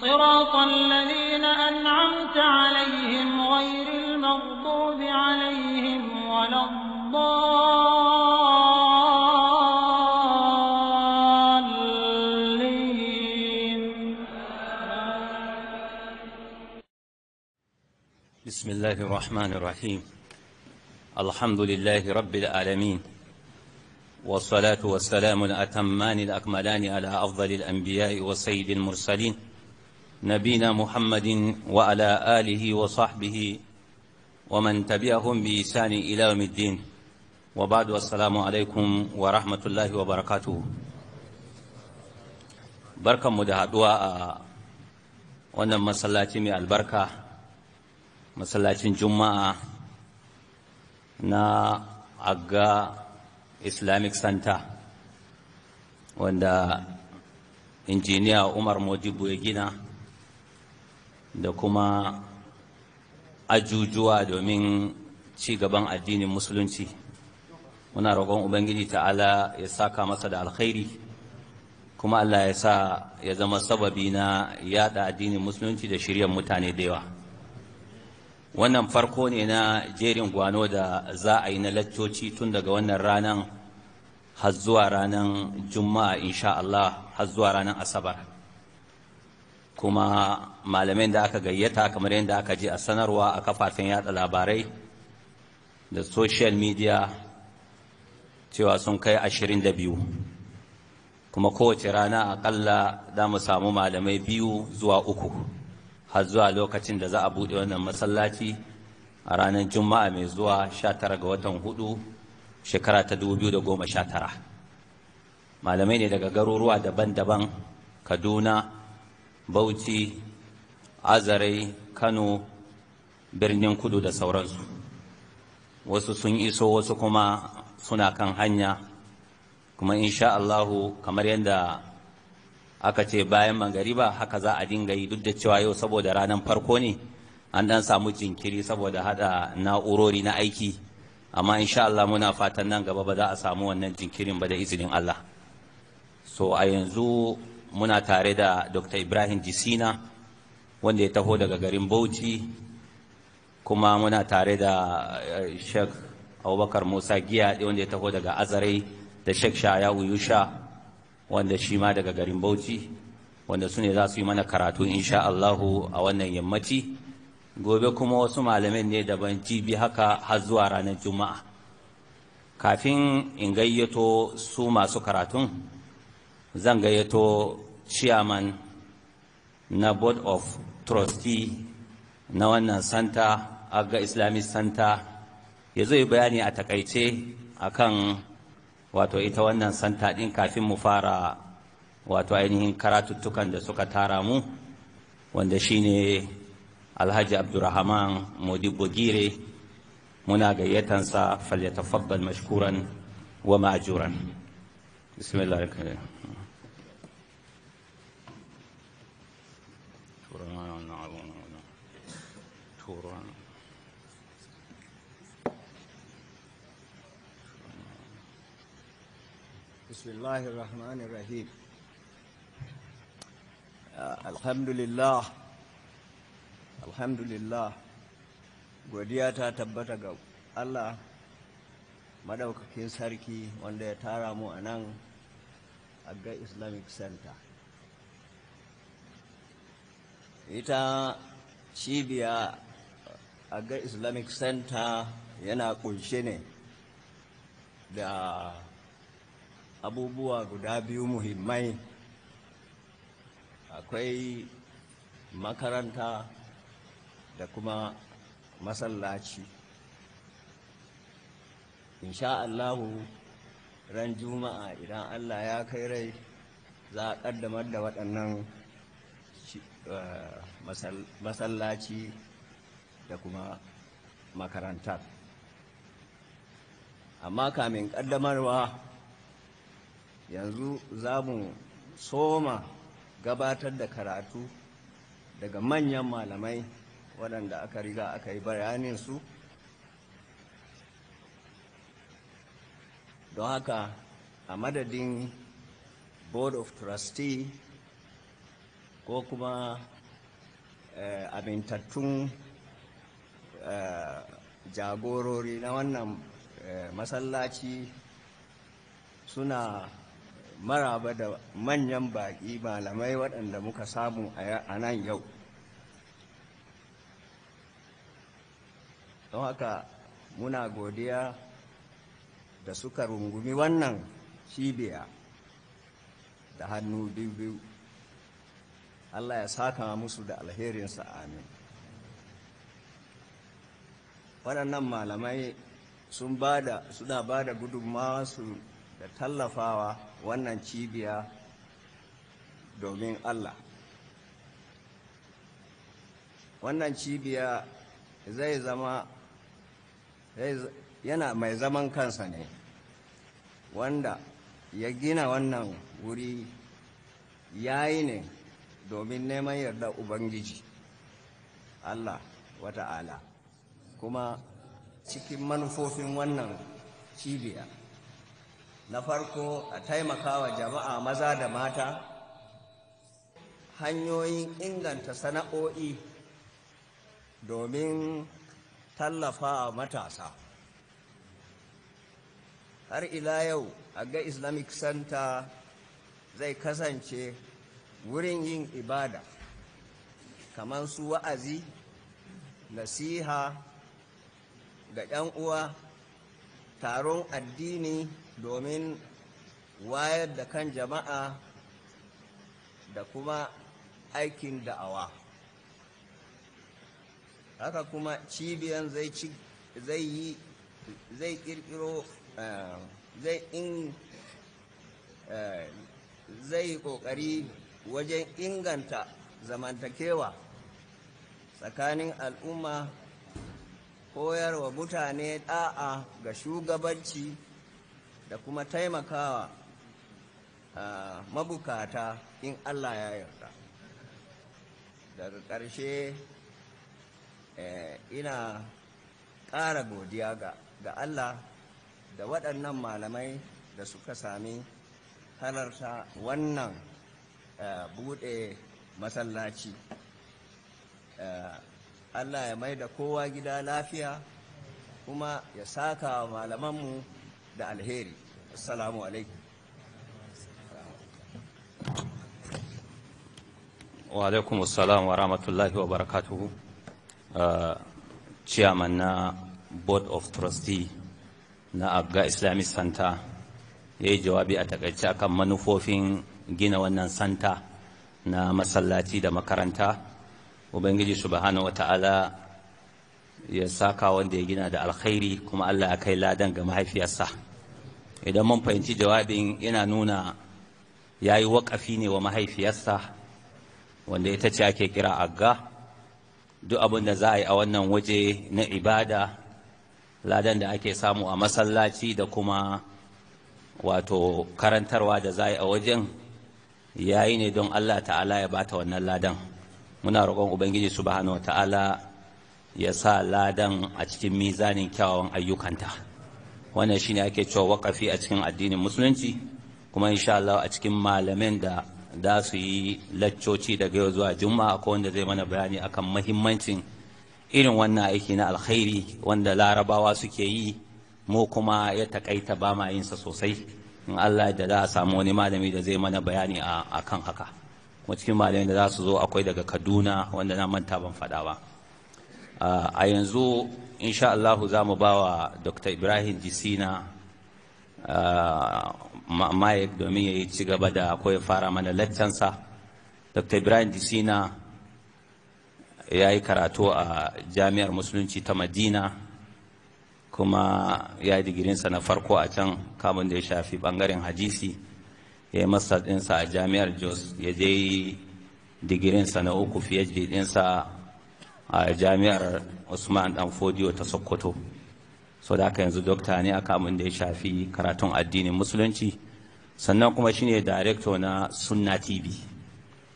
صراط الذين أنعمت عليهم غير المغضوب عليهم ولا الضالين بسم الله الرحمن الرحيم الحمد لله رب العالمين والصلاة والسلام الأتمان الأكملان على أفضل الأنبياء وسيد المرسلين نبينا محمد وعلى آله وصحبه ومن تبعهم بإحسان إلى يوم الدين وبعد والسلام عليكم ورحمة الله وبركاته بركة مدهدوا wannan masallaci mai albarka masallacin juma'a na agga islamic center wanda injiniya umar modibo ya gina da kuma ajujuwa domin ci gaban addinin musulunci muna roƙon ubangiji ta'ala ya saka masa da alkhairi kuma allah ya sa ya zama sababi na yada addinin musulunci da shiryan mutane da yawa wannan farko ne na jerin gwano da za a yi na laccoci tun daga wannan ranar har zuwa ranar juma'a insha Allah har zuwa ranar asabar kuma malamai da aka gayyata kamar yadda aka ji a sanarwa a kafafen yada labarai da social media cewa sun kai ashirin da biyu kuma kowace rana akalla za mu samu malamai biyu zuwa uku har zuwa lokacin da za a buɗe wannan masallaci a ranar juma'a mai zuwa 19 ga watan hudu shekara ta 2019 malamai ne daga garuruwa daban-daban kaduna bauchi azarai kano birnin kudu da sauransu wasu sun iso wasu kuma suna kan hanya kuma insha Allahu kamar yadda aka ce bayan ba haka za a dinga yi duk da cewa yau saboda ranar farko ne an dan samu jinkiri saboda hada na'urori na aiki amma insha Allah muna fatan nan gaba ba za a samu wannan jinkirin ba da izinin Allah so a yanzu muna tare da dr ibrahim jisina wanda ya taho daga garin bauchi kuma muna tare da eh, sheikh abubakar musa giya wanda ya taho daga azarai da sheikh shaya Uyusha wanda shi ma daga garin bauchi wanda su ne za su yi mana karatu insha allahu a wannan yammaci gobe kuma wasu malamin ne daban jibi haka har zuwa ranar juma'a kafin in gayyato su masu karatun zan gayyato chairman na board of trustee na wannan santa aga islamic santa ya zo yi bayani a takaice akan wato ita wannan santa ɗin kafin mu fara wato ainihin karatuttukan da suka tara mu wanda shine alhaji abdurrahman modibo gire muna gayyatansa falyatafabbal mashkuran wa ma'ajuran bismillahirrahmanirrahim بسم ah, alhamdulillah godiya ta tabbata ga Allah madaukakin sarki wanda ya tara mu a nan ga islamic center ita cibiya ga islamic center yana kunshe ne da abubuwa guda biyu muhimmai akwai makaranta da kuma masallaci insha Allahu ran juma'a idan Allah ya kai rai za a ƙaddamar da waɗannan eh, masallaci da kuma makarantar amma kamin ƙaddamarwa yanzu za mu soma gabatar da karatu daga manyan malamai waɗanda aka riga aka yi bayanin su don haka a madadin board of trustee ko kuma eh, amintattun eh, jagorori na wannan eh, masallaci suna maraba da manyan baƙi malamai waɗanda muka samu a nan yau don haka muna godiya da suka rungumi wannan cibiya da hannu biyu allah ya saka musu da alherinsa amin waɗannan malamai sun suna ba da gudunmawa su da tallafawa wannan cibiya domin Allah wannan cibiya zai zama yana mai zaman kansa ne wanda ya gina wannan wuri ya yi ne domin neman yarda ubangiji Allah wata'ala kuma cikin manufofin wannan cibiya na farko a taimakawa jama'a maza da mata hanyoyin inganta sana'o'i domin tallafa matasa har ila yau a ga islamic center zai kasance wurin yin ibada kamar su wa'azi nasiha ga 'yan uwa taron addini domin wayar da kan jama'a da kuma aikin da'awa haka kuma cibiyan zai yi zai kirkiro eh, zai in eh, zai kokari wajen inganta zamantakewa tsakanin al'umma koyarwa mutane da'a ga shugabanci da kuma taimakawa mabukata in Allah ya yarda daga ƙarshe eh, ina ƙara godiya ga Allah da waɗannan malamai da suka sami halarta wannan eh, buɗe masallaci eh, Allah ya mai da kowa gida lafiya kuma ya saka malamanmu da alheri assalamu alaikum wa alaikum assalam wa rahmatullahi wa barakatuhu uh, chairman na board of trustee na abga islamic center ya yi jawabi a takaice akan manufofin gina wannan santa na masallaci da makaranta ubangiji subhanahu wa ta'ala ya saka wanda ya gina da alkhairi kuma allah ya kai ladan ga mahaifiyarsa idan mun fahimci jawabin yana nuna ya yi waƙafi ne wa mahaifiyarsa wanda ita ce ake kira agga duk abin da za a yi a wannan waje na ibada ladan da ake samu a masallaci da kuma wato karantarwa da za a yi a wajen ya yi ne don allah ta'ala ya bata wannan ladan muna roƙon ubangiji subhanahu wa ta'ala ya sa ladan a cikin mizanin kyawawan ayyukanta wannan shine ake cewa waƙafi a cikin addinin musulunci kuma insha Allah a cikin malamin da da su yi laccoci daga yau zuwa juma'a ko wanda zai mana bayani akan mahimmancin irin wannan aiki na alkhairi wanda larabawa suke yi mu kuma ya takaita ba ma yinsa sosai in Allah da za a samu wani malami da zai mana bayani a kan haka kuma cikin malamin da za su zo akwai daga kaduna wanda na manta ban faɗa ba a yanzu insha Allah za mu ba wa dr ibrahim jisina uh, mayek domin ya yi ci gaba da ko ya fara mana laccansa dr ibrahim jisina ya yi karatu a jami'ar musulunci ta madina kuma ya yi digirinsa na farko a can kamun da ya shafi bangaren hadisi ya yi masa ɗinsa a jami'ar jos ya je digirinsa na uku fiye ɗinsa a jami'ar usman dan fodiyo ta sokoto so da aka yanzu dokta ne aka amin da ya shafi karatun addinin musulunci sannan kuma shine director na sunna tv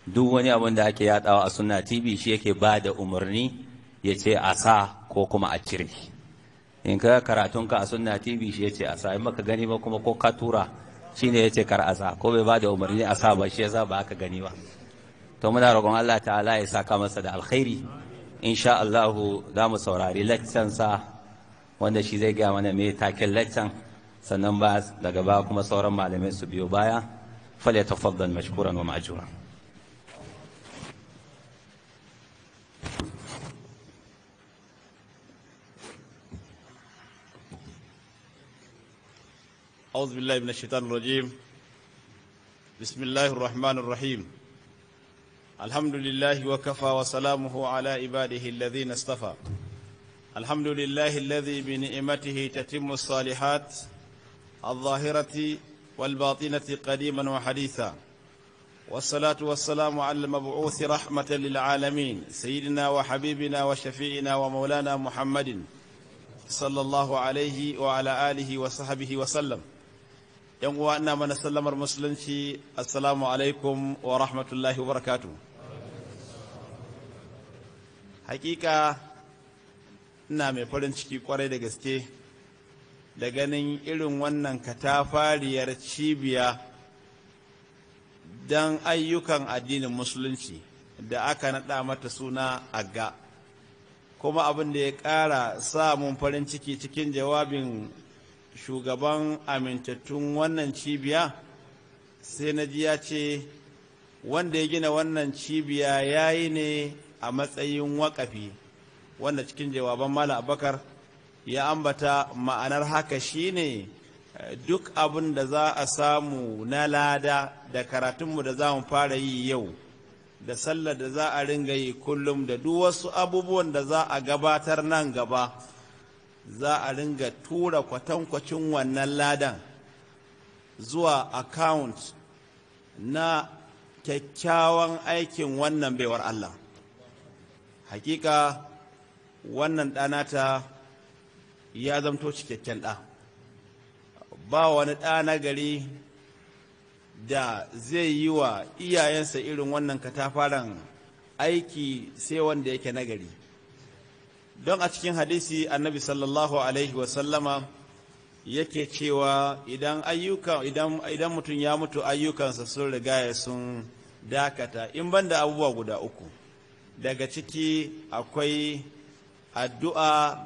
duk wani abin da ake yadawa a sunna tv shi yake ba da umarni ya ce a sa ko kuma a cire in ka karatun ka a sunna tv shi ya a sa in maka gani ba kuma ko ka tura shi ne kar a sa ko bai ba da umarni a sa ba shi ya sa ba aka gani ba to muna roƙon allah ta'ala ya saka masa da alkhairi insha Allah za mu saurari sa wanda shi zai gaya mana mai taken laccan sannan ba daga ba kuma sauran malamai su biyo baya fale tafaddal mashkuran wa ma'jura أعوذ بالله من الشيطان الرجيم بسم الله الرحمن الرحيم الحمد لله وكفى وسلامه على عباده الذين اصطفى الحمد لله الذي بنعمته تتم الصالحات الظاهرة والباطنة قديما وحديثا والصلاة والسلام على المبعوث رحمة للعالمين سيدنا وحبيبنا وشفيعنا ومولانا محمد صلى الله عليه وعلى آله وصحبه وسلم يوم وأنا من mana المسلم السلام عليكم ورحمة الله وبركاته hakika ina mai farin ciki kwarai da gaske da ganin irin wannan katafariyar cibiya don ayyukan addinin musulunci da aka naɗa mata suna ga kuma abin da ya ƙara samun farin ciki cikin jawabin shugaban amintattun wannan cibiya sai na ji ya ce wanda ya gina wannan cibiya ya yi ne a matsayin wakafi wanda cikin jawaban mala abakar ya ambata ma'anar haka shine eh, duk abin da za a samu na lada da karatunmu da za mu fara yi yau da sallar da za a ringa yi kullum da duk wasu abubuwan da za a gabatar nan gaba za a ringa tura kwatankwacin wannan ladan zuwa account na kyakkyawan aikin wannan baiwar Allah hakika wannan ɗanata ya zamto cikakken ɗa ba wani ɗa na gari da zai yi wa iyayensa irin wannan katafaren aiki sai wanda yake nagari don a cikin hadisi annabi sallallahu alaihi wasallama yake cewa idan ayyuka idan idan mutum ya mutu ayyukansa sun rigaya sun dakata in banda abubuwa guda uku daga ciki akwai addu'a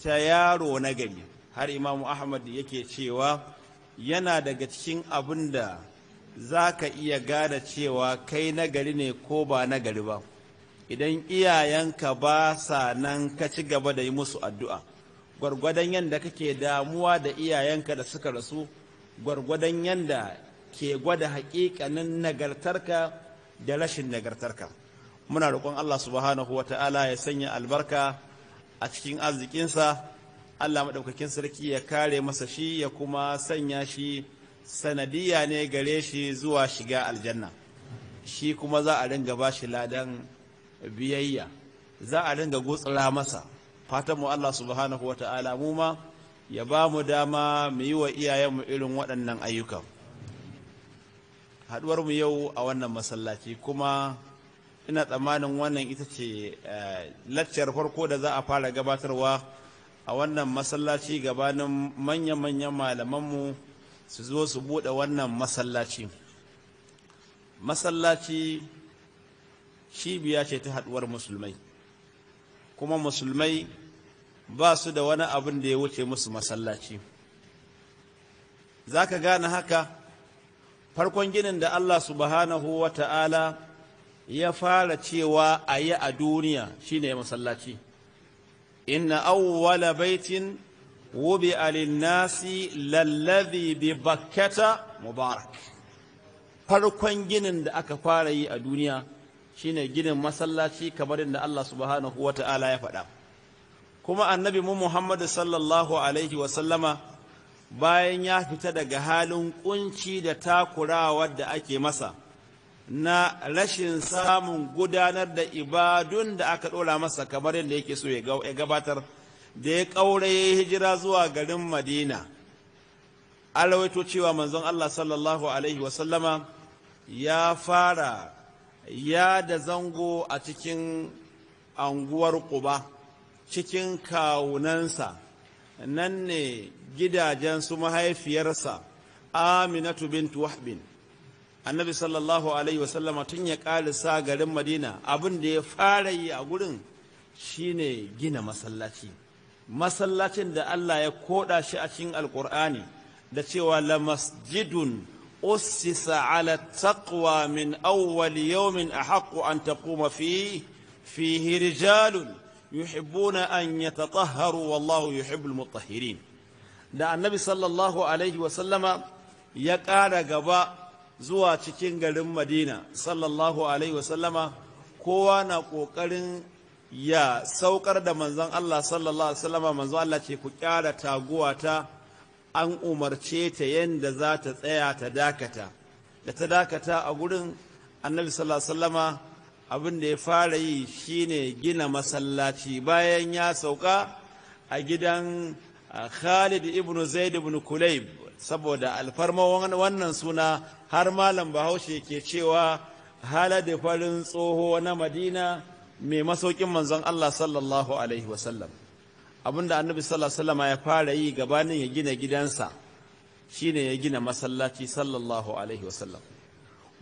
ta yaro na gari har imamu ahmad yake cewa yana daga cikin abin da za ka iya gada cewa kai nagari ne ko ba nagari ba idan iyayenka ba sa nan ka ci gaba da yi musu addu'a gwargwadon yadda kake damuwa da iyayenka da suka rasu gwargwadon yadda ke gwada haƙiƙanin nagartarka da rashin nagartarka muna roƙon Allah subhanahu wa ta'ala ya sanya albarka a cikin arzikinsa Allah maɗaukakin sarki ya kare masa shi ya kuma sanya shi sanadiyya ne gare shi zuwa shiga aljanna shi kuma za a ringa ba shi ladan biyayya za a ringa gutsura masa fatanmu Allah subhanahu wa ta'ala mu ma ya ba mu dama mu yi wa iyayenmu irin waɗannan ayyukan Haɗuwar mu yau a wannan masallaci kuma ina tsammanin wannan ita ce eh, laccar farko da za a fara gabatarwa a wannan masallaci gabanin manya-manyan malamanmu su zo su bude wannan masallaci masallaci cibiya ce ta haɗuwar musulmai kuma musulmai ba su da wani abin da ya wuce musu masallaci za ka gane haka farkon ginin da allah subhanahu wa ta'ala ya fara cewa a yi a duniya shine masallaci inna awwala baitin wubi alinasi lallazi bi bakkata mubarak farkon ginin da aka fara yi a duniya shine ginin masallaci kamar yadda Allah subhanahu wa ta'ala ya faɗa kuma annabi mu Muhammadu sallallahu alaihi wa bayan ya fita daga halin kunci da takurawa da ake masa na rashin samun gudanar da ibadun da aka ɗora masa kamar yadda yake so ya gabatar da ya ƙaura ya hijira zuwa garin madina alawaito cewa manzon allah sallallahu alaihi wasallama ya fara ya da zango a cikin anguwar ƙuba cikin kawunansa nan ne gidajen su mahaifiyarsa aminatu bintu wahbin annabi sallallahu alaihi wasallama tun ya ƙarisa garin madina abin da ya fara yi a gurin shine gina masallaci masallacin da allah ya koda shi a cikin alkur'ani da cewa la masjidun ussisa ala taqwa min awwal yawmin ahaqqu an taquma fihi fihi rijalun yuhibbuna an yatatahharu wallahu yuhibbul mutahhirin da annabi sallallahu alaihi wasallama ya ƙara gaba zuwa cikin garin madina sallallahu alaihi wasallama kowa na ƙoƙarin ya saukar da manzon allah sallallahu alaihi wasallama manzon allah ce ku kyara taguwa ta an umarce ta yadda za ta tsaya ta dakata da ta dakata a gurin annabi sallallahu alaihi wasallama abin da ya fara yi shine gina masallaci bayan ya sauka a gidan khalid ibn zaid ibn kulayb saboda alfarma wannan suna har malam bahaushe ke cewa halade farin tsoho na madina mai masaukin manzon Allah sallallahu alaihi wasallam abinda annabi sallallahu alaihi wasallam ya fara yi gabanin ya gina gidansa shine ya gina masallaci sallallahu alaihi wasallam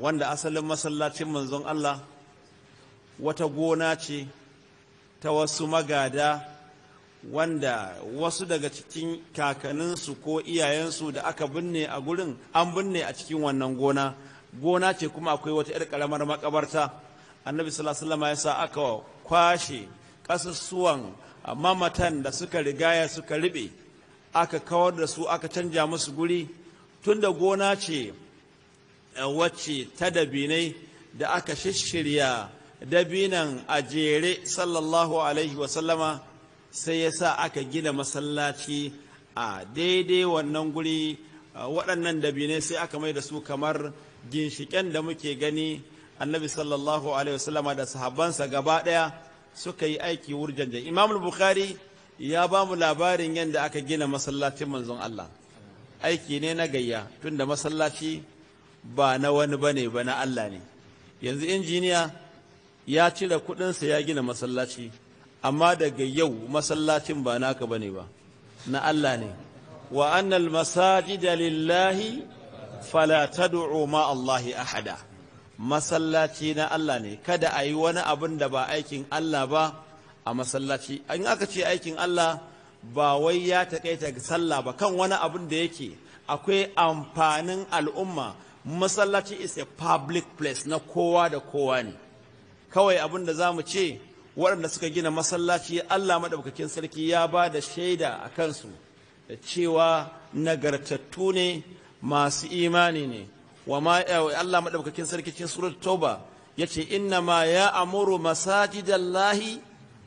wanda asalin masallacin manzon Allah wata gona ce ta wasu magada wanda wasu daga cikin kakanninsu ko iyayensu da aka binne a gurin an binne a cikin wannan gona gona ce kuma akwai wata 'yar karamar makabarta annabi sallallahu ya sa aka kwashe kasussuwan mamatan da suka rigaya suka riɓe, aka kawar da su aka canja musu guri tunda gona ce eh, wacce ta dabinai da aka shishirya dabinan a jere sallallahu alaihi wasallama sai ya sa aka gina masallaci a daidai wannan guri waɗannan dabinai sai aka mai da su kamar ginshiken da muke gani annabi sallallahu alaihi wasallama da sahabbansa gaba ɗaya suka yi aiki jan imam bukhari ya ba mu labarin yadda aka gina masallacin manzon Allah aiki ne na gayya tunda masallaci ba na wani bane ba na Allah ne yanzu injiniya ya cire kuɗinsa ya gina masallaci amma daga yau masallacin ba naka ba ne ba na Allah ne wa annal masajida lillahi fala tad'u ma Allahi ahada masallaci na Allah ne kada a yi wani abin da ba aikin Allah ba a masallaci in aka ce aikin Allah ba wai ya taƙaita sallah ba kan wani abin da yake akwai amfanin al'umma masallaci is a public place na kowa da kowa ne kawai abin da za mu ce waɗanda suka gina masallaci Allah maɗaukakin sarki ya ba da shaida a kansu da cewa nagartattu ne masu imani ne wa ma eh, Allah maɗaukakin sarki cikin surat tauba ya ce inna ma ya amuru masajidallahi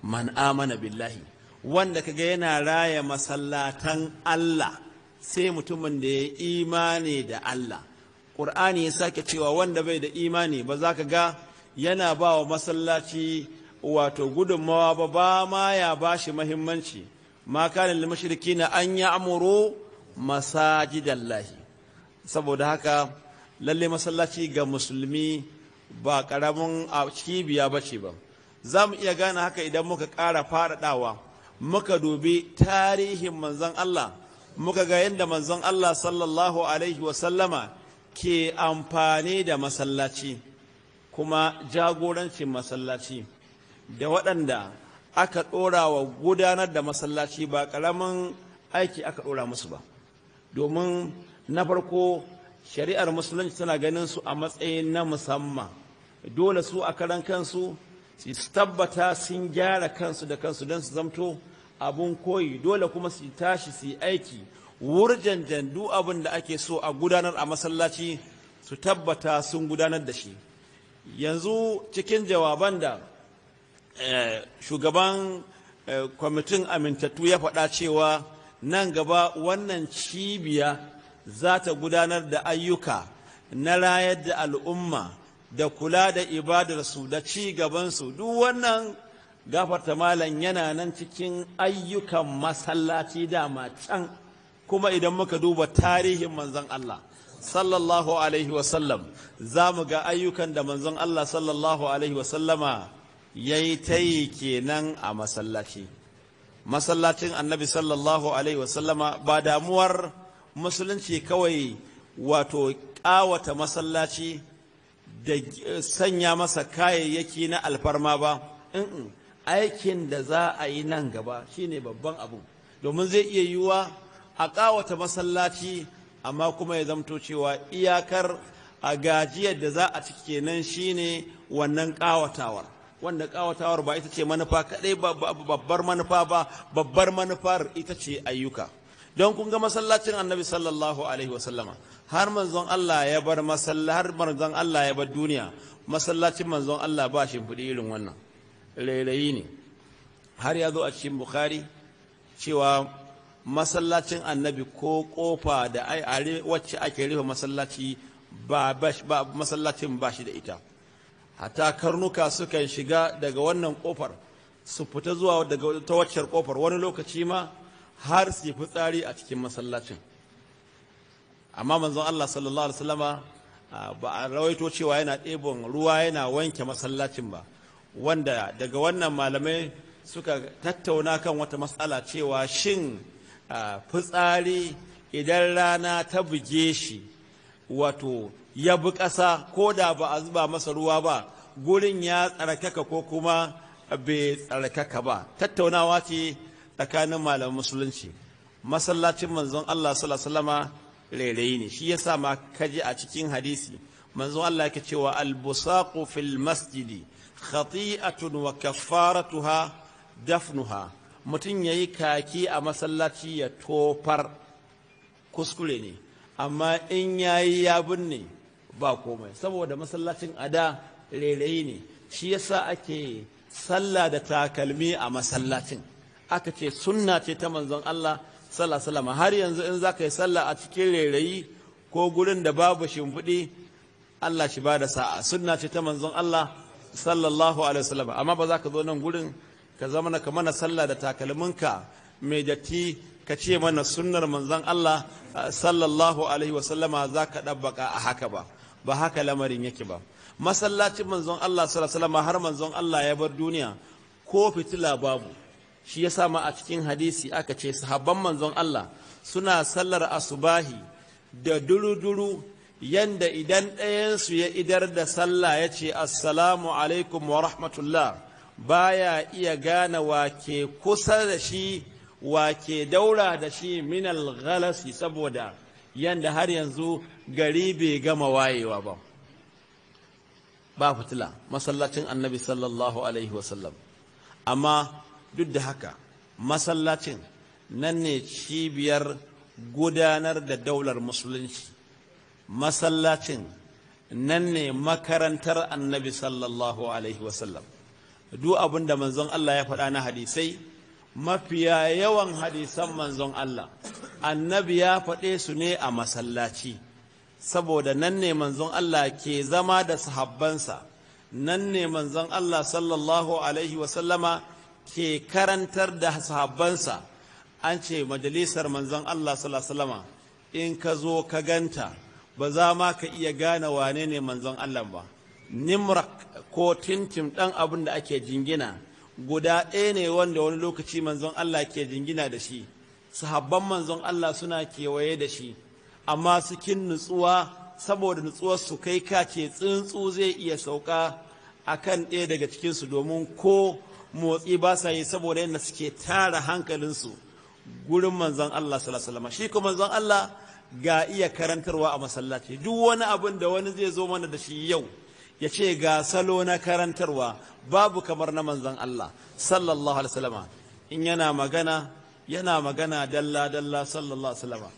man amana billahi wanda kaga yana raya masallatan Allah sai mutumin da ya imani da Allah ƙur'ani ya sake cewa wanda bai da imani ba za ka ga yana ba wa masallaci wato gudunmawa ba ba ma ya ba shi mahimmanci ma kana mashirki na an Masaji masajidallahi saboda haka lalle masallaci ga musulmi ba karamin a cibiya bace ba za mu iya gane haka idan muka ƙara faɗaɗawa muka dubi tarihin manzon Allah muka ga yadda manzon Allah sallallahu alaihi wasallama ke amfani da masallaci kuma jagorancin masallaci da waɗanda aka ɗora wa gudanar da masallaci ba ƙaramin aiki aka ɗora musu ba domin na farko shari'ar musulunci tana ganin su a matsayin na musamman dole su a karan kansu su tabbata sun gyara kansu da kansu don su zamto abun koyi dole kuma su tashi su yi aiki wurjan jandu abin da ake so a gudanar a masallaci su tabbata sun gudanar da shi yanzu cikin jawaban da Eh, shugaban eh, kwamitin amintattu ya faɗa cewa nan gaba wannan cibiya za ta gudanar da ayyuka na rayar da al'umma da kula da ibadarsu da ci gabansu duk wannan gafarta malam yana nan cikin ayyukan masallaci dama can kuma idan muka duba tarihin manzon Allah sallallahu alaihi wasallam za mu ga ayyukan da manzon Allah sallallahu alaihi wasallama ya yi ta yi kenan a masallaci masallacin annabi sallallahu alaihi wasallama ba damuwar musulunci kawai wato ƙawata masallaci da eh, sanya masa kayayyaki na alfarma ba in aikin da za a yi nan gaba shine babban abu domin zai iya yiwuwa a ƙawata masallaci amma kuma ya zamto cewa iyakar a gajiyar da za a ci kenan shine wannan ƙawatawar wanda kawatawar ba ita ce manufa kadai babbar manufa ba babbar manufar ita ce ayyuka don kun ga masallacin annabi sallallahu alaihi wasallama har manzon Allah ya bar har manzon Allah ya bar duniya masallacin manzon Allah ba shi fudi irin wannan rairayi ne har ya zo a cikin bukhari cewa masallacin annabi ko kofa da ai wacce ake rufe masallaci ba masallacin ba shi da ita hata karnuka sukan shiga daga wannan kofar su fita zuwa daga ta waccar kofar wani lokaci ma har su yi fitsari a cikin masallacin amma manzon Allah sallallahu alaihi wasallama ba a rawaito cewa yana ɗebon ruwa yana wanke masallacin ba wanda daga wannan malamai suka tattauna kan wata matsala cewa shin fitsari idan rana ta buge shi wato ya bi ƙasa ko da ba a zuba masa ruwa ba gurin ya tsarkaka ko kuma bai tsarkaka ba tattaunawa ce tsakanin malamin musulunci masallacin manzon Allah sallallahu rairayi ne shi yasa ma kaji a cikin hadisi manzon Allah yake cewa albusaqu fil masjidi khati'atun wa kaffaratuha dafnuha mutum yayi kaki a masallaci ya tofar kuskure ne amma in ya yi ya binne ba komai saboda masallacin ada rairayi ne shi yasa ake sallah da takalmi a masallacin aka ce sunna ce ta manzon Allah sallallahu har yanzu in zaka yi sallah a cikin rairayi ko gurin da babu shimfiɗi Allah shi ba da sa'a sunna ce ta manzon Allah sallallahu alaihi wasallam amma ba za ka zo nan gurin ka zama ka mana sallah da takalminka mai datti ka ce mana sunnar manzon Allah sallallahu alaihi wasallama za ka ɗabbaka a haka ba ba haka lamarin yake ba masallacin manzon Allah sallallahu alaihi wasallama har manzon Allah ya bar duniya ko fitila babu shi ya sama a cikin hadisi aka ce sahabban manzon Allah suna sallar asubahi da duru-duru yanda idan ɗayansu ya idar da sallah ya ce assalamu alaikum wa rahmatullah baya iya gane wa ke kusa da shi wa ke daura da shi minal galasi saboda yanda har yanzu gari bai gama wayewa ba ba fitila masallacin annabi sallallahu alaihi wasallam amma duk da haka masallacin nan ne cibiyar gudanar da daular musulunci masallacin nan ne makarantar annabi sallallahu alaihi wasallam duk abin da manzon Allah ya faɗa na hadisai mafiya yawan hadisan manzon Allah annabi ya faɗe su ne a masallaci saboda nan ne manzon Allah ke zama da sahabbansa nan ne manzon Allah sallallahu alaihi wasallama ke karantar da sahabbansa an ce majalisar manzon Allah sallallahu alaihi wasallama in ka zo ka ganta ba za ma ka iya gane wane ne manzon Allah ba nimrak ko tintim ɗan abin da ake jingina guda ɗaya ne wanda wani lokaci manzon Allah ke jingina da shi sahabban manzon Allah suna kewaye da shi amma sukin nutsuwa saboda nutsuwar su kai kace tsuntsu zai iya sauka a kan ɗaya daga cikinsu domin ko motsi ba sa yi saboda yadda suke tara hankalinsu gurin manzon Allah sallallahu shi kuma manzon Allah ga iya karantarwa a masallaci duk wani abin da wani zai zo mana da shi yau ya ce ga salo na karantarwa babu kamar na manzon Allah sallallahu alaihi wasallama in yana magana yana magana dalla dalla sallallahu alaihi wasallama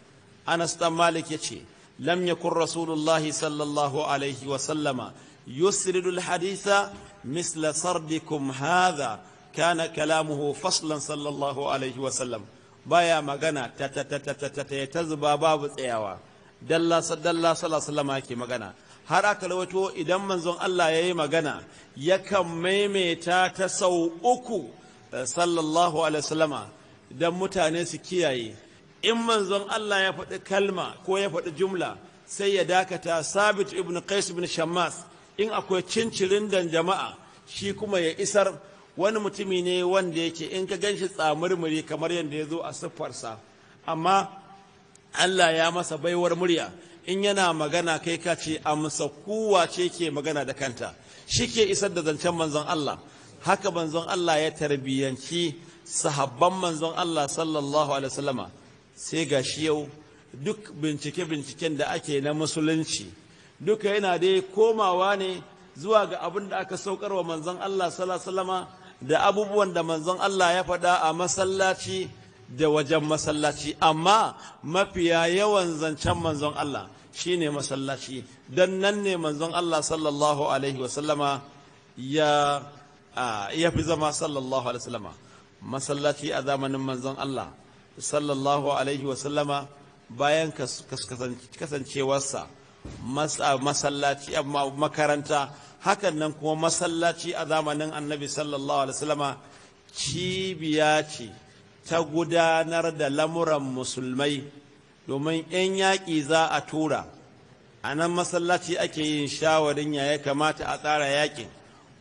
Anas dan Malik ya ce lam yakun rasulullahi sallallahu alaihi wasallama yusridul haditha misla sardikum hadha kana kalamuhu faslan sallallahu alaihi wasallam baya magana ta ta ta ta ta ta ta zuba babu tsayawa dalla sallallahu alaihi wasallama yake magana har aka rawato idan manzon Allah ya yi magana yakan maimaita ta sau uku eh, sallallahu alaihi wasallama don mutane su kiyaye in manzon Allah ya faɗi kalma ko ya faɗi jumla sai ya dakata sabit ibn qais ibn shammas in akwai cincirin dan jama'a shi kuma ya isar wani mutumi ne wanda yake in ka ganshi tsamurmuri kamar yadda ya zo a siffarsa amma Allah ya masa baiwar murya in yana magana kai ka ce amsa kuwa ce ke magana da kanta shi ke isar da zancen manzon Allah haka manzon Allah ya tarbiyyanci sahabban manzon Allah sallallahu alaihi wasallama sai ga shi yau duk bincike-binciken da ake na musulunci duka yana dai komawa ne zuwa ga abin da aka saukar wa manzon Allah sallallahu alaihi wasallama da abubuwan da manzon Allah ya faɗa a masallaci da wajen masallaci amma mafiya yawan zancen manzon Allah shine masallaci don nan ne manzon Allah sallallahu alaihi wasallama ya ya fi zama sallallahu alaihi wasallama masallaci a zamanin manzon Allah sallallahu alaihi wasallama bayan kasancewarsa masallaci makaranta hakan nan kuma masallaci a zamanin annabi sallallahu alaihi wasallama cibiya ce ta gudanar da lamuran musulmai domin 'yan yaƙi za a tura a nan masallaci ake yin shawarin ya ya kamata a tsara yaƙin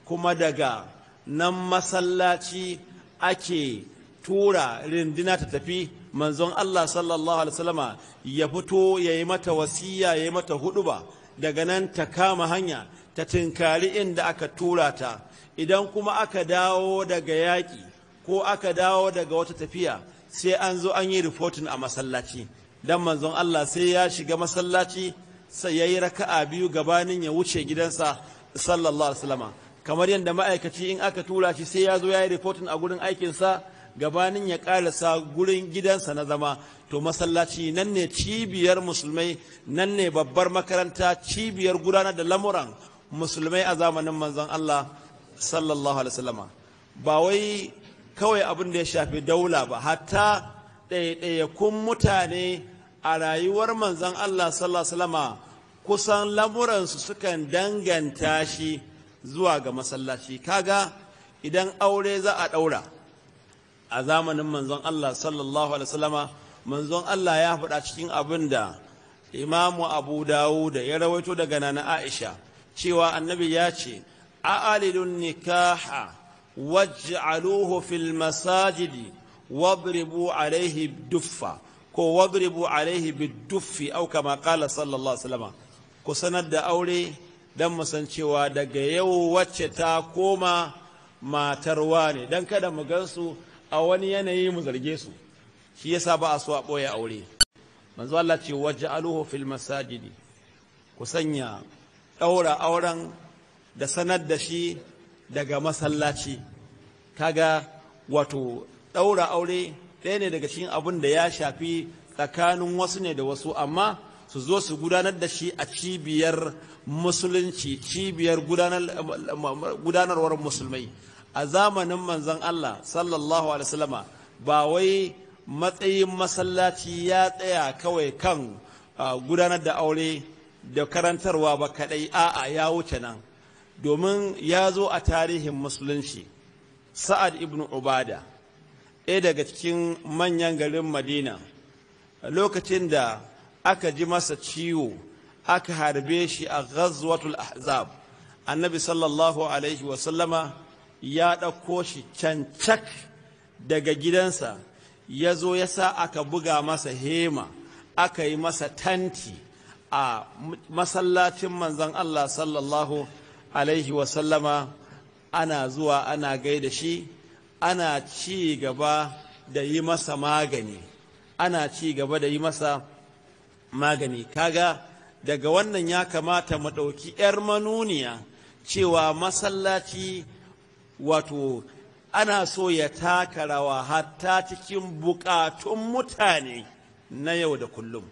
kuma daga nan masallaci ake tura rindina ta tafi manzon Allah sallallahu alaihi wasallama ya fito ya yi mata wasiya ya yi mata huduba daga nan ta kama hanya ta tinkari inda aka tura ta idan kuma aka dawo daga yaƙi ko aka dawo daga wata tafiya sai an zo an yi rifotin a masallaci dan manzon Allah sai ya shiga masallaci sai ya yi raka'a biyu gabanin ya wuce gidansa sallallahu alaihi wasallam kamar yadda ma'aikaci in aka tura shi sai ya zo ya yi rifotin a gurin aikinsa gabanin ya karasa gurin gidansa na zama to masallaci nan ne cibiyar musulmai nan ne babbar makaranta cibiyar gudanar da lamuran musulmai a zamanin manzon Allah sallallahu alaihi wasallama ba wai kawai abin da ya shafi daula ba hatta ɗaiɗayakun mutane a rayuwar manzan Allah sallama kusan lamuransu sukan danganta shi zuwa ga masallaci kaga idan aure za a ɗaura a zamanin manzon Allah sallallahu alaihi wasallama manzon Allah ya faɗa cikin abin da imamu abu dawu da ya rawaito daga nana aisha cewa annabi ya ce a'alilun nikaha waj'aluhu في المساجد واضربوا عليه الدفة كو واضربوا عليه بالدف أو كما قال صلى الله عليه وسلم كو سند أولي دم سنشوا دقا يو وچتا كوما ما ترواني دن كده مغنسو أواني ينهي مزرجيسو شي يسابا أسواء بويا أولي منذ الله تي وجعلوه في المساجد كو سنيا أورا أورا دا سند da shi daga masallaci kaga wato ɗaura aure ɗaya ne daga cikin abin da ya shafi tsakanin wasu ne da wasu amma su zo su gudanar da shi a cibiyar musulunci cibiyar gudanarwar musulmai a zamanin manzon Allah sallallahu alaihi ba wai matsayin masallaci ya tsaya kawai kan gudanar da aure da karantarwa ba kaɗai, a'a ya wuce nan domin ya zo a tarihin musulunci sa'ad ibn ubada ɗaya daga cikin manyan garin madina lokacin da aka ji masa ciwo aka harbe shi a ghazwatul ahzab annabi sallallahu alaihi wasallama ya ɗauko shi cancak daga gidansa ya zo ya sa aka buga masa hema aka yi masa tanti a masallacin manzan allah sallallahu alaihi wasallama ana zuwa ana gaida shi ana ci gaba da yi masa magani ana ci gaba da yi masa magani kaga daga wannan ya kamata mu ɗauki 'yar manuniya cewa masallaci wato ana so ya taka rawa hatta cikin bukatun mutane na yau da kullum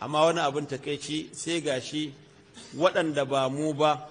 amma wani abin takaici sai gashi waɗanda ba mu ba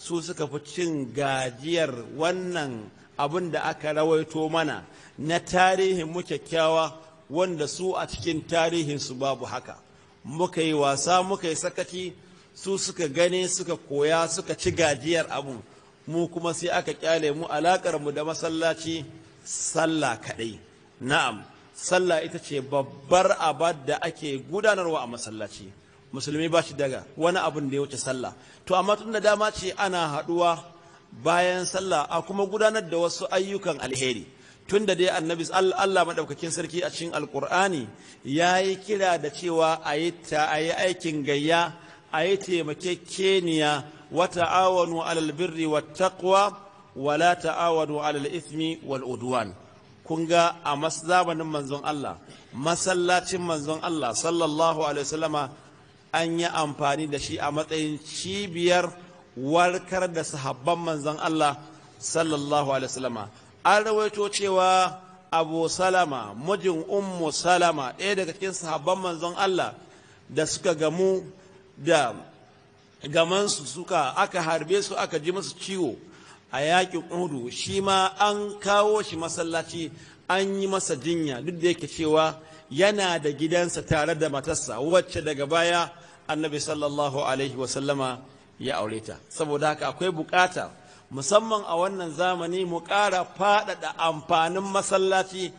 su suka fi cin gajiyar wannan abin da aka rawaito mana na tarihin mu kyakkyawa wanda su a cikin tarihinsu babu haka muka yi wasa muka yi sakaci su suka gani suka koya suka ci gajiyar abun mu kuma sai aka kyale mu alakar mu da masallaci sallah kaɗai na'am sallah ita ce babbar abad da ake gudanarwa a masallaci musulmi ba shi daga wani abin da ya wuce sallah to amma tun da dama ce ana haɗuwa bayan sallah a kuma gudanar da wasu ayyukan alheri tun da dai annabi Allah madaukakin sarki a cikin alkur'ani ya yi kira da cewa a yi aikin gayya a yi keniya, wa ta'awanu alal birri wa taqwa wa la ta'awanu alal ithmi wal udwan kun ga a zamanin manzon Allah masallacin manzon Allah sallallahu alaihi wasallama an yi amfani da shi a matsayin cibiyar warkar da sahabban manzon Allah sallallahu alaihi wasallama an rawaito cewa abu salama mijin ummu salama ɗaya daga cikin sahabban manzon Allah da suka gamu da gamansu suka aka harbe su aka ji musu ciwo a yakin udu shi ma an kawo shi masallaci an yi masa jinya duk da yake cewa yana da gidansa tare da matarsa wacce daga baya annabi sallallahu alaihi wasallama ya aure ta saboda haka akwai bukata musamman a wannan zamani mu ƙara faɗaɗa amfanin masallaci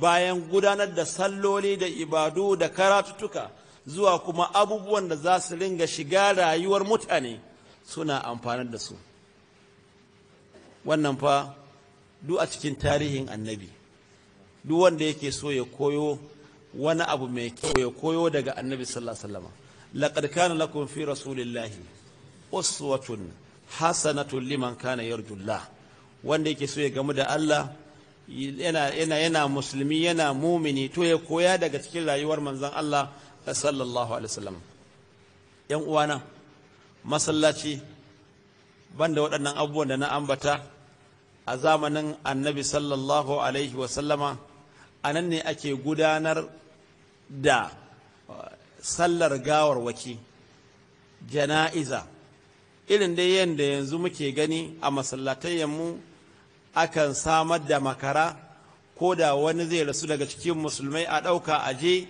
bayan gudanar da salloli da ibadu da karatutuka zuwa kuma abubuwan da za su ringa shiga rayuwar mutane suna amfanar da su wannan fa duk a cikin tarihin annabi duk wanda yake so ya koyo wani abu mai kyau ya koyo daga annabi sallallahu alaihi wasallam laqad kana lakum fi rasulillahi uswatun hasanatun liman kana yarjullah wanda yake so ya gamu da Allah yana musulmi yana mumini to ya koya daga cikin rayuwar manzon Allah sallallahu alaihi wasallam yan uwana masallaci banda waɗannan abubuwan da na ambata a zamanin annabi sallallahu alaihi wasallama a nan ne ake gudanar da sallar gawar waki, jana'iza irin dai yadda yanzu muke gani a masallatayyanmu akan samar da makara ko da wani zai rasu daga cikin musulmai a ɗauka aje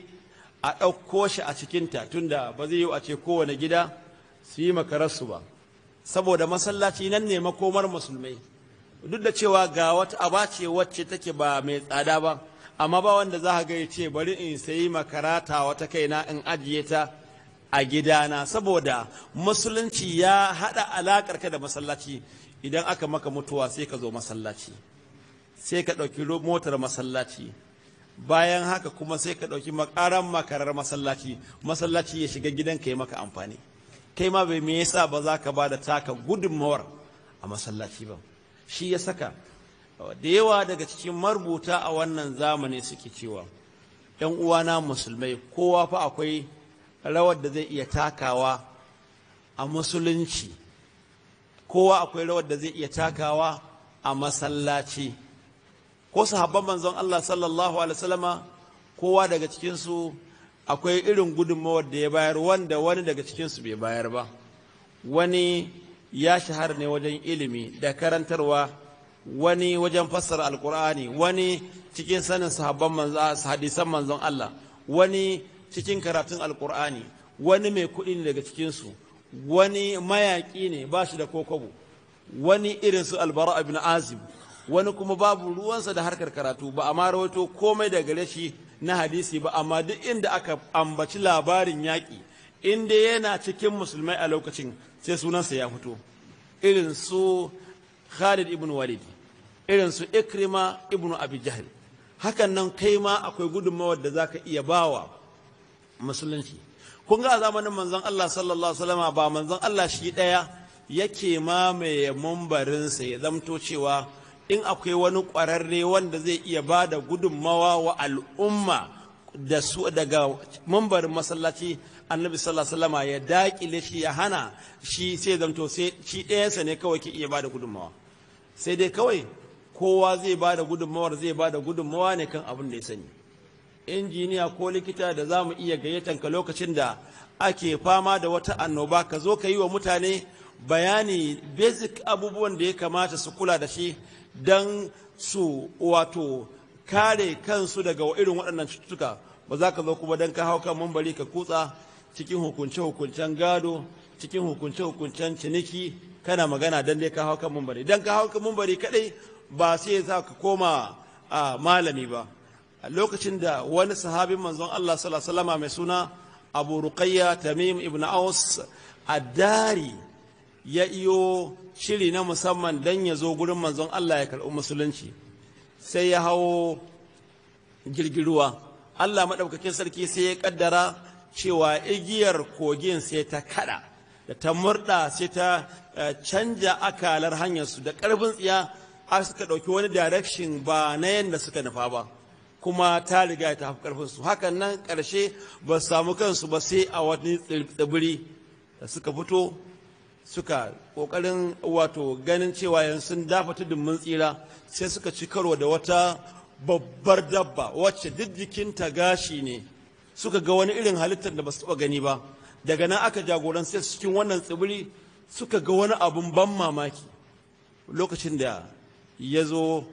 a ɗauko shi a cikinta tunda ba zai yi a ce kowane gida su yi makararsu ba saboda masallaci nan ne makomar musulmai duk da cewa ga wata aba ce wacce take ba mai tsada ba amma ba wanda za ga ya ce bari in sayi makarata wata kaina in ajiye ta a gidana saboda musulunci ya haɗa alaƙar ka da masallaci idan aka maka mutuwa sai ka zo masallaci sai ka ɗauki motar masallaci bayan haka kuma sai ka ɗauki makaran makarar masallaci masallaci ya shiga gidan ka ya maka amfani kai ma bai me yasa ba za ka ba da taka gudunmawar a masallaci ba shi ya saka da yawa daga cikin marubuta a wannan zamani suke cewa ‘yan uwana musulmai kowa fa akwai rawar da zai iya takawa a musulunci kowa akwai rawar da zai iya takawa a masallaci ko sahabban manzon Allah sallallahu alaihi wasallama kowa daga cikinsu akwai irin gudunmawar da ya bayar wanda wani daga cikinsu bai bayar ba wani ya shahara ne wajen ilimi da karantarwa wani wajen fassara alkur'ani wani cikin sanin sahabban manzo hadisan manzon Allah wani cikin karatun alkur'ani wani mai kuɗi ne daga cikinsu wani mayaƙi ne ba shi da kokobo wani irin su albara ibn azim wani kuma babu ruwansa da harkar karatu ba a komai da gare shi na hadisi ba amma duk inda aka ambaci labarin yaƙi inda yana cikin musulmai a lokacin sai sunansa ya fito irin su khalid ibn walid irin su ikrima ibnu abi jahl hakan nan kai ma akwai gudunmawar da zaka iya bawa musulunci kun ga zamanin manzon Allah sallallahu alaihi wasallama ba manzon Allah shi daya yake mamaye mambarinsa ya zamto cewa in akwai wani ƙwararre wanda zai iya ba da gudunmawa wa al'umma da su daga mambarin masallaci annabi sallallahu ya daƙile shi ya hana shi sai zamto sai shi ɗayansa ne kawai ke iya ba da gudunmawa sai dai kawai kowa zai ba da gudunmawar zai ba da gudunmawa ne kan abin da ya sani injiniya ko likita da za mu iya gayyatan ka lokacin da ake fama da wata annoba ka zo ka yi wa mutane bayani basic abubuwan da ya kamata su kula da shi don su wato kare kansu daga irin waɗannan cututtuka ba za ka zo kuma don ka hau kan mambari ka kutsa cikin hukunce-hukuncen gado cikin hukunce-hukuncen ciniki kana magana don dai ka hau kan mambari don ka hau kan mambari kaɗai ba sai za ka koma a malami ba lokacin da wani sahabin manzon Allah sallallahu mai suna Abu Ruqayya Tamim ibn Aus addari ya iyo shiri na musamman dan ya zo gurin manzon Allah ya karɓi musulunci sai ya hawo girgiruwa Allah maɗaukakin sarki sai ya ƙaddara cewa igiyar kogin sai ta kaɗa da ta murda sai ta eh, canja akalar hanyarsu da ƙarfin tsiya A suka ɗauki wani direction ba na yadda suka nufa ba kuma ta riga ta hafi su hakan nan ƙarshe ba su samu kansu ba sai a wani tsibiri da suka fito suka ƙoƙarin wato ganin cewa yanzu sun dafa tudun mun tsira sai suka ci karo da wata babbar dabba wacce duk jikinta gashi ne suka ga wani irin halittar da ba su taɓa gani ba daga nan aka jagoran sai cikin wannan tsibiri suka ga wani abun ban mamaki lokacin da ya zo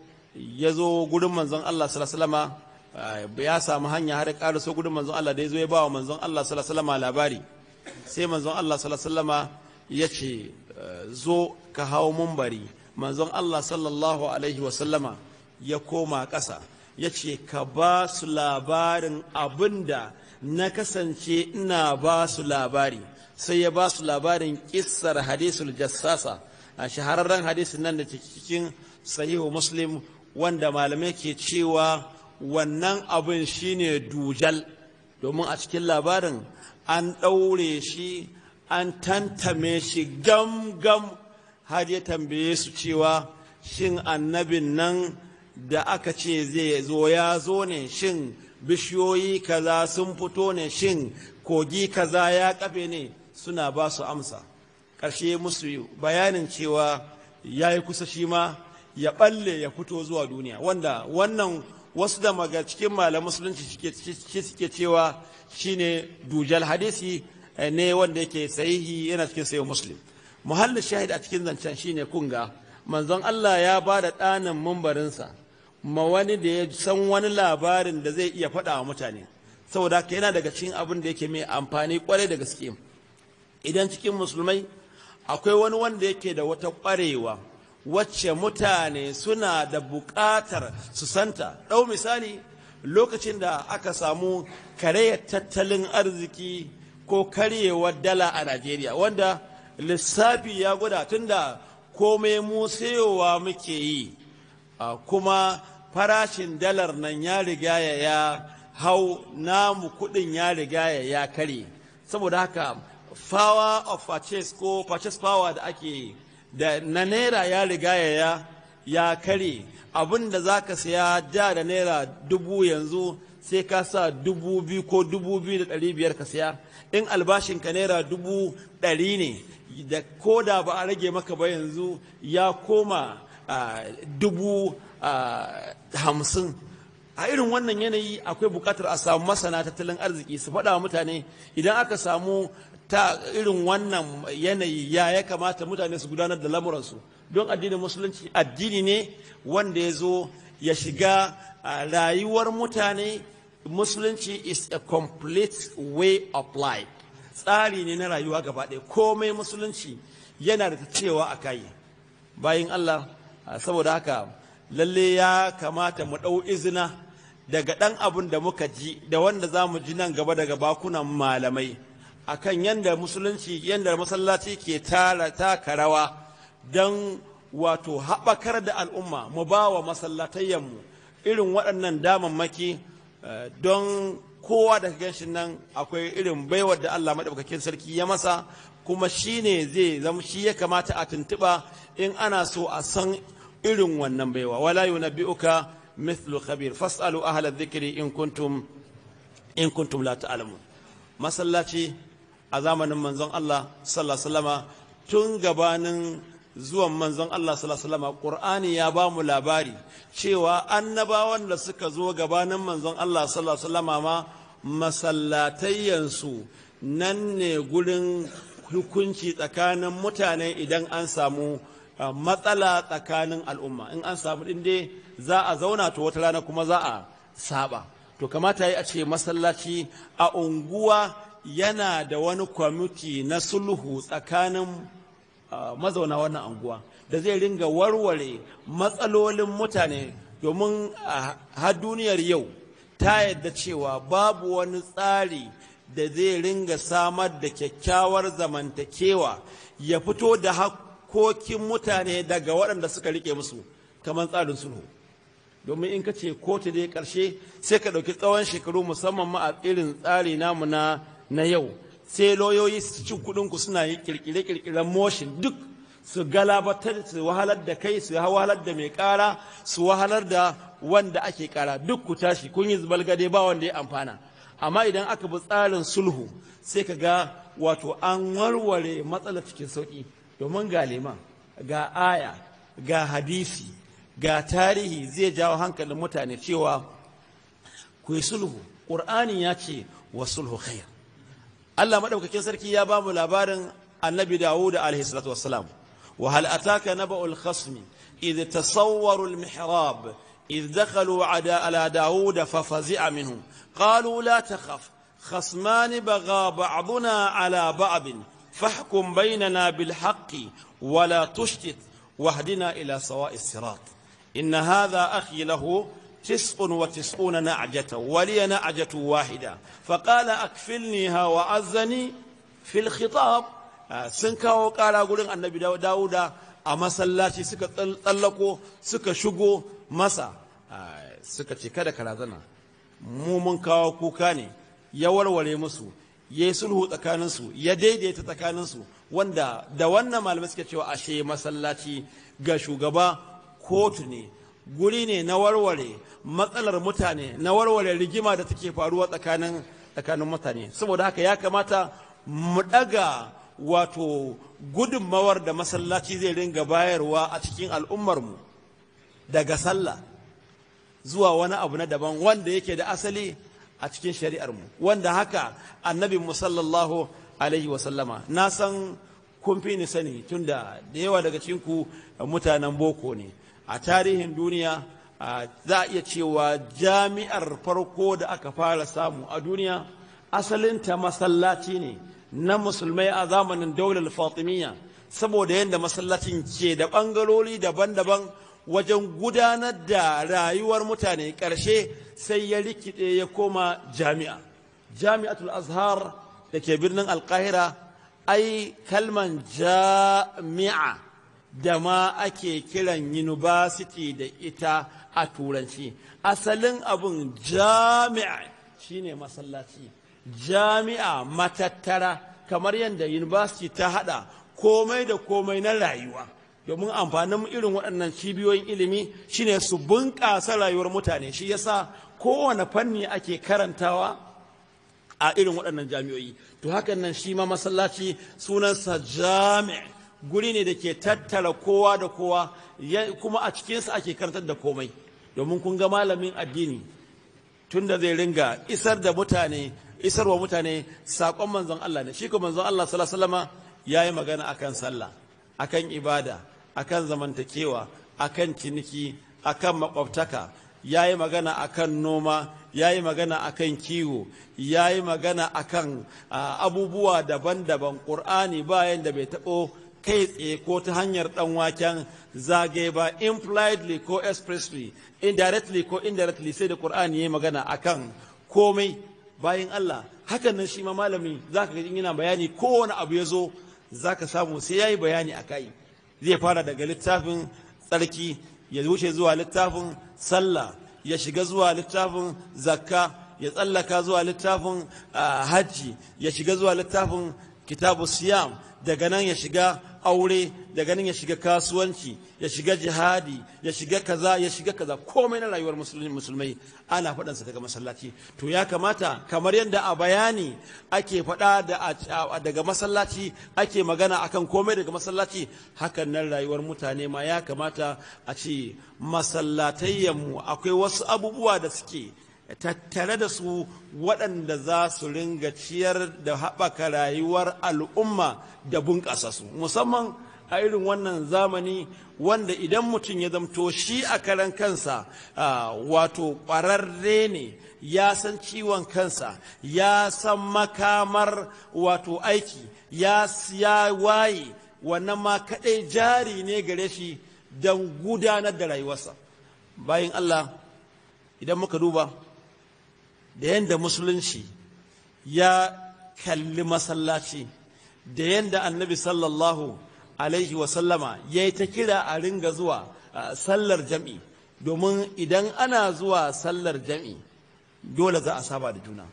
gudun manzon Allah sallallahu eh, ya samu hanya har ya so gudun manzon Allah da ya zo ya ba wa manzon Allah sallallahu labari sai manzon Allah sallallahu ya ce eh, zo ka hawo mumbari manzon Allah sallallahu alaihi wasallama ya koma ƙasa ya ce ka ba su labarin abin da na kasance ina ba su labari sai ya ba su labarin kissar hadisul jassasa a shahararren hadisin nan da cikin sahihu muslim wanda malamai ke cewa wannan abin shine dujal domin a cikin labarin an ɗaure shi an tantame shi gam-gam har ya tambaye su cewa shin annabin nan da aka ce zai zo ya zo ne shin bishiyoyi kaza sun fito ne shin kogi kaza ya kafe ne suna ba su amsa ƙarshe musu bayanin cewa ya yi kusa shi ma ya balle ya fito zuwa duniya wanda wannan wasu da maga cikin malam musulunci suke cewa shine dujal hadisi eh, ne wanda yake sahihi yana cikin sayo muslim muhallin shahid a cikin zancen shine kunga manzon Allah ya ba da ɗanin mumbarinsa ma wani da ya san wani labarin da zai iya faɗa wa mutane saboda haka yana daga cikin abin da yake mai amfani kwarai da gaske idan cikin musulmai akwai wani wanda yake da wata ƙwarewa wacce mutane suna da buƙatar su santa ɗau misali lokacin da aka samu kare tattalin arziki ko karyewar dala a najeriya wanda lissafi ya guda tunda komai mu sayowa muke yi kuma farashin dalar nan ya riga ya hau namu kudin ya riga ya kare saboda haka power of purchase ko purchase power da ake da na naira ya riga ya ya ya kare abin da za ka saya ja da naira dubu yanzu sai ka sa dubu biyu ko dubu biyu da ɗari biyar ka saya in albashin ka naira dubu ɗari ne da ko da ba a rage maka ba yanzu ya koma dubu hamsin a irin wannan yanayi akwai bukatar a samu masana tattalin arziki su faɗa mutane idan aka samu ta irin wannan yanayi ya ya kamata mutane su gudanar da lamuransu don addinin musulunci addini ne wanda ya zo ya shiga rayuwar mutane musulunci is a complete way of life tsari ne na rayuwa gaba ɗaya komai musulunci yana da cewa a kai bayan allah saboda haka lalle ya kamata mu ɗau izina daga ɗan abin da muka ji da wanda za mu ji nan gaba daga bakunan malamai akan yadda musulunci yadda masallaci ke tara taka rawa don wato haɓakar da al'umma mu ba wa masallatayyanmu irin waɗannan damammaki eh, don kowa da ganshin nan akwai irin baiwar da Allah maɗaukakin sarki ya masa kuma shi ne zai zama shi ya kamata a tuntuɓa in ana so a san irin wannan baiwa wala yunabbi'uka mithlu khabir fas'alu ahla dhikri in in kuntum la ta'lamun masallaci a zamanin manzon Allah sallallahu alaihi tun gabanin zuwan manzon Allah sallallahu alaihi Qur'ani ya ba mu labari cewa annabawan da suka zo gabanin manzon Allah sallallahu alaihi ma masallatayyansu nan ne gurin hukunci tsakanin mutane idan an samu ah, matsala tsakanin al'umma in an samu din dai za a zauna to wata rana kuma za a saba to kamata yi a ce masallaci a unguwa yana da wani kwamiti na sulhu tsakanin ah, mazauna wannan anguwa da zai ringa warware matsalolin mutane domin ah, har duniyar yau ta yadda cewa babu wani tsari da zai ringa samar da kyakkyawar zamantakewa ya fito da hakkokin mutane daga waɗanda suka rike musu kamar tsarin sulhu domin in ka ce kotu dai ƙarshe sai ka ɗauki tsawon shekaru musamman ma a irin tsari namu na na yau sai loyoyi su ci ku suna yi kirkire-kirkiren motion duk su galabatar su wahalar da kai su wahalar da mai ƙara su wahalar da wanda ake kara duk ku tashi kun yi gade ba wanda ya amfana amma idan aka bi tsarin sulhu sai ka ga wato an warware matsalar cikin sauƙi domin ga liman ga aya ga hadisi ga tarihi zai jawo hankalin mutane cewa ku yi sulhu ƙur'ani ya ce wa sulhu khair Allah madaukakin sarki ya ba mu labarin annabi Dawud alaihi salatu wassalam wa hal ataka naba'ul khasmi idh tasawwaru al mihrab إذ دخلوا على داود ففزع منهم قالوا لا تخف خصمان بغى بعضنا على بعض فاحكم بيننا بالحق ولا تشتت واهدنا إلى سواء الصراط إن هذا أخي له تسع وتسعون نعجة ولي نعجة واحدة فقال أكفلنيها وعزني في الخطاب سنكا وقال أقول أن النبي داود أما سلاشي suka تلقو سكا شقو مسا سكا تكادا كالازنا mu mun kawo kuka ne ya warware musu ya yi sulhu tsakaninsu ya daidaita tsakaninsu wanda da wannan malamai suka wa ashe masallaci ga shugaba kotu ne guri ne na warware matsalar mutane na warware rigima da take faruwa tsakanin tsakanin mutane saboda haka ya kamata mu daga wato gudunmawar da masallaci zai ringa bayarwa a cikin al'ummarmu daga sallah zuwa wani abu na daban wanda yake da asali a cikin shari'armu wanda haka annabi musallallahu alaihi wasallama na san kun fi ni sani tunda da yawa daga cinku mutanen boko ne a tarihin duniya za a iya cewa jami'ar farko da aka fara samu a duniya asalinta masallaci ne na musulmai a zamanin daular fatimiyya saboda yadda masallacin ke da ɓangarori daban-daban wajen gudanar da rayuwar mutane ƙarshe sai ya rikide ya koma jami'a jami'atul azhar da ke birnin alkahira ai kalman jami'a da ma ake kiran university da ita a turanci asalin abun jami'a shine masallaci jami'a matattara kamar yadda university ta hada komai da komai na rayuwa domin amfanin irin waɗannan cibiyoyin ilimi shine su bunƙasa rayuwar mutane shi yasa kowane fanni ake karantawa a irin waɗannan jami'oyi. to hakan nan shi ma masallaci sunansa jami'a guri ne da ke tattara kowa da kowa kuma a cikinsa ake karantar da komai domin kun ga malamin addini tun da zai ringa isar da mutane isarwa mutane saƙon manzon Allah ne shi ko manzon Allah sallallahu ya yi magana akan sallah akan ibada akan zamantakewa akan ciniki akan makwabtaka ya yi magana akan noma ya yi magana akan kiwo ya yi magana akan abubuwa daban-daban ƙur'ani bayan da bai taɓo kai tsaye ko ta hanyar ɗan waken zagaye ba impliedly ko expressly indirectly ko indirectly sai da qur'ani ya magana akan komai bayan Allah hakan nan shi ma malami zaka ga yana bayani kowane abu ya zo zaka samu sai yayi bayani akai zai fara daga littafin tsarki ya wuce zuwa littafin sallah ya shiga zuwa littafin zakka ya tsallaka zuwa littafin ah, hajji ya shiga zuwa littafin kitabu siyam daga nan ya shiga aure da ganin ya shiga kasuwanci ya shiga jihadi ya shiga kaza ya shiga kaza komai na rayuwar musulmai ana faɗansa daga masallaci to ya kamata kamar yadda a bayani ake faɗa daga masallaci ake magana akan komai daga masallaci hakan nan rayuwar mutane ma ya kamata a ce masallatayyanmu akwai wasu abubuwa da suke tattare da su waɗanda za su ringa ciyar da haɓaka rayuwar al'umma da bunƙasa su musamman a irin wannan zamani wanda idan mutum ya zamto shi a karan kansa wato ƙwararre ne ya san ciwon kansa ya san makamar wato aiki ya waye wannan ma kaɗai jari ne gare shi don gudanar da rayuwarsa bayan allah idan muka duba da yadda musulunci ya kalli masallaci da yadda annabi sallallahu alaihi wasallama ya yi ta kira a ringa zuwa sallar jam'i domin idan ana zuwa sallar jam'i dole za a saba da juna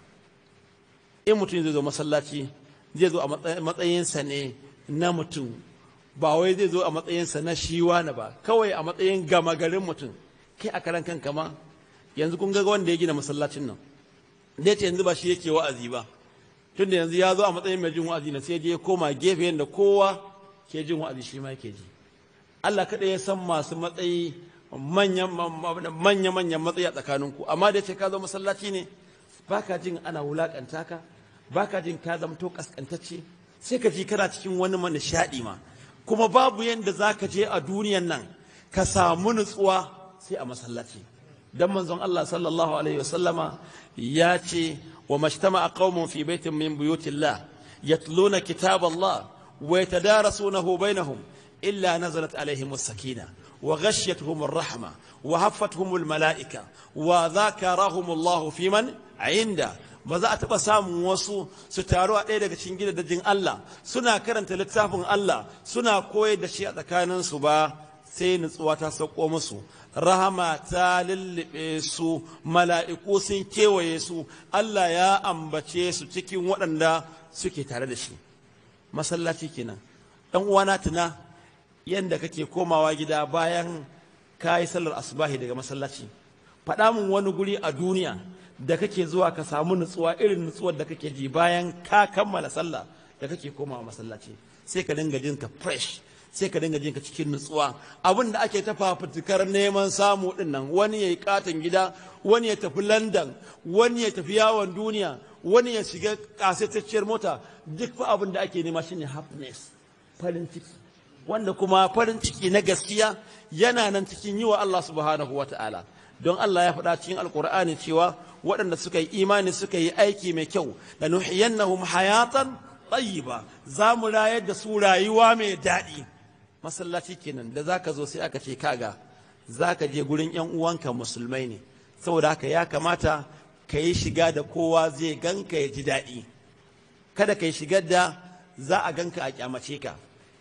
in mutum zai zo masallaci zai zo a matsayinsa ne na mutum ba wai zai zo a matsayinsa na shiwa wani ba kawai a matsayin gama garin mutum kai a karan kanka ma yanzu kun ga wanda ya gina masallacin nan zai ce yanzu ba shi yake wa'azi ba tunda yanzu ya zo a matsayin mai jin wa'azi na sai je koma gefe yadda kowa ke jin wa'azi shi ma ke ji Allah kaɗai ya san masu matsayi manya-manyan matsayi a tsakaninku amma da ce ka zo masallaci ne baka jin ana wulakanta ka baka jin ka to kaskantacce sai ka ji kana cikin wani nishaɗi ma kuma babu yadda za ka je a duniyan nan ka samu nutsuwa sai a masallaci dan manzon Allah sallallahu alaihi wasallama ياتي وما اجتمع قوم في بيت من بيوت الله يتلون كتاب الله ويتدارسونه بينهم إلا نزلت عليهم السكينة وغشيتهم الرحمة وهفتهم الملائكة وذاكرهم الله في من عنده بزات بسام a ستارو samun wasu su taru الله سنا daga cikin الله سنا كوي karanta littafin Allah suna koyar da shi a tsakaninsu rahama ta lullube su mala'iku sun kewaye su Allah ya ambace su cikin waɗanda suke tare da shi masallaci kenan ɗan uwana tuna yadda kake komawa gida bayan ka yi sallar asubahi daga masallaci faɗa min wani guri a duniya da kake zuwa ka samu nutsuwa irin nutsuwar da kake ji bayan ka kammala sallah da kake komawa masallaci sai ka dinga jinka fresh sai ka dinga jinka cikin nutsuwa abin da ake ta fafutukar neman samu din nan wani ya yi katon gida wani ya tafi london wani ya tafi yawon duniya wani ya shiga kasaitacciyar mota duk fa abin da ake nema shine happiness farin ciki wanda kuma farin ciki na gaskiya yana nan cikin yi wa Allah subhanahu wa ta'ala don Allah ya faɗa cikin alkur'ani cewa waɗanda suka yi imani suka yi aiki mai kyau da nuhiyannahum hayatan tayyiba za mu rayar da su rayuwa mai daɗi masallaci kenan da zaka zo sai aka ce kaga zaka je gurin yan uwanka musulmai ne saboda haka ya kamata ka yi shiga da kowa zai ganka ya ji daɗi kada ka yi shigar da za a ganka a kyamace ka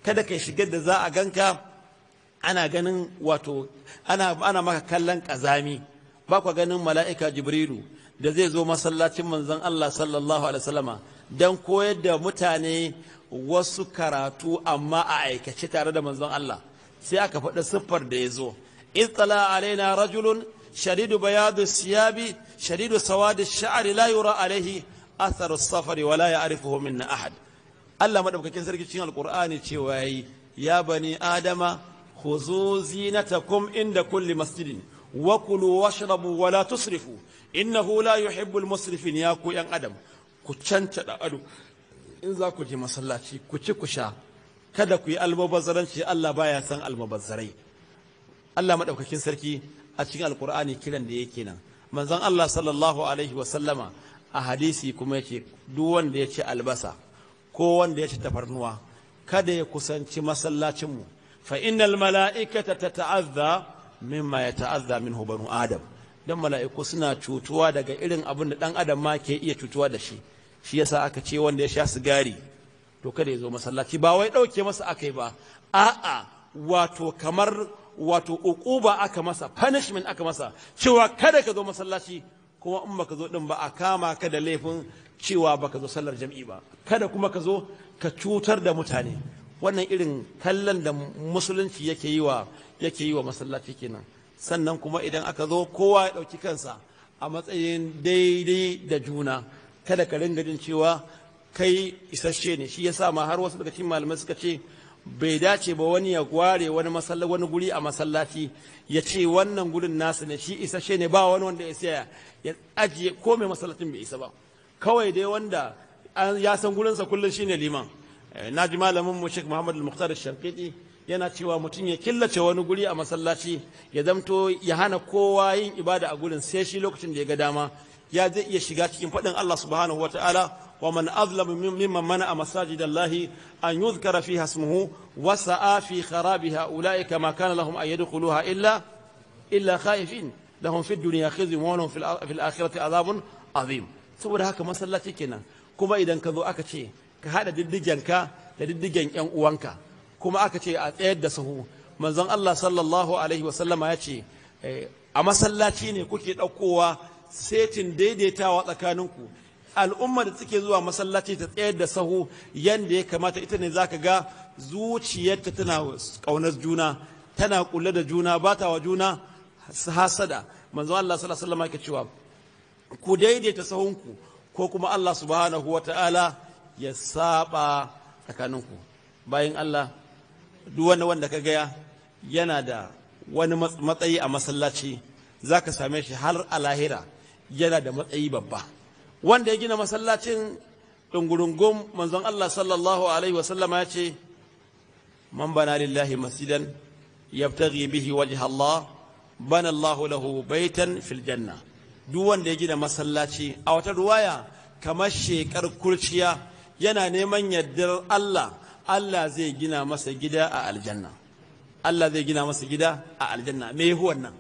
kada ka yi shigar da za a ganka ana ganin wato ana, ana maka kallon ƙazami ba ku ganin mala'ika jibrilu da zai zo masallacin manzon Allah sallallahu alaihi wasallama don koyar da mutane wasu karatu amma a aikace tare da manzon Allah sai aka faɗa siffar da ya zo itala alaina rajulun shadidu bayadu siyabi shadidu sawadi sha'ari la yura alaihi athar safari wala ya ya'rifuhu minna ahad Allah madaukakin sarkicin cikin alqur'ani cewa yayi ya bani adama khuzu zinatakum inda kulli masjidin wa kulu washrabu wala tusrifu innahu la yuhibbul musrifin ya ku yan adam ku cancada ado in za ku je masallaci ku ci ku sha kada ku yi almubazzaranci Allah baya san almubazzarai Allah madaukakin sarki a cikin alkur'ani kiran da yake nan manzon Allah sallallahu alaihi wa sallama a hadisi kuma yake duk wanda ya ci albasa ko wanda ya ci tafarnuwa kada ya kusanci masallacinmu fa innal mala'ikata tata'azza mimma yata'azza minhu banu adam dan mala'iku suna cutuwa daga irin abin da dan adam ma ke iya cutuwa da shi shi yasa aka ce wanda ya sha sigari to kada ya zo masallaci ba wai ɗauke masa aka yi ba a'a wato kamar wato uquba aka masa punishment aka masa cewa kada ka zo masallaci kuma in baka zo din ba a kama ka da laifin cewa baka zo sallar jam'i ba kada kuma ka zo ka cutar da mutane wannan irin kallon da musulunci yake yi wa yake yi wa masallaci kenan sannan kuma idan aka zo kowa ya ɗauki kansa a matsayin daidai da juna kada ka ringa jin cewa kai isasshe ne shi yasa ma har wasu daga cikin malamai suka ce bai dace ba wani ya gware wani wani guri a masallaci ya ce wannan gurin nasa ne shi isasshe ne ba wani wanda ya saya ya ajiye ko mai masallacin bai isa ba kawai dai wanda ya san gurinsa kullum shine liman eh, na ji malamin mu Sheikh Muhammad Al-Muqtar yana cewa mutum ya killace wani guri a masallaci ya zamto ya hana kowa yin ibada a gurin sai shi lokacin da ya ga dama ya zai iya shiga cikin faɗin Allah subhanahu wa ta'ala wa man azlamu mimman mana a masajidallahi an yuzkara fi hasmuhu wa sa'a fi kharabiha ulaika ma kana lahum an yadkhuluha illa illa khaifin lahum fi duniya khizyun wa lahum fil akhirati azabun azim saboda haka masallaci kenan kuma idan ka zo aka ce ka diddigen ka da diddigen yan uwanka kuma aka ce a tsayar da sahu manzon Allah sallallahu alaihi wa sallama ya ce eh, a masallaci ne kuke ɗaukowa setin daidaitawa tsakaninku al'umma da suke zuwa masallaci ta tsayar da sahu yadda ya kamata ita ne zaka ga zuciyarta tana ƙaunar juna tana kula da juna ba ta wa juna hasada manzo Allah sallallahu alaihi wasallam cewa ku daidaita sahunku ko kuma Allah subhanahu wataala ya saba tsakaninku bayan Allah duk wanda wanda ka gaya yana da wani matsayi a masallaci zaka same shi har a lahira yana da matsayi babba wanda ya gina masallacin ɗungurungun manzon Allah sallallahu alaihi wasallama ya ce man bana lillahi masjidan yabtaghi bihi wajha Allah bana Allahu lahu baitan fil janna duk wanda ya gina masallaci a wata ruwaya kamar shekar kurciya yana neman yardar Allah Allah zai gina masa gida a aljanna Allah zai gina masa gida a aljanna me wannan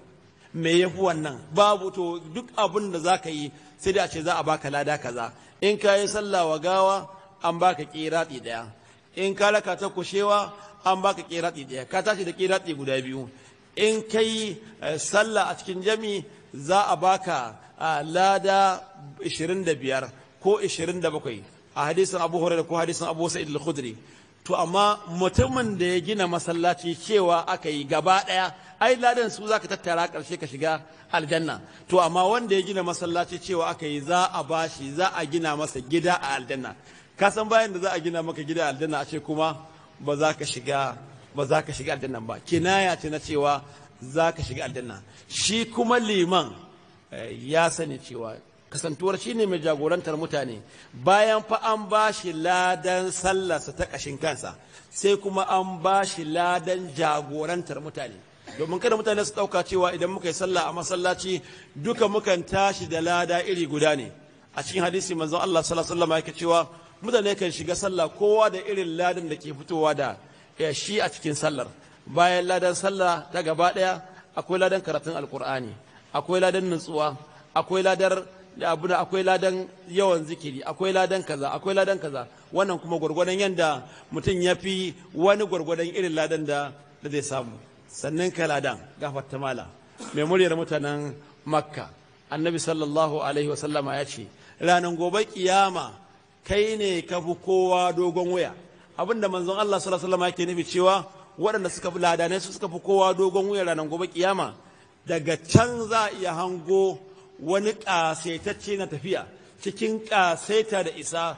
me ya fi wannan babu to duk abin da za ka yi sai da ce za a baka lada kaza in ka yi sallah wa gawa an baka kirati daya in ka raka ta kushewa an baka kirati daya ka tashi da kirati guda biyu in ka yi eh, sallah a cikin jami za a baka ah, lada 25 ko 27 a hadisin abu hurairah ko hadisin abu sa'id al-khudri to amma mutumin da ya gina masallaci cewa aka yi gaba daya ai ladan su zaka tattara karshe ka shiga aljanna to amma wanda ya gina masallaci cewa aka yi za a bashi za a gina masa gida a aljanna ka san bayan da za a gina maka gida a aljanna a ce kuma ba za ka shiga ba za ka shiga aljanna ba kinaya ce na cewa za ka shiga aljanna shi kuma liman eh, ya sani cewa kasantuwar shine mai jagorantar mutane bayan fa an ba shi ladan sallarsa ta kashin kansa sai kuma an ba shi ladan jagorantar mutane domin kada mutane su ɗauka cewa idan muka yi sallah a masallaci duka mukan tashi da lada iri guda ne a cikin hadisi manzon Allah sallallahu alaihi wasallam yake cewa mutane kan shiga sallah kowa da irin ladan da ke fitowa da eh, shi a cikin sallar bayan ladan sallah ta gaba daya akwai ladan karatun alkur'ani akwai ladan nutsuwa akwai ladar da abu akwai ladan yawan zikiri akwai ladan kaza akwai ladan kaza wannan kuma gwargwadon yanda mutum ya fi wani gwargwadon irin ladan da zai samu sannan kaladan ladan gafarta mai muryar mutanen makka annabi sallallahu alaihi wasallama ya ce ranar gobe kiyama kai ne ka fi kowa dogon waya abinda manzon Allah sallallahu alaihi wasallama yake nufi cewa waɗanda suka fi ladanai su suka fi kowa dogon waya ranar gobe kiyama daga can za a iya hango wani ƙasaitacce na tafiya cikin ƙasaita da isa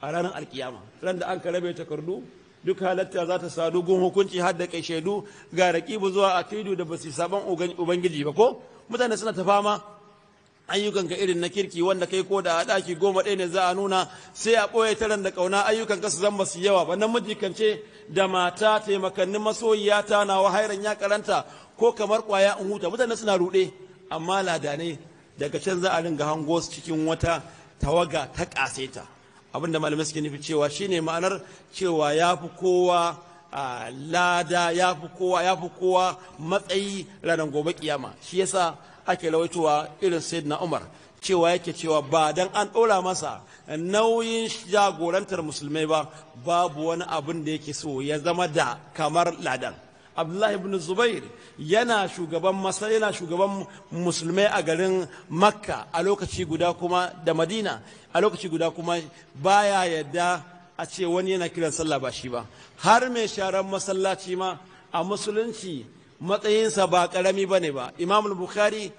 a ranar alkiyama ran da an ka rabe takardu duk halatta za ta sadu gun hukunci har da kai shaidu ga raƙibu zuwa a kaidu da basu saban ubangiji ba ko mutane suna ta fama ayyukanka irin na kirki wanda kai ko da a ɗaki goma ɗaya ne za a nuna sai a ɓoye taran da ƙauna ayyukan ka su zama su yawa ba namiji kan ce da mata taimakanni masoyiya ta na hairan ya karanta ko kamar ƙwaya in huta mutane suna ruɗe amma ladanai daga can za a ringa hango su cikin wata tawaga ta ƙaseta abinda malamai suke nufi cewa shine ma'anar cewa ya fi kowa lada ya fi kowa ya fi kowa matsayi ranar gobe kiyama shi yasa ake rawaitowa irin sayyidina umar cewa yake cewa ba dan an ɗora masa nauyin jagorantar musulmai ba babu wani abin da yake so ya zama da kamar ladan abdullahi ibn zubair yana shugaban yana shugaban musulmai a garin makka a lokaci guda kuma da madina a lokaci guda kuma baya yadda a ce wani yana kiran sallah ba shi ba har mai sharan masallaci ma a musulunci matsayinsa ba karami ne ba imam bukhari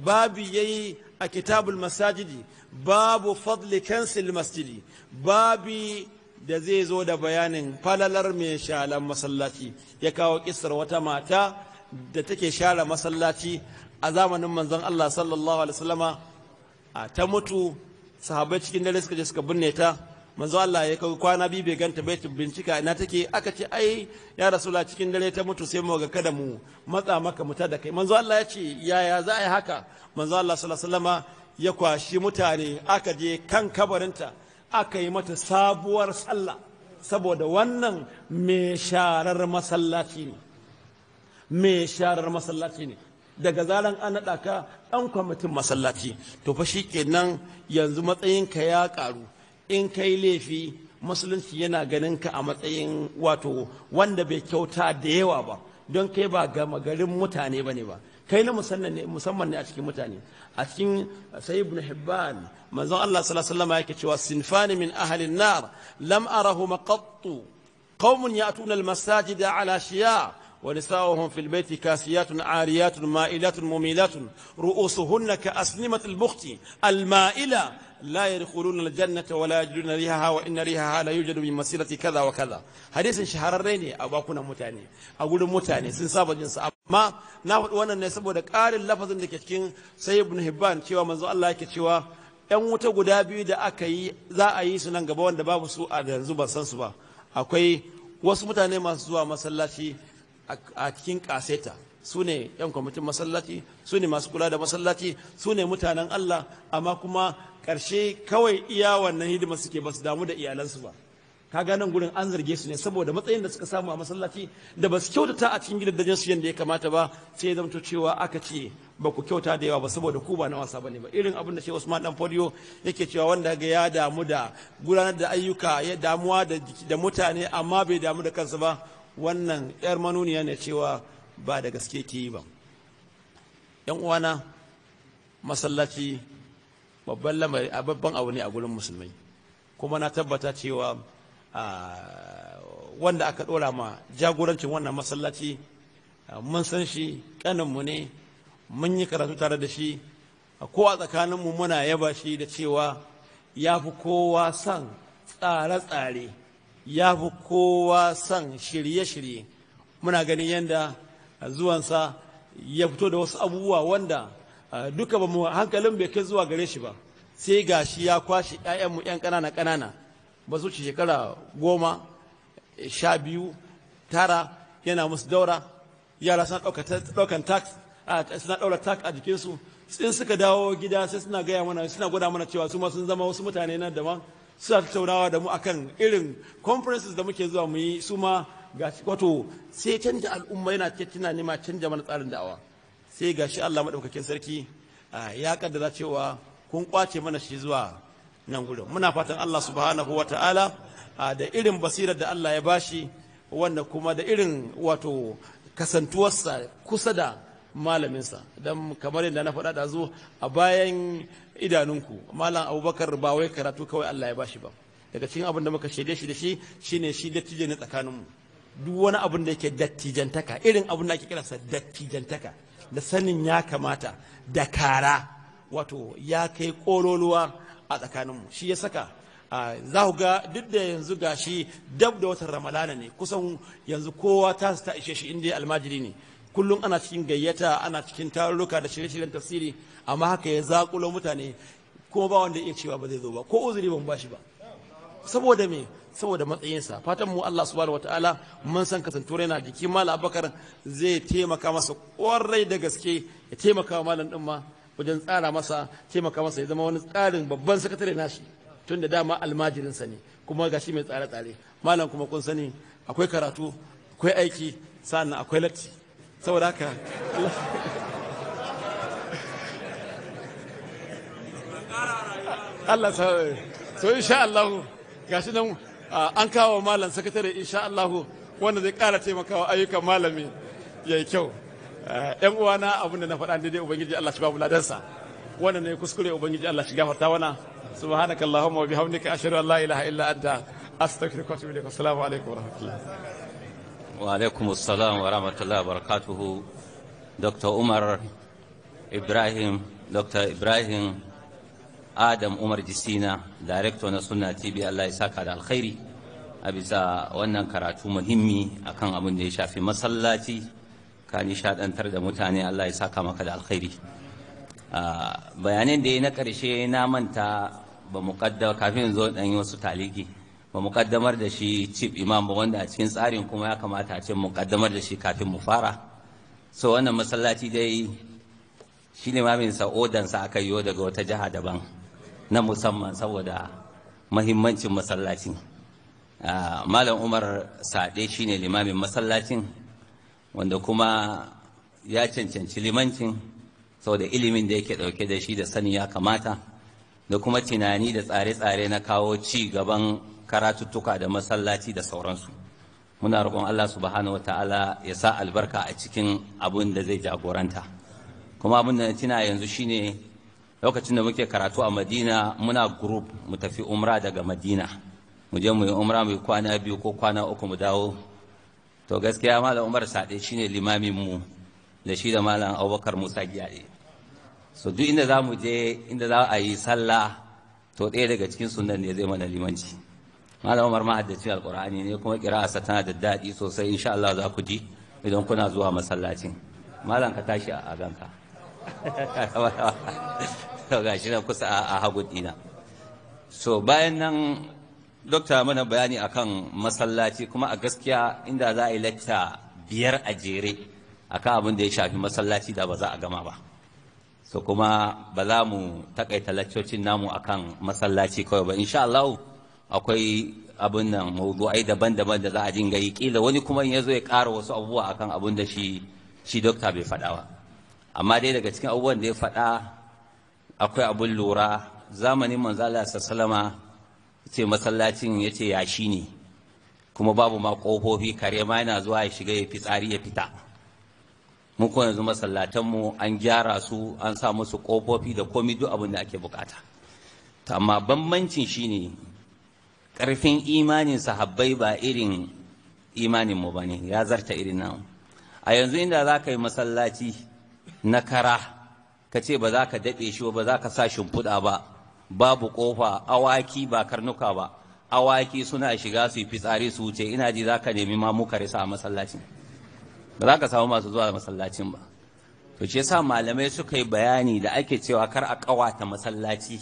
babu yayi a kitabul masajidi babu fadli kansil masjidi babu da zai zo da bayanin falalar mai shalar masallaci ya kawo kisar wata mata da take share masallaci a zamanin manzon Allah sallallahu alaihi wasallama a ta mutu sahabbai cikin dare suka je suka binne ta manzan Allah ya kawo kwana biyu bai ganta bai bincika ina take aka ce ai ya rasula cikin dare ta mutu sai mu ga kada mu matsa maka muta da kai Manzan Allah ya ce yaya za a yi haka manzan Allah sallallahu alaihi wasallama ya kwashi mutane aka je kan kabarinta aka yi mata sabuwar sallah saboda wannan mai sharar masallaci ne mai sharar masallaci ne daga zaran an naɗa ka ɗan kwamitin masallaci to fa kenan yanzu matsayinka ya ƙaru in kai laifi musulunci yana ganin ka a matsayin wato wanda bai kyauta da yawa ba don kai ba gama garin mutane ba ne ba كاين مسنن مسمن اشكي متاني اشكي سيد بن حبان ما زال الله صلى الله عليه وسلم سنفان من اهل النار لم ارهما قط قوم ياتون المساجد على شيار ونساؤهم في البيت كاسيات عاريات مائلات مميلات رؤوسهن كاسنمه البخت المائله لا يدخلون الجنة ولا يجدون ريحها وإن ريحها لا يوجد من مسيرة كذا وكذا حديث شهررين أبو كنا متاني أقول متاني سنصاب جنس amma na faɗi wannan ne saboda ƙarin lafazin da ke cikin sai ibn hibban cewa manzo Allah yake cewa yan wuta guda biyu da aka yi za a yi su nan gaba wanda babu su a yanzu ban san su ba akwai wasu mutane masu zuwa masallaci a cikin kaseta su ne yan kwamitin masallaci su ne masu kula da masallaci su ne mutanen Allah amma kuma ƙarshe kawai iya wannan hidima suke ba su damu da iyalansu ba kaga nan gurin an zarge su ne saboda matsayin da suka samu a masallaci da ba su kyautata a cikin gidajen su yadda ya kamata ba sai ya zamto cewa aka ce ba ku kyauta da yawa ba saboda ku ba na wasa bane ba irin abin da shi Usman dan Fodiyo yake cewa wanda ga ya damu da gudanar da ayyuka ya damuwa da mutane amma bai damu da kansa ba wannan yar manuniya ne cewa ba da gaske ke yi ba yan uwana masallaci babban lamari a babban abu ne a gurin musulmai kuma na tabbata cewa wanda aka ɗora ma jagorancin wannan masallaci mun san shi ƙaninmu ne mun yi karatu tare da shi ko a tsakaninmu muna yaba shi da cewa ya fi kowa son tsare-tsare ya fi kowa son shirye-shirye muna ganin yadda zuwansa ya fito da wasu abubuwa wanda Ah, duka ba mu hankalin bai kai zuwa gare shi ba sai gashi ya kwashe ƴaƴanmu ƴan ƙanana ƙanana ba su ci shekara goma eh, sha biyu tara yana musu daura yara suna ɗaukan tax suna ɗaura tax a jikinsu in suka dawo gida sai suna gaya mana suna gwada mana cewa su ma sun zama wasu mutane na daban suna tattaunawa da mu akan irin conferences da muke zuwa mu yi su ma ga wato sai canja al'umma yana tana nema canja mana tsarin da'awa sai ga shi Allah maɗaukakin sarki ya kaddara cewa kun kwace mana shi zuwa nan gudun muna fatan Allah subhanahu Ta'ala. da irin basirar da Allah ya bashi wanda kuma da irin wato kasantuwarsa kusa da malaminsa don kamar yadda na faɗa da zo a bayan idanunku malam abubakar ba wai karatu kawai Allah ya bashi ba daga cikin abin da muka shaide shi da shi shine shi dattijo ne tsakaninmu duk wani abin da yake dattijantaka irin abin da ake kiransa dattijantaka da sanin ya kamata da kara wato ya kai kololuwa a tsakaninmu shi ya saka za ku ga duk da yanzu gashi dab da watan ramalana ne kusan yanzu kowa ta ta ishe shi inda almajiri ne kullum ana cikin gayyata ana cikin tarurruka da shirye-shiryen tafsiri amma haka ya zakulo mutane kuma ba wanda ya cewa ba zai zo ba ko uzuri ban bashi ba saboda me saboda matsayinsa fatan mu Allah subhanahu wataala mun san kasantuwar yana jiki malam abubakar zai taimaka masa kwarai da gaske ya taimaka wa malam din ma wajen tsara masa taimaka masa ya zama wani tsarin babban sakatare nashi tun da dama almajirinsa ne kuma gashi mai tsare-tsare malam kuma kun sani akwai karatu akwai aiki sannan akwai latti saboda haka Allah sa so insha Allah gashi nan Ah, an kawo malam sakatare insha Allahu wanda zai kara taimakawa ayyukan malami ya yi kyau yan ah, uwana abin da na faɗa daidai ubangiji Allah shi babu ladansa wanda ne kuskure ubangiji Allah shi gafarta wana subhanaka allahumma wa bihamdika ashhadu an la ilaha illa anta astaghfiruka wa atubu ilaik assalamu alaikum wa rahmatullah wa alaikum assalam wa rahmatullah wa barakatuhu dr umar ibrahim dr ibrahim adam umar jisina director na sunna tv allah ya saka da alkhairi a bisa wannan karatu muhimmi akan abin da ya shafi masallaci ka nishadantar da mutane allah ya saka maka da alkhairi bayanin da ya na karshe na manta ba kafin zo dan yi wasu taliki ba mu kaddamar da shi chief imam ba wanda a cikin tsarin kuma ya kamata a ce mu kaddamar da shi kafin mu fara so wannan masallaci dai shi mamin sa odan sa aka yiwo daga wata jiha daban na musamman saboda mahimmancin masallacin ah, malam umar sade shine limamin masallacin wanda kuma ya cancanci limancin saboda ilimin da yake dauke da shi da sani ya kamata da kuma tunani da tsare-tsare na kawo ci gaban karatuttuka da masallaci da sauransu muna roƙon allah subhanahu wataala ya sa albarka a cikin abin da zai jagoranta kuma abin da na tuna yanzu shine lokacin da muke karatu a madina muna group mu tafi umra daga madina mu je mu yi umra mu yi kwana biyu ko kwana uku mu dawo to gaskiya malam umar sade shine limamin mu da shi da malam abubakar musa giyaye so duk inda za mu je inda za a yi sallah to ɗaya daga cikin sunan ne zai mana limanci malam umar ma haddace alqur'ani ne kuma qira'arsa tana da daɗi sosai insha Allah za ku ji idan kuna zuwa masallacin malam ka tashi a ganka ga shi nan kusa a hagu dina so bayan nan dokta mana bayani akan masallaci kuma a gaskiya inda za a yi lacca biyar a jere akan abin da ya shafi masallaci da ba za a gama ba so kuma ba za mu takaita laccocin namu akan masallaci kawai ba insha Allah akwai abin nan mawdu'ai daban-daban da za a dinga yi kila wani kuma ya zo ya ƙara wasu abubuwa akan abin da shi shi dokta bai faɗa ba amma dai daga cikin abubuwan da ya faɗa akwai abin lura zamanin manzala sassalama ce masallacin ya ce yashi ne kuma babu ma ƙofofi kare ma yana zuwa ya shiga ya fitsari ya fita mu kuma yanzu masallatanmu an gyara su an sa musu ƙofofi da komi duk abin da ake bukata amma bambancin shine ƙarfin imanin sahabbai ba irin imanin mu ne. ya zarta irin nan a yanzu inda za ka yi masallaci na kara ka ce ba za ka daɗe shi ba za ka sa shimfiɗa ba babu ƙofa awaki ba karnuka ba awaki suna shiga su yi fitsari su wuce ina ji za ka nemi ma muka risa a masallacin ba za ka samu masu zuwa masallacin ba to shi yasa malamai suka yi bayani da ake cewa kar a ƙawata masallaci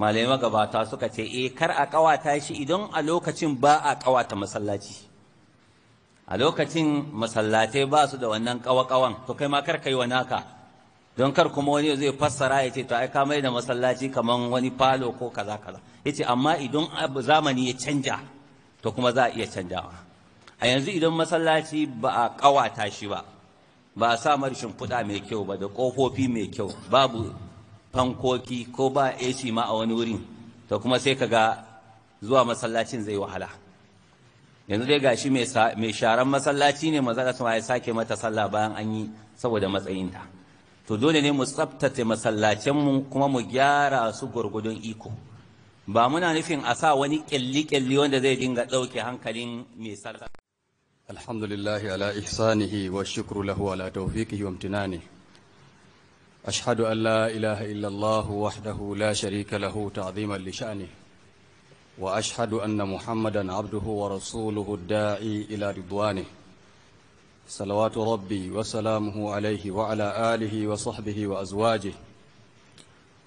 malamai magabata suka ce eh kar a ƙawata shi idan a lokacin ba a ƙawata masallaci a lokacin masallatai ba su da wannan ƙawa-ƙawan to kai ma kar ka yi wa naka don kar kuma wani zai fassara ya ce to ai ka mai da masallaci kamar wani falo ko kaza kaza yace amma idan zamani ya canja to kuma za a iya canjawa a yanzu idan masallaci ba a kawata shi ba ba a sa marshin fuda mai kyau ba da kofofi mai kyau babu fankoki ko ba AC ma a wani wurin to kuma sai ka ga zuwa masallacin zai wahala yanzu dai gashi mai sharan masallaci ne maza ya sake mata sallah bayan an yi saboda matsayinta to dole ne mu tsaftace masallacinmu kuma mu gyara su gwargwadon iko ba muna nufin a sa wani kyalli-kyalli wanda zai dinga ɗauke hankalin mai sallah alhamdulillah ala ihsanihi wa shukru lahu ala tawfiqihi wa imtinani ashhadu an la ilaha illa wahdahu la sharika lahu ta'ziman li sha'ni wa ashhadu anna muhammadan abduhu wa rasuluhu da'i ila ridwanihi صلوات ربي وسلامه عليه وعلى آله وصحبه وأزواجه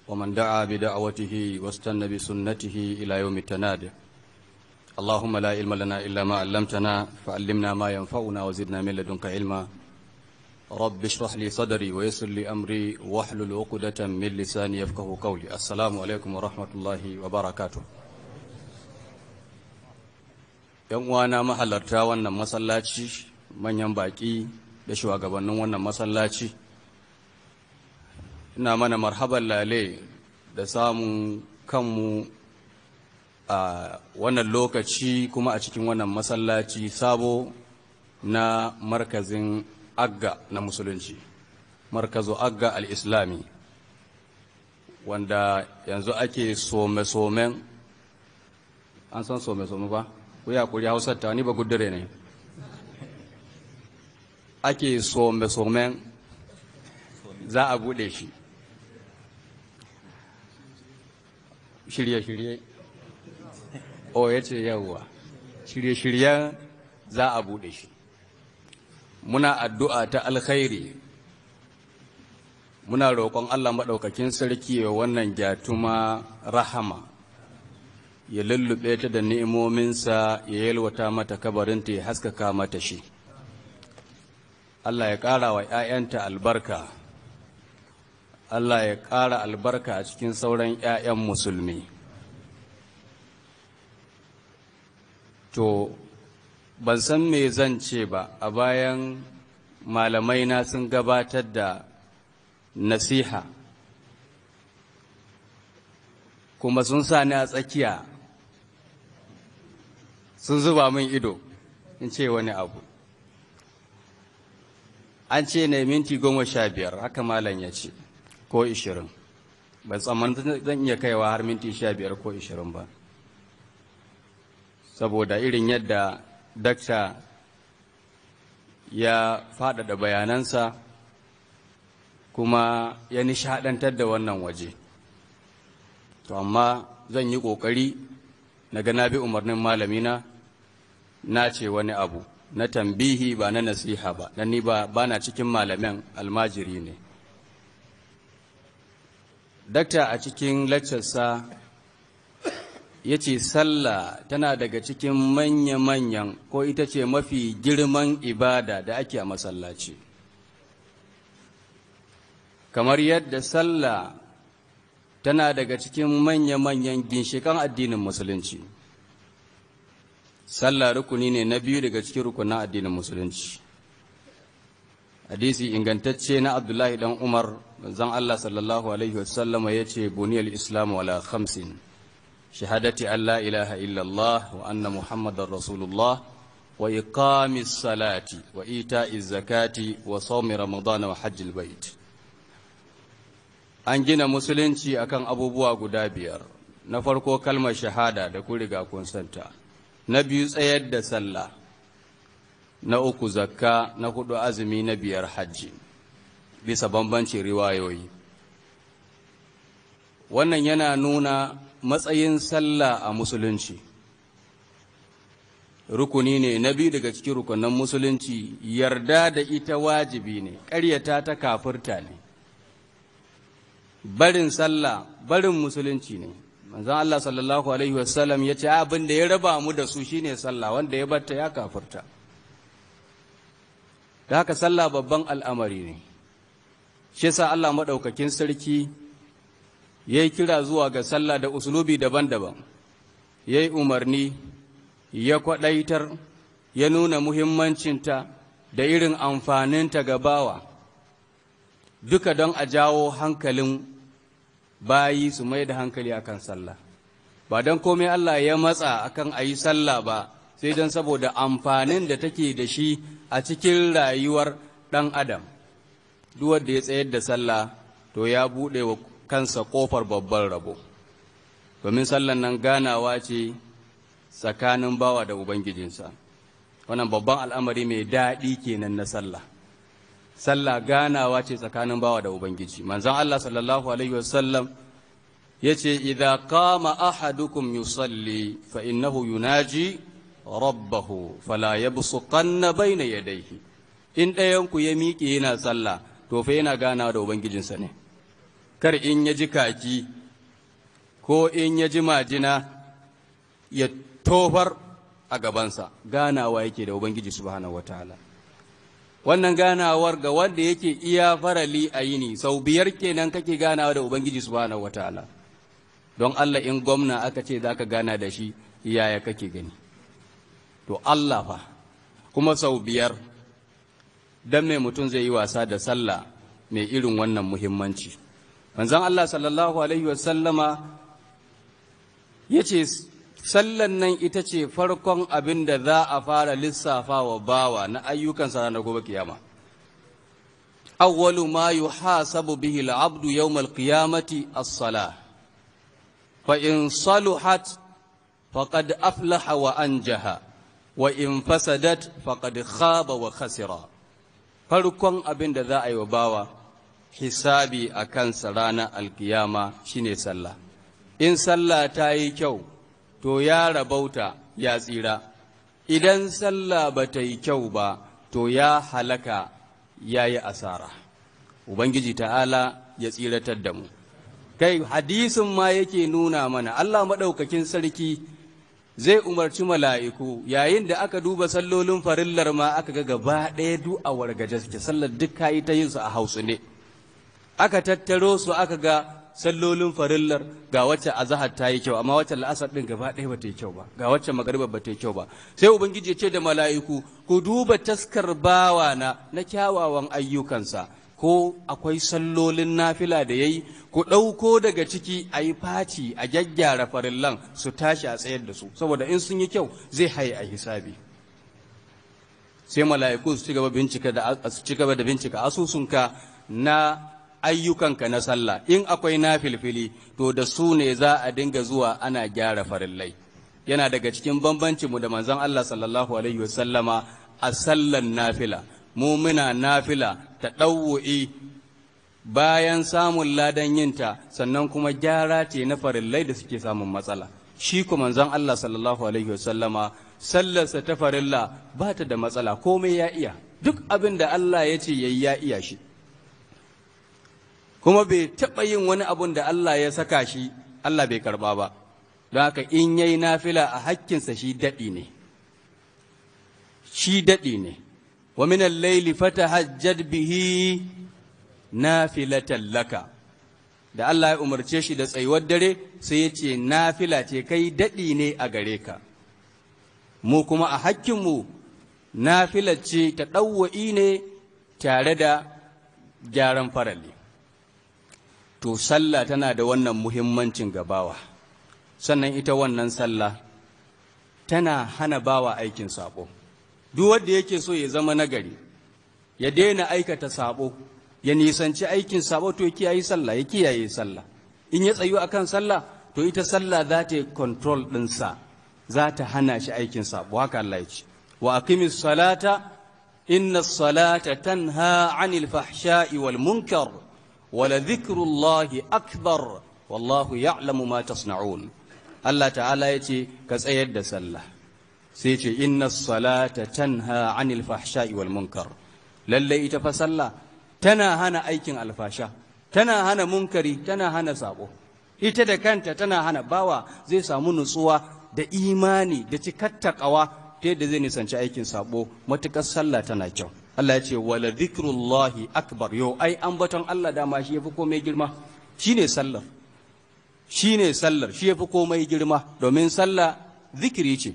ومن دعا بدعوته واستنى بسنته إلى يوم التناد اللهم لا علم لنا إلا ما علمتنا فعلمنا ما ينفعنا وزدنا من لدنك علما رب اشرح لي صدري ويسر لي أمري واحلل عقدة من لساني يفقه قولي السلام عليكم ورحمة الله وبركاته yan uwana mahalarta wannan masallaci manyan baƙi da shugabannin wannan masallaci ina mana marhaban lale da samun kanmu a wannan lokaci kuma a cikin wannan masallaci sabo na markazin agga na musulunci markazo agga al-islami wanda yanzu ake some-somen an san some-some ba ku yi haƙuri hausar ta ni ba guddure ne ake somen za a buɗe shi shirye-shirye o oh, ya ce yawwa shirye-shiryen za a buɗe shi muna addu'a ta alkhairi muna roƙon allah maɗaukakin sarki wa wannan gyatuma rahama ya lullube ta da ni'imominsa ya yalwata mata kabarinta ya haskaka mata shi Allah ya ƙara wa 'ya'yanta albarka Allah ya ƙara albarka a cikin sauran 'ya'yan musulmi to ban san me zan ce ba a bayan malamai na sun gabatar da nasiha kuma sun sa ni a tsakiya sun zuba min ido in ce wani abu an ce ne minti goma sha biyar haka malam ya ce ko ishirin ban tsammanin zan iya kaiwa har minti sha biyar ko ishirin ba saboda irin yadda dakta ya faɗaɗa bayanansa kuma ya nishaɗantar da wannan waje to amma zan yi ƙoƙari na ga na bi umarnin malamina na ce wani abu na tambihi ba na nasiha ba dan ni ba bana cikin malamin almajiri ne dakta a cikin lecturesa ya ce sallah tana daga cikin manya-manyan ko ita ce mafi girman ibada da ake a masallaci kamar yadda sallah tana daga cikin manya-manyan ginshikan addinin musulunci sallah rukuni ne na biyu daga cikin rukunan addinin musulunci hadisi ingantacce na abdullahi dan umar zan allah sallallahu alaihi wasallama ya ce buniyar islamu ala khamsin shahadati allah ilaha illallah wa anna muhammadar rasulullah wa iqamis salati wa ita'iz zakati wa sawmi ramadana wa hajjil bait an gina musulunci akan abubuwa guda biyar na farko kalmar shahada da ku riga kun santa na biyu tsayar da sallah na uku zakka na hudu azumi na biyar hajji bisa bambancin riwayoyi wannan yana nuna matsayin sallah a musulunci rukuni ne na biyu daga cikin rukunan musulunci yarda da ita wajibi ne karyata ta kafurta ne barin sallah barin musulunci ne manzon Allah sallallahu alaihi wasallam ya ce abin da ya raba mu da su shine sallah wanda ya batta ya kafirta da haka sallah babban al'amari ne shi yasa Allah maɗaukakin sarki yayi kira zuwa ga sallah da uslubi daban-daban yayi umarni ya kwadaitar ya nuna muhimmancinta da irin amfaninta ga bawa duka don a jawo hankalin bayi su mai da hankali akan sallah ba don komai Allah ya matsa akan a yi sallah ba sai don saboda amfanin da take da shi a cikin rayuwar ɗan adam duwar da ya tsayar da sallah to ya buɗe wa kansa ƙofar babban rabo domin sallan nan ganawa ce tsakanin bawa da ubangijinsa wannan babban al'amari mai daɗi kenan na sallah sallah ganawa ce tsakanin bawa da ubangiji manzon Allah sallallahu alaihi wasallam yace idza qama ahadukum yusalli fa innahu yunaji rabbahu fala yabsuqanna bayna yadayhi in ɗayan ku ya miƙe yana sallah to fa yana ganawa da ubangijinsa ne kar in ya ji kaki ko in ya ji majina ya tofar a gabansa ganawa yake da ubangiji subhanahu wataala wannan ganawar ga wanda yake iya farali a yini sau biyar kenan kake ganawa da ubangiji subhanahu wataala don Allah in gwamna aka ce za ka gana da shi yaya kake gani to Allah fa kuma sau biyar don mai mutum zai yi wasa da sallah mai irin wannan muhimmanci manzan Allah sallallahu alaihi wasallama ce. sallan nan ita ce farkon abin da za a fara lissafa wa bawa na ayyukansa ranar gobe kiyama awwalu ma yuhasabu bihi al-abdu yawm al-qiyamati as-salah fa in saluhat faqad aflaha wa anjaha wa in fasadat faqad khaba wa khasira farkon abin da za a yi wa bawa hisabi a kansa ranar alkiyama shine sallah in sallah ta yi kyau to ya rabauta ya tsira idan sallah ba ta yi kyau ba to ya halaka ya yi asara ubangiji ta'ala ya tsiratar da mu kai hadisin ma yake nuna mana allah maɗaukakin sarki zai umarci mala'iku yayin da aka duba sallolin farillar ma aka ga gaba ɗaya duk a wargaje sallar duk kayi ta yin a hausu ne aka tattaro su aka ga sallolin farillar ga wacce azahar ta yi kyau amma wacce la'asar ɗin gaba ɗaya ba ta yi kyau ba ga wacce magariba ba ta yi kyau ba sai ubangiji ya ce da mala'iku ku duba taskar bawa na na kyawawan ayyukansa ko akwai sallolin nafila da yayi ku ɗauko daga ciki a yi faci a gyaggyara farillan su tashi a tsayar da su saboda in sun yi kyau zai haye a hisabi sai mala'iku su ci gaba da bincika asusunka na ayyukanka na sallah in akwai nafilfili to da su ne za a dinga zuwa ana gyara farillai yana daga cikin bambancinmu da manzon Allah sallallahu alaihi wasallama a sallan nafila mu muna nafila ta ɗauwa'i bayan samun ladan yinta sannan kuma gyara ce na farillai da suke samun matsala shi ku manzon Allah sallallahu alaihi wasallama sallarsa ta farilla ba ta da matsala komai ya iya duk abin da Allah ya ce yayi ya iya shi kuma bai taɓa yin wani abun da Allah ya saka shi Allah bai karba ba don haka in yayi nafila a hakkinsa shi daɗi ne shi daɗi ne wa min al-layli fatahajjad bihi nafilatan laka da Allah ya umarce shi da tsayuwar dare sai ya ce nafila ce kai daɗi ne a gare ka mu kuma a hakkinmu nafilar ce ta ɗauwa'i ne tare da gyaran farali to sallah tana da wannan muhimmancin gabawa sannan ita wannan sallah tana hana bawa aikin sabo duk wanda yake so ya zama nagari ya daina aikata saƙo ya nisanci aikin saƙo to ya kiyaye sallah ya kiyaye sallah in ya tsayu akan sallah to ita sallah za ta control ɗinsa za ta hana shi aikin sabo haka Allah ya ce wa aqimis salata inna salata tanha anil fahsha'i wal munkar wala dhikrullahi akbar wallahu ya'lamu ma tasna'un Allah ta'ala yace ka tsayar da sallah sai yace inna salata tanha 'anil fahsha'i wal munkar lalle ita fa sallah tana hana aikin alfasha tana hana munkari tana hana sabo ita da kanta tana hana bawa zai samu nutsuwa da imani da cikar takawa ta yadda zai nisanci aikin sabo matukar sallah tana kyau Allah ya ce wala zikrullahi akbar yo ai ambaton Allah dama shi yafi komai girma shine sallar shine sallar shi yafi komai girma domin sallah zikiri ce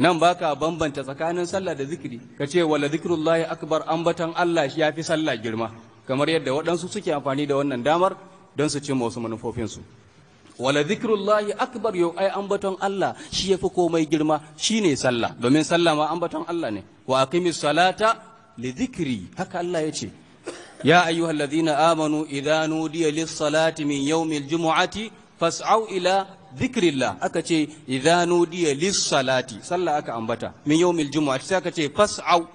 nan baka bambanta tsakanin sallah da zikiri kace wala zikrullahi akbar ambaton Allah shi yafi sallah girma kamar yadda waɗansu suke amfani da wannan damar don su cimma wasu manufofinsu wala zikrullahi akbar yau ai ambaton Allah shi yafi komai girma shine sallah domin sallah ma ambaton Allah ne wa aqimis salata li dhikri haka Allah ya ce ya ayyuhal ladhina amanu idza nudiya lis salati min yawmil jumu'ati fas'au ila dhikrillah aka ce idza nudiya salati sallah aka ambata min yawmil jumu'ati sai aka ce fas'au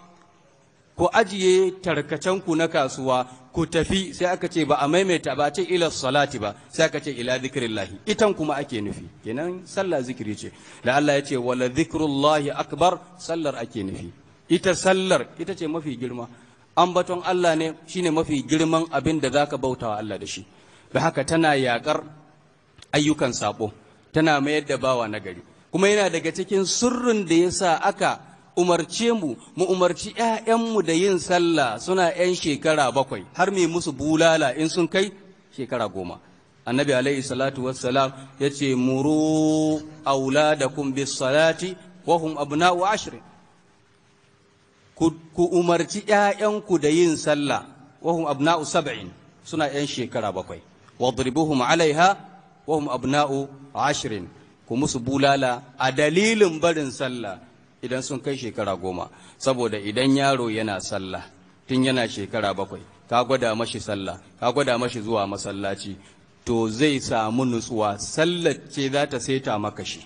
ku ajiye tarkacenku na kasuwa ku tafi sai aka ce ba a maimaita ba ce ila salati ba sai aka ce ila zikrillahi itan kuma ake nufi kenan sallah zikiri ce da Allah ya ce wala zikrullahi akbar sallar ake nufi ita sallar ita ce mafi girma ambaton Allah ne shine mafi girman abin da zaka wa Allah da shi da haka tana yaƙar ayyukan sabo tana mayar da bawa nagari kuma yana daga cikin sirrin da ya sa aka umarce mu mu umarci ƴaƴanmu da yin sallah suna ƴan shekara bakwai har mai musu bulala in sun kai shekara goma annabi alaihi salatu wassalam ya ce muru auladakum bis salati wa hum abna'u ashrin ku umarci ‘ya'yanku da yin sallah wahum abna'u sab'in suna ‘yan shekara bakwai wadribuhum alaiha wahum abna'u ashirin ku musu bulala a dalilin barin sallah idan sun kai shekara goma saboda idan yaro yana sallah tun yana shekara bakwai ka gwada mashi sallah ka gwada mashi zuwa masallaci to zai samu nutsuwa sallar ce za ta saita maka shi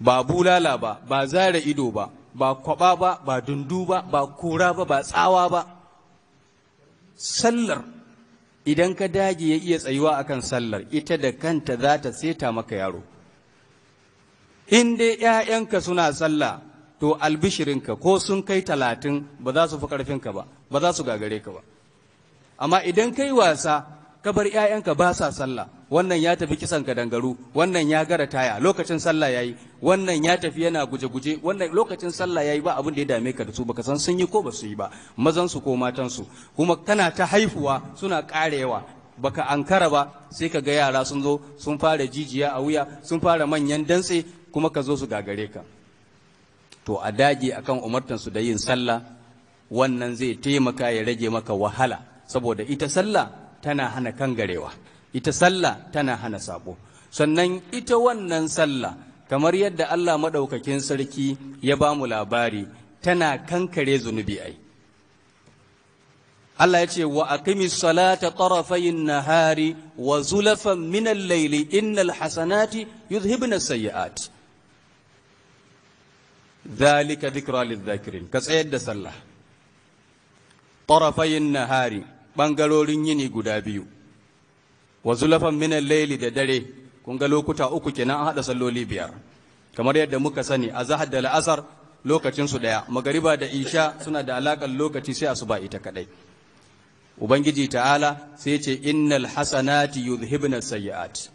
ba bulala ba ba zara ido ba ba kwaba ba ba dundu ba ba kura ba ba tsawa ba sallar idan ka dage ya iya tsayuwa akan sallar ita da kanta za ta seta maka yaro in dai 'ya'yanka suna sallah to albishirinka ko sun kai talatin ba za su fi ƙarfinka ba ba za su gagare ka ba amma idan kai wasa ka bar 'ya'yanka ba sa sallah wannan ya tafi kisan kadangaru wannan ya gara taya lokacin sallah yayi wannan ya tafi yana guje-guje wannan lokacin sallah yayi ba abin da ya dame ka da su baka san sun yi ko ba su yi ba mazan su ko matan su kuma kana ta haifuwa suna karewa baka ankara ba sai ka ga yara sun zo sun fara jijiya a wuya sun fara manyan dantse kuma ka zo su gagare ka to a dage akan umartan su da yin sallah wannan zai taimaka ya rage maka wahala saboda ita sallah tana hana kan garewa. ita sallah tana hana sabo sannan ita wannan sallah kamar yadda Allah maɗaukakin sarki ya ba mu labari tana kankare zunubi ai Allah ya ce wa aqimis salata tarafayin nahari wa zulafan minal layli innal hasanati yuzhibna sayyi'at dhalika dhikra lidh-dhakirin ka tsayar da sallah tarafayin nahari bangarorin yini guda biyu wa zulafan minan laili da dare kun ga lokuta uku kenan an haɗa salloli biyar kamar yadda muka sani a zahar da la'asar lokacin su ɗaya magariba da isha suna da alakar lokaci sai asuba ita kaɗai ubangiji ta'ala sai ce innal hasanati yuzhibna sayi'at.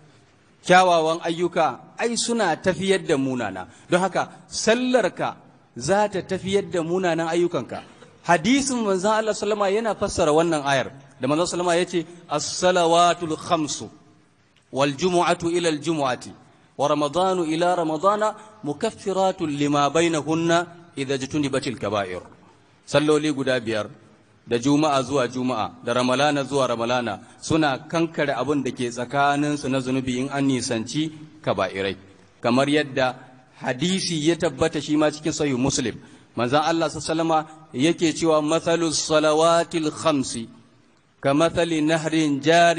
kyawawan ayyuka ai suna tafiyar da munana don haka sallarka za ta tafiyar da munanan ayyukanka hadisin manzon Allah sallama yana fassara wannan ayar da manzon sallama ya ce as-salawatul khamsu wal jumu'atu ila al jumu'ati wa ramadanu ila ramadana mukaffiratun lima bainahunna idza jutunibatil kaba'ir salloli guda biyar da juma'a zuwa juma'a da ramalana zuwa ramalana suna kankare abin da ke tsakaninsu na zunubi in an nisanci kaba'irai kamar yadda hadisi ya tabbata shi ma cikin sahih muslim manzon Allah sallama yake cewa mathalus salawatil khamsi كمثل نهر جار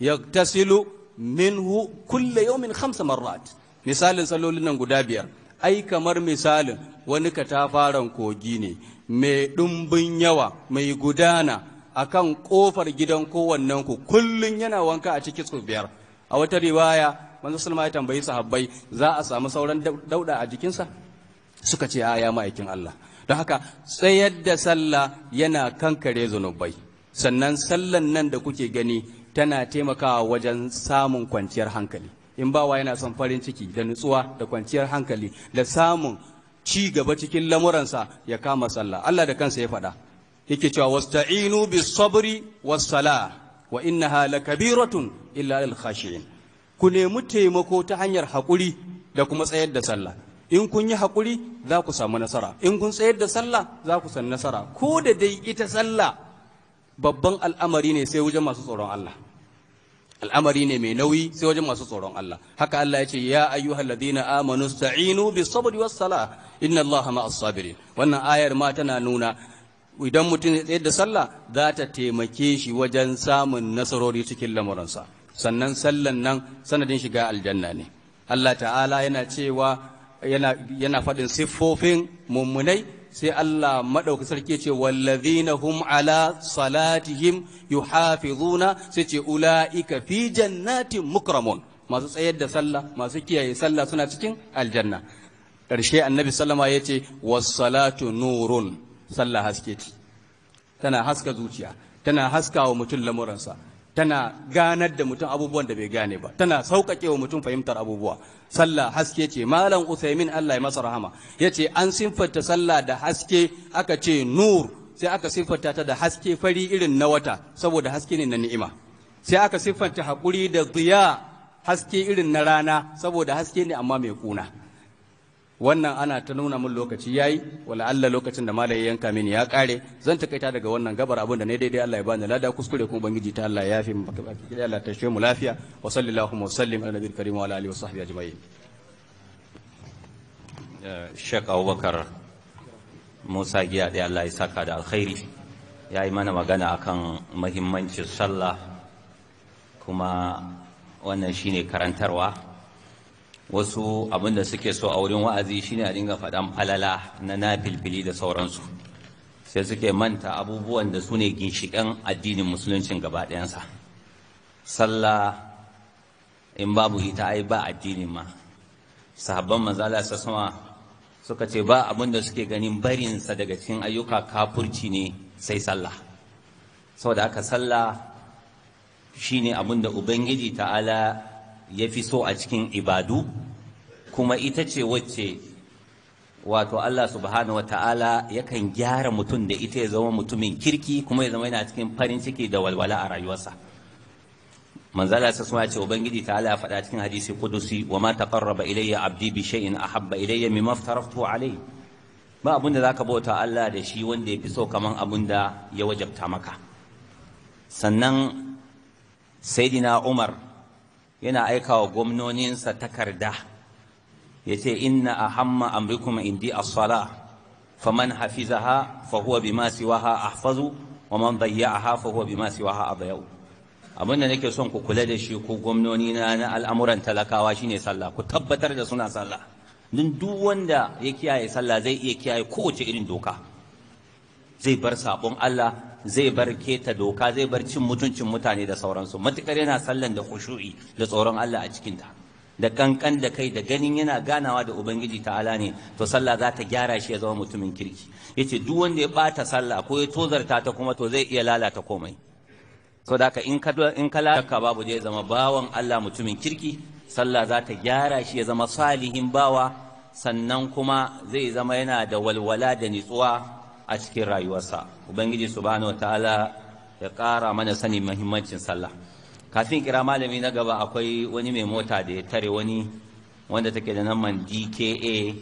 ya ta silu min hu kulle yau min خمس مرات misalin sallolin nan guda biyar ai kamar misalin wani katafaren kogi ne mai ɗumbin yawa mai gudana akan ƙofar gidan kowannen ku kullum yana wanka a cikin su biyar a wata riwaya manzo sulma ya tambayi sahabbai za a samu sauran dauɗa a jikinsa suka ce a ya ma'aikin Allah don haka tsayar da sallah yana kankare zunubai sannan sallan nan da kuke gani tana taimakawa wajen samun kwanciyar hankali in bawa yana son farin ciki da nutsuwa da kwanciyar hankali da samun ci gaba cikin lamuransa ya kama sallah Allah da kansa ya faɗa yake cewa wasta'inu bis sabri was sala wa innaha lakabiratun illa lil khashiyin ku nemi taimako ta hanyar hakuri da kuma tsayar da sallah in kun yi haƙuri za ku samu nasara in kun tsayar da sallah za ku samu nasara ko da dai ita sallah babban al'amari ne sai wajen masu tsoron Allah al'amari ne mai nauyi sai wajen masu tsoron Allah haka Allah ya ce ya ayyuhal ladina amanu sta'inu bis sabri was salah inna Allaha ma'as sabirin wannan ayar ma tana nuna idan mutum ya tsayar da sallah za ta taimake shi wajen samun nasarori cikin lamuransa sannan sallan nan sanadin shiga aljanna ne Allah ta'ala yana cewa yana yana faɗin siffofin mummunai sai Allah maɗauki sarki ce wallazina hum ala salatihim yuhafizuna sai ce ula'ika fi jannatin mukramun masu tsayar da sallah masu kiyaye sallah suna cikin aljanna ƙarshe annabi sallama ya ce wassalatu nurun sallah haske tana haska zuciya tana haska wa mutum lamuransa tana ganar da mutum abubuwan da bai gane ba tana sauƙaƙe wa mutum fahimtar abubuwa sallah haske ce malam usaimin allah ya masa rahama ya ce an siffanta sallah da haske aka ce nur sai aka siffanta ta da haske fari irin na wata saboda haske ne na ni'ima sai aka siffanta haƙuri da ziya haske irin na rana saboda haske ne amma mai kuna wannan ana ta nuna min lokaci yayi wala Allah lokacin da malai yanka mini ya kare zan ta kaita daga wannan gabar abin da ne daidai Allah ya bani lada kuskure kuma ubangiji ta Allah ya yafi mu baki Allah ta mu lafiya wa sallallahu wa sallim ala nabiyil karim wa ala alihi wa sahbihi ajma'in Sheikh Abubakar Musa Giya da Allah ya saka da alkhairi ya yi mana magana akan muhimmancin sallah kuma wannan shine karantarwa wasu abin da suke so a wurin wa'azi shine a dinga faɗan falala na nafilfili da sauransu sai suke manta abubuwan da su ne ginshiƙan addinin musuluncin gaba ɗayansa sallah in babu ita ai ba addinin ma sahabban manzala sa sama suka ce ba abin da suke ganin barinsa daga cikin ayyuka kafurci ne sai sallah saboda haka sallah shine abin da ubangiji ta'ala ya fi so a cikin ibadu kuma ita ce wacce wato Allah subhanahu wa ta'ala yakan gyara mutum da ita ya zama mutumin kirki kuma ya zama yana cikin farin ciki da walwala a rayuwarsa manzala sa suna ce ubangiji ta ala faɗa cikin hadisi kudusi wa ma taqarraba ilayya abdi bi shay'in ahabba ilayya mimma aftaraftu alayhi ba abin da zaka bauta Allah da shi wanda ya fi so kaman abun da ya wajabta maka sannan saidina Umar yana aika wa gwamnoninsa takarda ya ce inna a hamma amrikum indi as-sala faman hafizaha fa huwa bima siwaha ahfazu wa man dayya'aha fa huwa bima siwaha adyau abin da nake son ku kula da shi ku gwamnoni na na al'amuran talakawa shine sallah ku tabbatar da suna sallah din duk wanda ya kiyaye sallah zai iya kiyaye kowace irin doka zai bar sabon Allah zai bar keta doka zai bar cin mutuncin mutane da sauransu matukar yana sallan da khushu'i da tsoron Allah a cikinta da kankan da kai da ganin yana ganawa da ubangiji ta'ala ne to sallah za ta gyara shi ya zama mutumin kirki yace duk wanda ya bata sallah ko ya tozarta ta kuma to zai iya lalata komai so da in ka in ka lalata babu zai zama bawan Allah mutumin kirki sallah za ta gyara shi ya zama salihin bawa sannan kuma zai zama yana da walwala da nitsuwa a cikin rayuwarsa ubangiji subhanahu ta'ala ya ƙara mana sani mahimmancin sallah kafin kira malami na gaba akwai wani mai mota da ya tare wani wanda take da namban DKA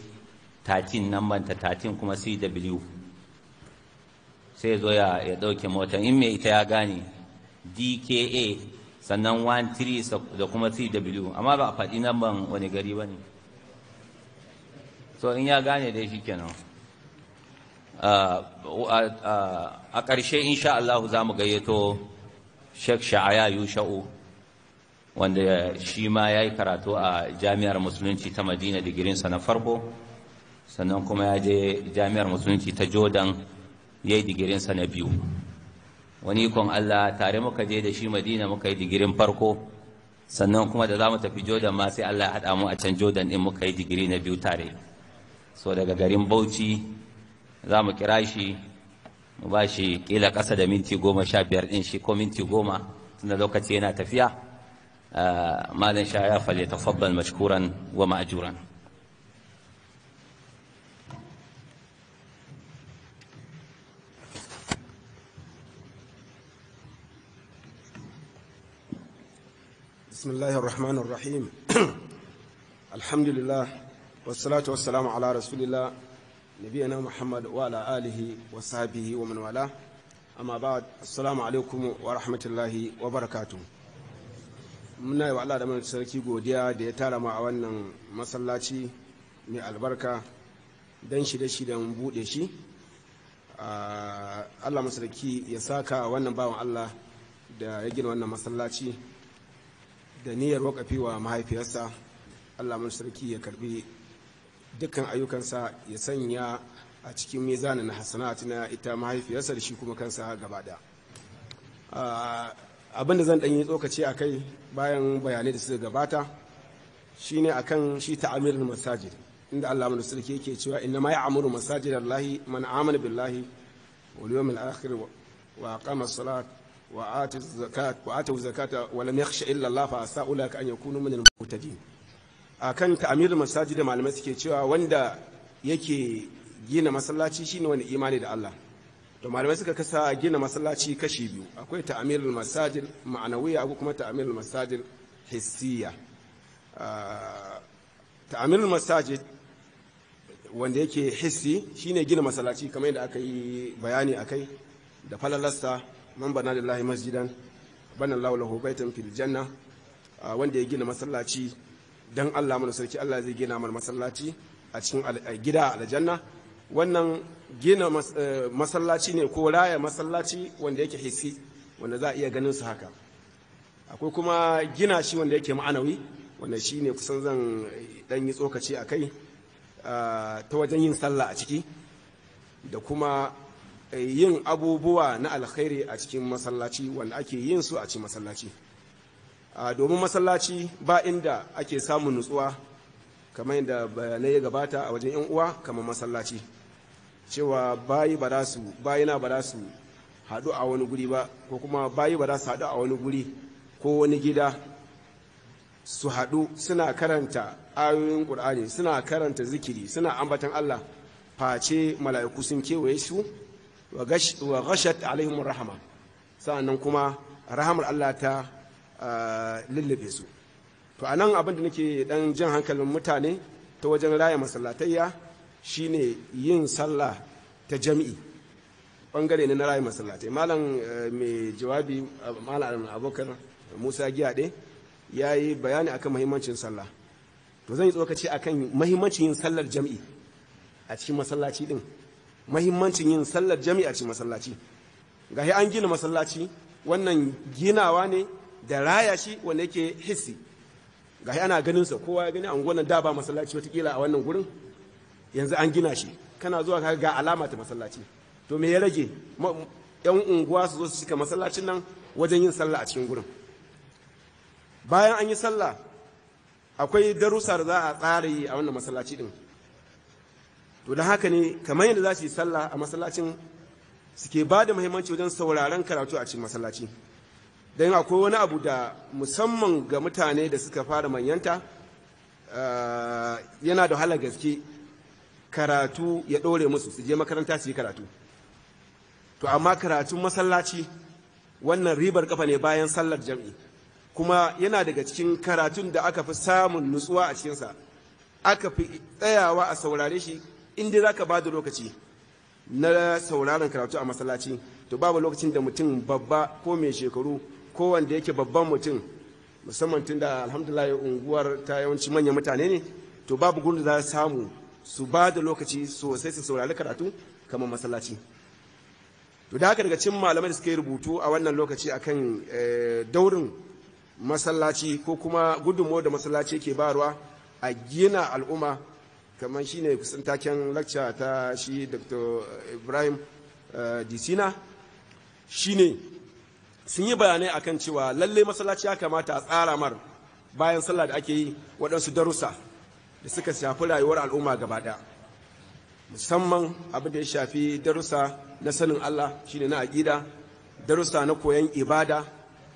13 namban ta 13 kuma CW sai zo ya ya dauke mota in mai ita ya gane DKA sannan 13 da kuma CW amma ba a faɗi namban wani gari ba ne so in ya gane dai shikenan Uh, uh, uh, a ƙarshe insha Allah za mu gayyato Sheikh Sha'aya Yusha'u wanda shi ma ya yi karatu a Jami'ar Musulunci ta Madina digirinsa na farko sannan kuma ya je Jami'ar Musulunci ta Jordan ya yi digirinsa na biyu wani ikon Allah tare muka je da shi Madina muka yi digirin farko sannan kuma da za mu tafi Jordan ma sai Allah ya haɗa mu a can Jordan ɗin muka yi digiri na biyu tare so daga garin Bauchi za mu kira shi mu ba shi kila ƙasa da minti goma sha biyar ɗin shi ko minti goma tunda lokaci yana tafiya ah, malam falle ta yatafaddal mashkuran wa ma'ajuran. بسم الله الرحمن الرحيم الحمد لله والصلاة والسلام على رسول الله نبينا محمد وعلى آله وصحبه ومن والاه أما بعد السلام عليكم ورحمة الله وبركاته muna yi wa Allah da mai sarki godiya da ya tara ma a wannan masallaci mai albarka don shirye don buɗe shi Allah masarki ya saka wannan bawan Allah da ya gina wannan masallaci da niyyar wakafi wa mahaifiyarsa Allah masarki ya karbi dukkan ayyukansa ya sanya a cikin mizanin hasanat na ita mahaifiyarsa da shi kuma kansa gaba da abin da zan ɗanyi tsokaci a kai bayan bayanai da suka gabata shi ne a kan shi ta'amirin masajid inda Allah mana sarki ke cewa inna ma ya'muru masajid allahi man amana billahi wal yawmil akhir wa aqama salat wa ata zakat zakata wa lam yakhsha illa Allah fa sa'ulaka an yakunu min al-muhtadin akan ta'amirul masaji da malamai suke cewa wanda yake gina masallaci shine wani imani da Allah to malamai suka kasa gina masallaci kashi biyu akwai ta'amir masajid ma'anawiyya akwai kuma ta'amir masajin hissiya ta'amir masajid wanda yake hissi shine gina masallaci kamar yadda aka yi bayani akai da falalasta man bana lillahi masjidan bana baitan fil wanda ya gina masallaci don allah mana sarki allah zai gina mana masallaci a cikin gida aljanna wannan gina eh, masallaci ne ko raya masallaci wanda yake hissi wanda za a iya ganin su haka akwai kuma gina shi wanda yake ma'anawi wanda shi ne kusan zan dan yi tsokaci a kai ah, ta wajen yin sallah a ciki da kuma eh, yin abubuwa na alkhairi a cikin masallaci wanda ake yin su a cikin masallaci domin masallaci ba inda ake samun nutsuwa kamar yadda bayanai ya gabata a wajen 'yan uwa kamar masallaci cewa bayi ba za su bayina ba za su haɗu a wani guri ba ko kuma bayi ba za su haɗu a wani guri ko wani gida su haɗu suna karanta ayoyin ƙur'ani suna karanta zikiri suna ambatan Allah face mala'iku sun kewaye su wa gashat alaihimun rahama sa'annan kuma rahamar Allah ta lullube su to a nan abinda nake dan jan hankalin mutane ta wajen raya masallatayya shine yin sallah ta jami'i bangare ne na raya masallatai malam eh, mai jawabi malam abokan musa giyade ya yi bayani akan mahimmancin sallah to zan yi tsokaci akan mahimmancin yin sallar jami'i a cikin masallaci din mahimmancin yin sallar jami'i a cikin masallaci gahi an gina masallaci wannan ginawa ne da raya shi wanda yake hissi ga ana ganin sa kowa ya gani anguwan da ba masallaci watakila a wannan gurin yanzu an gina shi kana zuwa ka ga alama ta masallaci to me ya rage yan unguwa su zo su cika masallacin nan wajen yin sallah a cikin gurin bayan an yi sallah akwai darussa da za a tsara yi a wannan masallaci din to don haka ne kamar yadda za su yi sallah a masallacin suke ba da muhimmanci wajen sauraron karatu a cikin masallaci don akwai wani abu da musamman ga mutane da suka fara manyanta eh, yana da hala gaske karatu ya ɗore musu su je makaranta su yi karatu to amma karatun masallaci wannan ribar kafa ne bayan sallar jam'i kuma yana daga cikin karatun da aka fi samun nutsuwa a cikinsa aka fi tsayawa a saurare shi inda za ka ba da lokaci na sauraron karatu a masallaci to babu lokacin da mutum babba ko mai shekaru kowanda yake babban mutum musamman tun da alhamdulillah unguwar ta yawanci manyan mutane ne to babu gurin da za samu su ba da lokaci sosai su saurari karatu kamar masallaci to da haka daga cin malamai da suka yi rubutu a wannan lokaci kan eh, daurin masallaci ko kuma gudunmawar da masallaci ke barwa a gina al'umma kamar ne kusan taken lacca ta shi dr ibrahim eh, disina ne. sun yi bayanai akan cewa lallai masallaci ya kamata a tsara mar bayan sallah da ake yi waɗansu darussa da suka shafi rayuwar al'umma gaba musamman abin da ya shafi darussa na sanin Allah shine na aƙida darussa na koyan ibada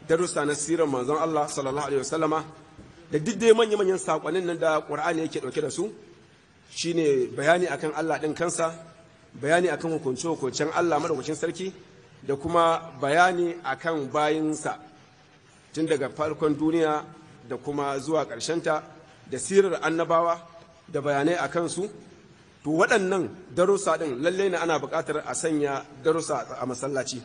darussa na sirrin manzon Allah sallallahu alaihi wasallama da duk dai manya-manyan saƙonin nan da ƙur'ani yake ɗauke da su shine bayani akan Allah ɗin kansa bayani akan hukunce-hukuncen Allah madaukakin sarki da kuma bayani akan bayinsa tun daga farkon duniya da kuma zuwa ta da sirar annabawa da bayanai a kansu to waɗannan darussa ɗin lallai ne ana buƙatar a sanya darussa a masallaci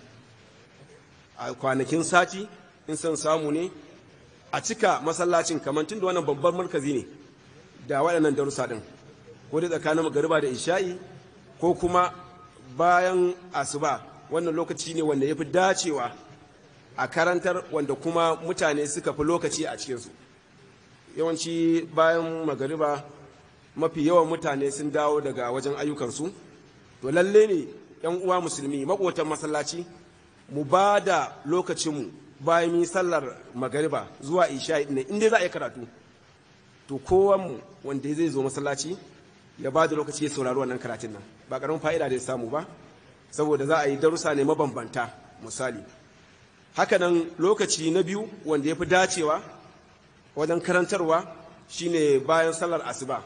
a kwanakin sati in san samu ne a cika masallacin kamar tun da wannan babban markazi ne da waɗannan darussa ɗin ko da tsakanin magariba da isha'i ko kuma bayan asuba wannan lokaci ne wanda ya fi dacewa a karantar wanda kuma mutane suka fi lokaci a cikinsu yawanci bayan magariba mafi yawan mutane sun dawo daga wajen ayyukansu to lalle ne 'yan uwa musulmi makotan masallaci mu ba da lokacinmu bayan yi sallar magariba zuwa isha ne inda za a yi karatu to kowanmu wanda zai zo masallaci ya ba da lokaci ya saurari wannan karatun nan ba ƙaramin fa'ida da ya samu ba saboda za a yi darussa ne mabambanta misali hakanan lokaci na biyu wanda ya fi dacewa wajen karantarwa shine bayan sallar asuba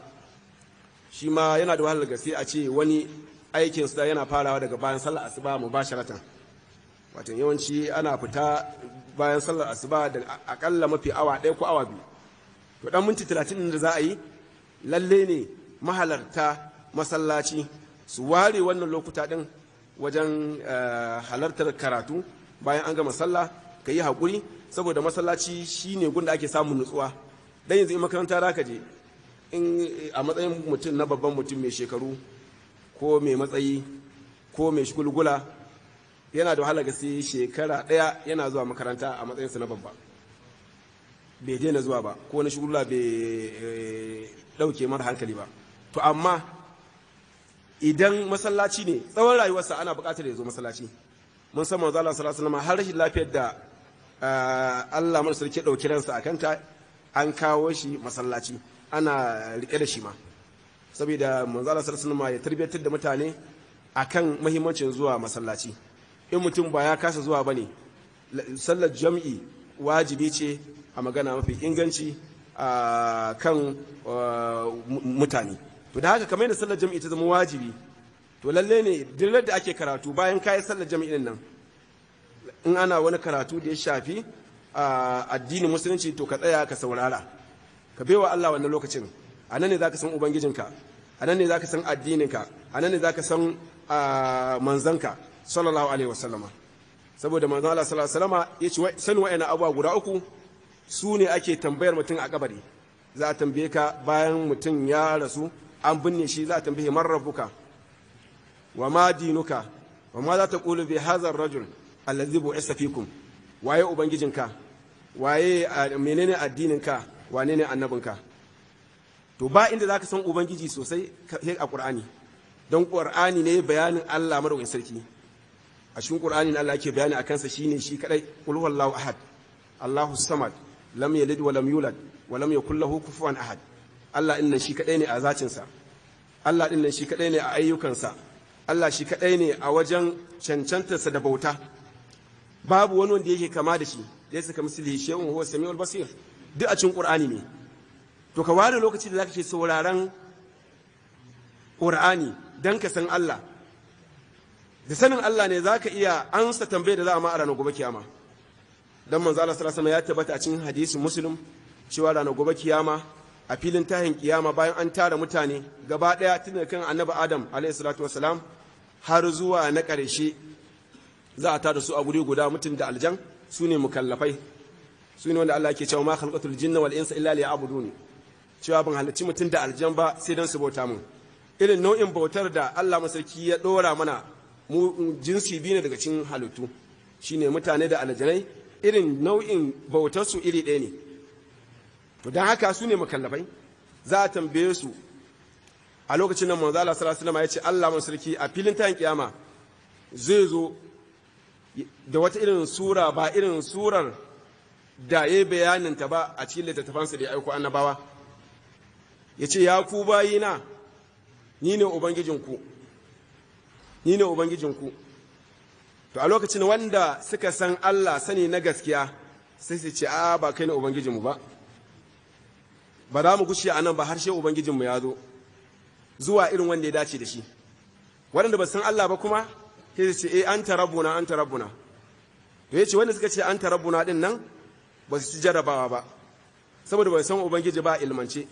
shi ma yana da wahalar gaske a ce wani aikin sa yana farawa daga bayan sallar asuba mu ba ratan. wato yawanci ana fita bayan sallar asuba da akalla mafi awa ɗaya ko awa biyu to dan minti talatin da za a yi lalle ne mahalarta masallaci su ware wannan lokuta din wajen eh, halartar karatu bayan an gama sallah ka yi haƙuri saboda masallaci shine gunda ake samun nutsuwa dan yanzu in makaranta za ka je in a matsayin mutum na babban mutum mai shekaru ko mai matsayi ko mai shugulgula yana da wahala sai shekara ɗaya yana zuwa makaranta a matsayinsa na babba bai daina zuwa ba ko na shugulgula bai eh, ɗauke mara hankali ba to amma idan masallaci ne tsawon rayuwarsa ana buƙatar ya zo masallaci mun san manzo Allah sallallahu alaihi har shi lafiyar da ah, Allah mun sarki dauki ransa akan ta an kawo shi masallaci ana rike da shi ma saboda manzo Allah sallallahu alaihi ya tarbiyatar da mutane akan muhimmancin zuwa masallaci in mutum ba ya kasa zuwa bane sallar jam'i wajibi ce a magana mafi inganci a ah, kan ah, mutane to da haka kamar da sallar jami'i ta zama wajibi to lalle ne dillar da ake karatu bayan kayi sallar jami'i din nan in ana wani karatu da ya shafi addinin musulunci to ka tsaya ka saurara ka bewa Allah wannan lokacin a nan ne zaka san ubangijinka a nan ne zaka san addininka a nan ne zaka san manzanka sallallahu alaihi wasallama saboda manzon Allah sallallahu alaihi wasallama yace san wa'ina abuwa guda uku su ne ake tambayar mutum a kabari za a tambaye ka bayan mutum ya rasu an binne shi za a tambaye man rabbuka wa ma dinuka wa ma za ta qulu bi hadha rajul allazi bu'isa fikum waye ubangijinka waye menene ka wane ne annabinka to ba inda zaka san ubangiji sosai sai a qur'ani don qur'ani ne bayanin Allah madaukakin sarki a cikin qur'ani ne Allah yake bayani akan sa shine shi kadai qul huwallahu ahad Allahu samad lam yalid wa lam yulad wa lam yakul lahu kufuwan ahad Allah ɗin nan shi kaɗai ne a zacinsa Allah ɗin nan shi kaɗai ne a ayyukansa Allah shi kaɗai ne a wajen cancantarsa da bauta babu wani wanda yake kama da shi ya saka misali shehun huwa samiul basir duk a cikin ƙur'ani ne to ka ware lokaci da za ka ce sauraron ƙur'ani don ka san Allah da sanin Allah ne za ka iya ansa tambayar da za a ma a ranar gobe kiyama Don manzo Allah sallallahu alaihi wasallam ya tabbata a cikin hadisin muslim cewa ranar gobe kiyama a filin tahin kiyama bayan an tara mutane gaba ɗaya tun da kan annabi adam alaihi wasalam har zuwa na ƙarshe za a tara su a guri guda mutum da aljan su ne mukallafai su ne wanda Allah ke cewa ma halkatul jinna wal insa illa liya'buduni cewa ban halarci mutum da aljan ba sai don su bauta mun irin nau'in bautar da Allah masarki ya ɗora mana mu jinsi biyu ne daga cikin halittu shine mutane da aljanai irin nau'in bautar su iri ɗaya ne to don haka su ne makallafai za a tambaye su a lokacin nan manzo Allah sallallahu alaihi wasallam ya ce Allah mun sarki a filin tayin kiyama zai zo da wata irin sura ba irin surar da ya bayanin ta ba a cikin littattafansa da ya aiko annabawa ya ce ya ku bayina ni ne ubangijinku ni ne ubangijinku to a lokacin wanda suka san Allah sani na gaskiya sai su ce a ba kai ne mu ba ba za mu gushe a nan ba har sai ubangijinmu ya zo zuwa irin wanda ya dace da shi waɗanda ba san Allah ba kuma sai su ce eh an rabbuna an rabbuna to yace wanda suka ce an na din nan ba su ci jarabawa ba saboda bai san ubangiji ba ilmance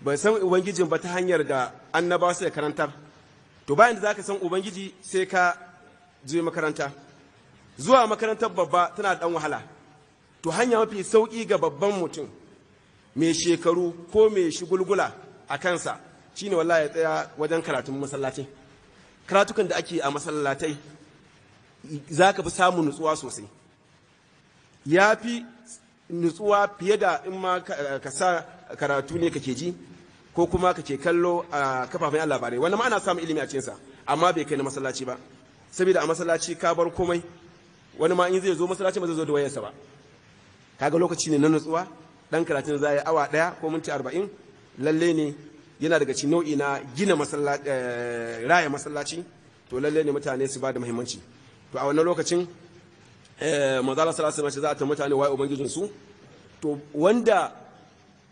bai san ubangijin ba ta hanyar da annabawa suka karantar to bayan da zaka san ubangiji sai ka je makaranta zuwa makarantar babba tana dan wahala to hanya mafi sauki ga babban mutum mai shekaru ko mai shi gulgula a kansa shine wallahi ya tsaya wajen karatun masallatai karatukan da ake a masallatai za ka fi samun nutsuwa sosai ya fi nutsuwa fiye da in ma ka sa karatu ne kake ji ko kuma kake kallo a kafafen labarai wannan ma ana samun ilimi a cikinsa amma bai kai na masallaci ba saboda a masallaci ka bar komai wani ma in zai zo masallaci ba zai zo da wayarsa ba kaga lokaci ne na nutsuwa dan karatun za yi awa daya ko minti arba'in lalle ne yana daga ci nau'i na gina eh, raya masallaci to lalle ne mutane su ba da muhimmanci to a wannan lokacin mazala salasa mace za a ta mutane waye ubangijinsu to wanda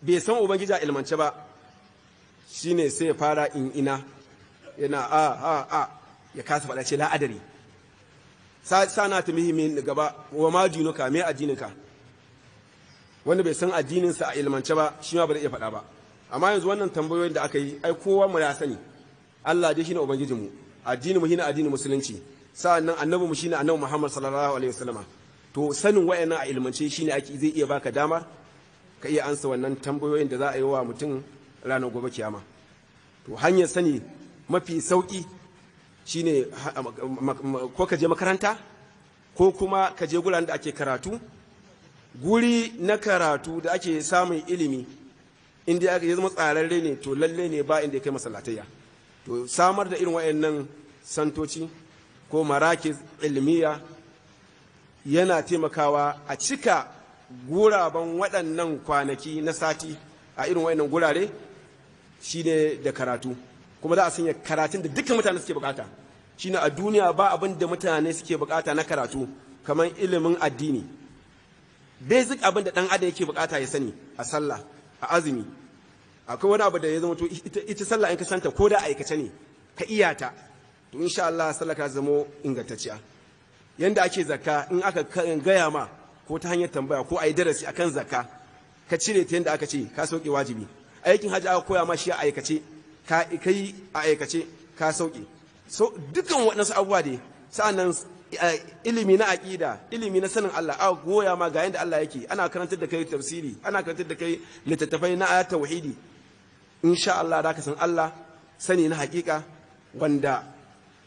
bai san ubangiji a ilmance ba shine sai ya fara in ina yana a a a ya kasa faɗa ce la'adari sana ta muhimmin gaba wa ma dinuka me addininka wanda bai san addininsa a ilmance ba shi ma ba zai iya faɗa ba amma yanzu wannan tambayoyin da aka yi ai kowa mu ya sani Allah dai shine mu addini mu shine addinin musulunci sa'annan annabi mu shine annabi Muhammad sallallahu alaihi wasallama to sanin wayannan a ilmance shine ake zai iya baka dama ka iya ansa wannan tambayoyin da za a yi wa mutum ranar gobe kiyama to hanyar sani mafi sauki shine ko ka je makaranta ko kuma ka je gudanar da ake karatu guri na karatu da ake samun ilimi inda aka yi zama tsararre ne to lalle ne ba inda ya kai masallatayya to samar da irin wayannan santoci ko marakis ilmiya yana taimakawa a cika guraben waɗannan kwanaki na sati a irin wayannan gurare shine da karatu kuma za a sanya karatun da dukkan mutane suke bukata shine a duniya ba abin da mutane suke bukata na karatu kamar ilimin addini basic abin da dan adam yake bukata ya sani a sallah a azumi akwai wani abu da ya zama to ita sallah in ka santa ko da aikace ne ka iya ta to insha Allah sallah ka zama ingantacciya yanda ake zakka in aka gaya ma ko ta hanyar tambaya ko ayi darasi akan zakka ka cire ta yanda aka ce ka sauke wajibi aikin haji aka koya ma shi a aikace ka kai a aikace ka sauke so dukan waɗansu abubuwa dai sa'annan Eh, ilimi na aƙida ilimi na sanin Allah a goya ma ga yadda Allah yake ana karantar da kai tafsiri ana karantar da kai littattafai na ayat tauhidi insha Allah da ka san Allah sani na hakika wanda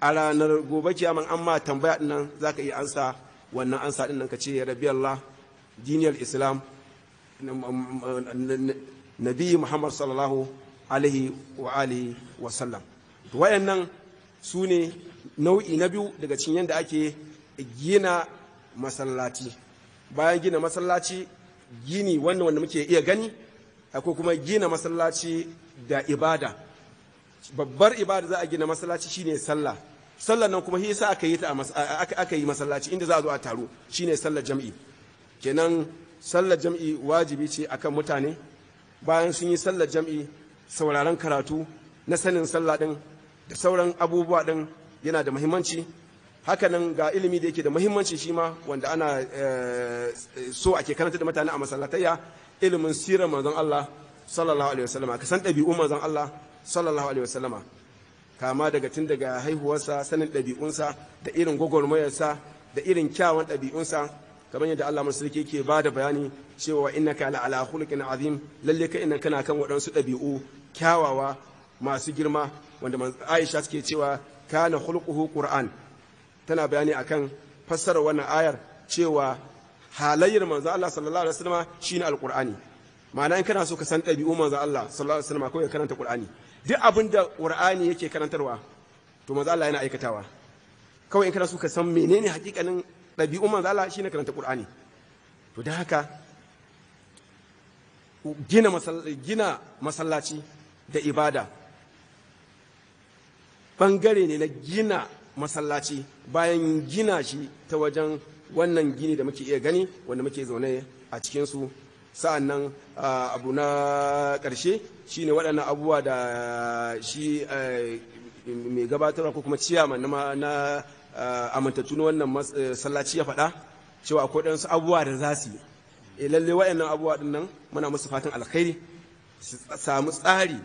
a ranar gobe kiyaman an ma tambaya din nan zaka iya ansa wannan ansa din nan ka ce rabbi Allah diniyar islam nabi muhammad sallallahu alaihi wa alihi wa sallam to wayannan su ne nau'i na biyu daga cikin yadda ake gina masallaci bayan gina masallaci gini wannan wanda muke iya gani akwai kuma gina masallaci da ibada babbar ibada za a gina masallaci shine sallah sallah nan kuma hisa aka yi ta aka yi masallaci inda za a zo a taro shine sallar jam'i kenan sallar jam'i wajibi ce akan mutane bayan sun yi sallar jam'i sauraren karatu na sanin sallah din da sauran abubuwa din yana da muhimmanci hakanan ga ilimi da yake da muhimmanci shi ma wanda ana eh, so ake karanta da mutane a masallatayya ilimin sirar manzon Allah sallallahu alaihi wasallama ka san ɗabi'un manzon Allah sallallahu alaihi wasallama kama daga tun daga haihuwarsa sanin ɗabi'unsa da irin gwagwarmayarsa da irin kyawun ɗabi'unsa kamar yadda Allah musulki yake ba da bayani cewa innaka ka ala khuluqin azim lalle ka inna kana kan waɗansu ɗabi'u kyawawa masu girma wanda Aisha suke cewa kana khulquhu qur'an tana bayani akan fassarar wannan ayar cewa halayyar manzo Allah sallallahu alaihi wasallam shine alqur'ani ma'ana in kana so ka san ɗabi'un manzo Allah sallallahu alaihi wasallam ko ya karanta qur'ani duk abin da qur'ani yake karantarwa to manzo Allah yana aikatawa kawai in kana so ka san menene hakikanin ɗabi'u manzo Allah shine karanta qur'ani to dan haka gina masallaci da ibada Bangare ne na gina masallaci bayan gina shi ta wajen wannan gini da muke iya gani wanda muke zaune a cikinsu sa'an nan abu na ƙarshe ne waɗannan abubuwa da shi mai gabatarwa ko kuma ciyama na amintattu na wannan masallaci eh, ya faɗa cewa akwai ɗansu abubuwa da za su yi eh, lalle waɗannan abubuwa ɗin nan muna musu fatan alkhairi su samu tsari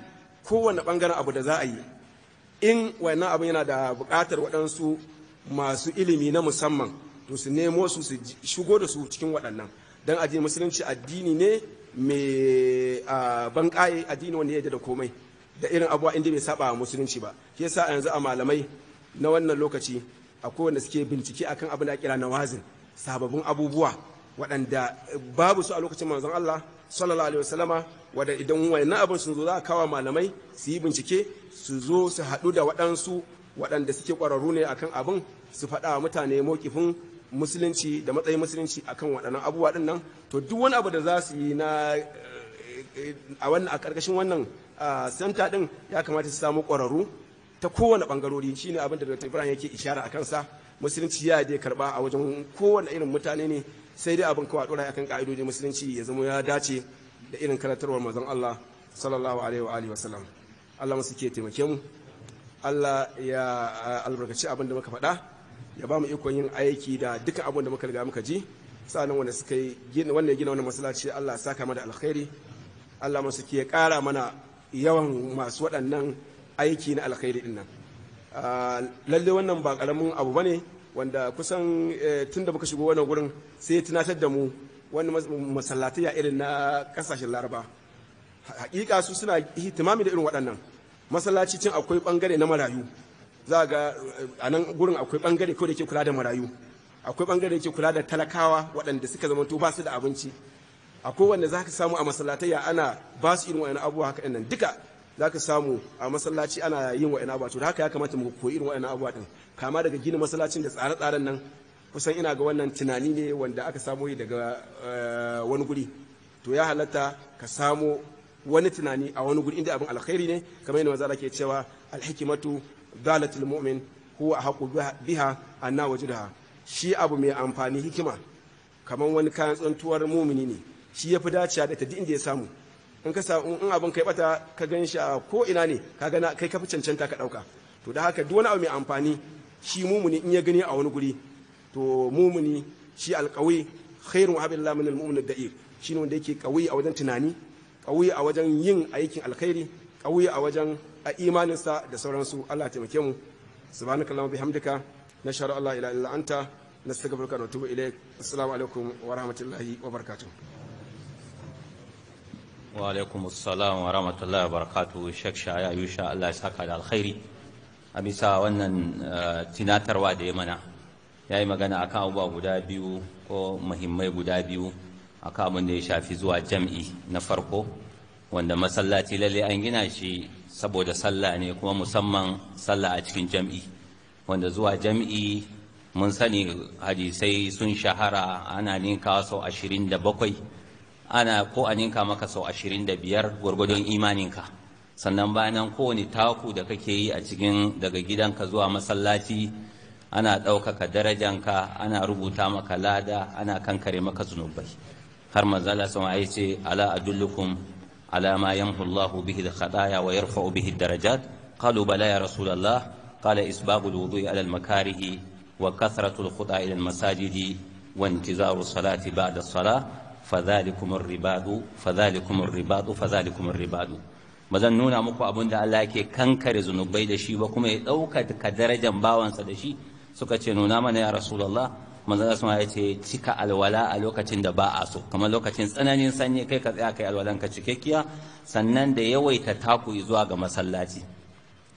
kowane ɓangaren abu da za a yi in wannan abin yana da buƙatar waɗansu masu ilimi na musamman to su nemo su su shigo da su cikin waɗannan don ajiye musulunci addini ne mai banƙaye addini wanda ya yi da komai da irin abuwa inda bai saba musulunci ba shi yasa yanzu a malamai na wannan lokaci akwai wanda suke bincike akan abin da kira na nawazin sababbin abubuwa waɗanda babu su a lokacin manzon Allah sallallahu alaihi wasallama wadda idan wani abin sun zo za a kawo malamai su yi bincike su zo su haɗu da waɗansu waɗanda suke ƙwararru ne akan abin su faɗa wa mutane mokifin musulunci da matsayin musulunci akan waɗannan abubuwa ɗin nan to duk wani abu da za su yi na eh, a wannan a ƙarƙashin wannan santa ɗin ya kamata su samu ƙwararru ta kowane ɓangarori shine abin da Dr. Ibrahim yake ishara a kansa musulunci ya je karɓa a wajen kowane irin mutane ne sai dai abin kawai ɗora akan ƙa'idojin musulunci ya zama ya dace da irin karatarwar mazan Allah sallallahu alaihi wa alihi wasallam Allah masu ke taimake mu Allah ya albarkaci abin da muka faɗa ya ba mu ikon yin aiki da duka abin da muka riga muka ji sa'anin wanda suka yi wanda ya gina wannan masallaci Allah ya saka mana alkhairi Allah masu ke ƙara mana yawan masu waɗannan aiki na alkhairi din nan lalle wannan ba ƙaramin abu bane wanda kusan eh, tun da muka shigo wannan gurin sai ya tunatar da mu wani masallatayya irin na kasashen laraba hakika su suna hitimami da irin waɗannan masallaci cin akwai ɓangare na marayu za ga eh, a nan gurin akwai ɓangare kawai da ke kula da marayu akwai ɓangare da ke kula da talakawa waɗanda suka zama to ba su da abinci akwai wanda za ka samu a masallatayya ana ba su irin wa'in abubuwa haka nan duka za ka samu a masallaci ana yin wa'in abubuwa to haka ya kamata mu koyi irin wa'in abubuwa ɗin kama daga gina masallacin da tsare-tsaren nan kusan ina ga wannan tunani ne wanda aka samo yi daga eh, wani guri to ya halatta ka samo wani tunani a wani guri inda abin alkhairi ne kamar yadda manzo ke cewa alhikimatu dalatul mu'min huwa haqu biha anna wajdaha shi abu mai amfani hikima kamar wani kayan tsantuwar mumini ne shi yafi dacewa da ta inda ya samu in ka samu in abin kai bata ka gan shi a ko ina ne ka gana kai ka fi cancanta ka dauka to da haka duk wani abu mai amfani shi mumuni in ya gani a wani guri to mumuni shi alƙawi khairun abillah min almu'min shine wanda yake ƙawi a wajen tunani ƙawi a wajen yin aikin alkhairi ƙawi a wajen a imaninsa da sauransu Allah taimake mu subhanaka allahumma bihamdika nashhadu an la ilaha illa anta nastaghfiruka wa assalamu alaikum wa rahmatullahi wa barakatuh wa alaikum assalam wa rahmatullahi wa barakatuh shek shaya yusha Allah ya saka da alkhairi a bisa wannan eh, tinatarwa da ya mana ya yi magana akan abubuwa guda biyu ko muhimmai guda biyu akan abin da ya shafi zuwa jam'i na farko wanda masallaci lalle an gina shi saboda sallah ne kuma musamman sallah a cikin jam'i wanda zuwa jam'i mun sani hadisai sun shahara ana ninka sau ashirin da bakwai ana ko a ninka maka sau ashirin da biyar gwargwadon imaninka sannan bayan kowane taku da kake yi a cikin daga gidanka zuwa masallaci ana ɗaukaka darajanka ana rubuta maka lada ana kankare maka zunubai har manzala sama ya ce ala adullukum ala ma yamhu Allahu bihi al-khataya wa yarfa'u bihi ad-darajat qalu bala ya rasulullah qala isbaghu al-wudu'i ala al-makarihi wa kathratu al-khuta'i ila al-masajidi wa intizaru salati ba'da as-salah فذلكم الرباد فذلكم الرباد فذلكم الرباد ba zan nuna muku abin da Allah yake kankare zunubai da shi ba kuma ya ɗaukaka darajar bawansa da shi suka ce nuna mana ya rasulallah manzon sama ya ce cika alwala a lokacin da ba a so kamar lokacin tsananin sanyi kai ka tsaya kai alwalan ka cikakkiya sannan da yawaita taku zuwa ga masallaci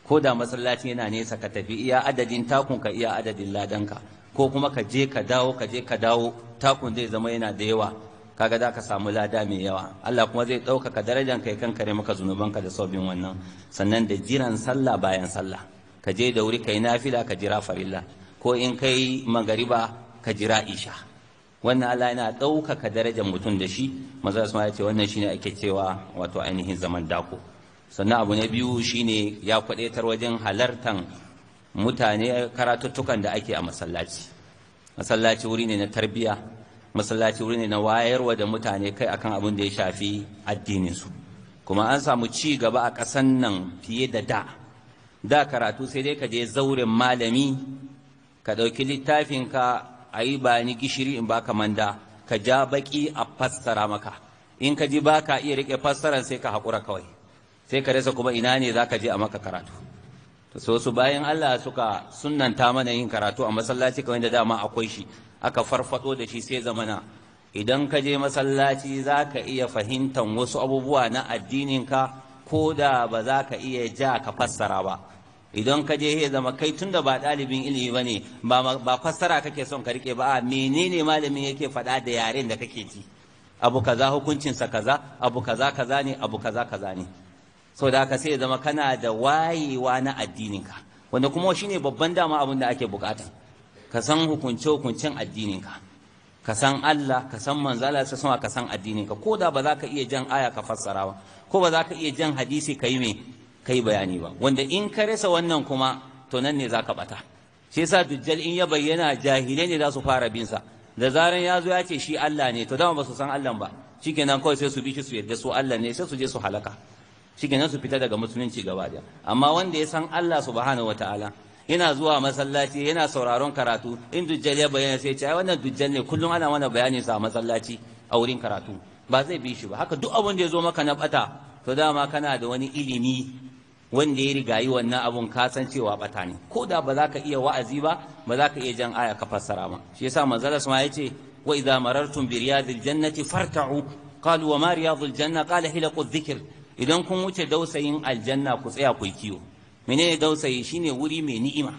ko da masallaci yana nesa ka tafi iya adadin takun ka iya adadin ka. ko kuma ka je ka dawo ka je ka dawo takun zai zama yana da yawa kaga za ka samu lada mai yawa Allah kuma zai ɗaukaka darajan kai kan kare maka zunubanka da saubin wannan sannan da jiran sallah bayan sallah ka je da wuri kai nafila ka jira farilla ko in kai magariba ka jira isha wannan Allah yana ɗaukaka darajar mutum da shi maza su ya ce wannan shine ake cewa wato ainihin zaman dako sannan abu na biyu shine ya kwadaitar wajen halartan mutane karatuttukan da ake a masallaci masallaci wuri ne na tarbiya masallaci wuri ne na wayarwa da mutane kai akan abin da ya shafi addininsu kuma an samu ci gaba a ƙasan nan fiye da da da karatu sai dai ka je zauren malami ka ɗauki littafinka a yi ba gishiri in baka manda ka ja baƙi a fassara maka in ka ji baka iya rike fassaran sai ka haƙura kawai sai ka rasa kuma ina ne za ka je a maka karatu to so su bayan Allah suka sunnanta mana yin karatu a masallaci kawai da dama akwai shi aka farfado da shi sai zamana idan ka je masallaci za ka iya fahimtar wasu abubuwa na addininka ko da ba za ka iya ja ka fassara ba idan ka je ya zama kai tunda ba ɗalibin ilimi ba ne ba fassara kake son ka rike ba a menene malamin yake faɗa da yaren da kake ji abu kaza hukuncinsa kaza abu kaza kaza ne abu kaza kaza ne so da haka sai ya zama kana da wayewa na addininka wanda kuma shi ne babban dama abin da ake bukata ka san hukunce hukuncen addininka ka san Allah ka san manzala sai sama ka san addininka ko da ba za ka iya jan aya ka fassara ba ko ba za ka iya jan hadisi ka yi me kai bayani ba wanda in ka rasa wannan kuma to nan ne zaka bata shi yasa dujjal in ya bayyana jahilai ne za su fara bin sa da zaran ya zo ya ce shi Allah ne to dama ba su san Allah ba shikenan kawai sai su bi shi su yarda su Allah ne sai su je su halaka shikenan su fita daga musulunci gaba da amma wanda ya san Allah subhanahu wataala yana zuwa masallaci yana sauraron karatu in dujjal ya bayyana sai ce ai wannan dujjal ne kullum ana mana bayani sa a masallaci a wurin karatu ba zai bi shi ba haka duk abin da ya zo maka na bata to dama kana da wani ilimi wanda ya riga yi wannan abun ka san cewa bata ne ko da ba za ka iya wa'azi ba ba za ka iya jan aya ka fassara ba shi yasa manzala sama ce wa idza marartum bi riyadil jannati farta'u qalu wa ma riyadul janna qala hilaqu dhikr idan kun wuce dausayin aljanna ku tsaya ku kiyo menene dausayi shine wuri mai ni'ima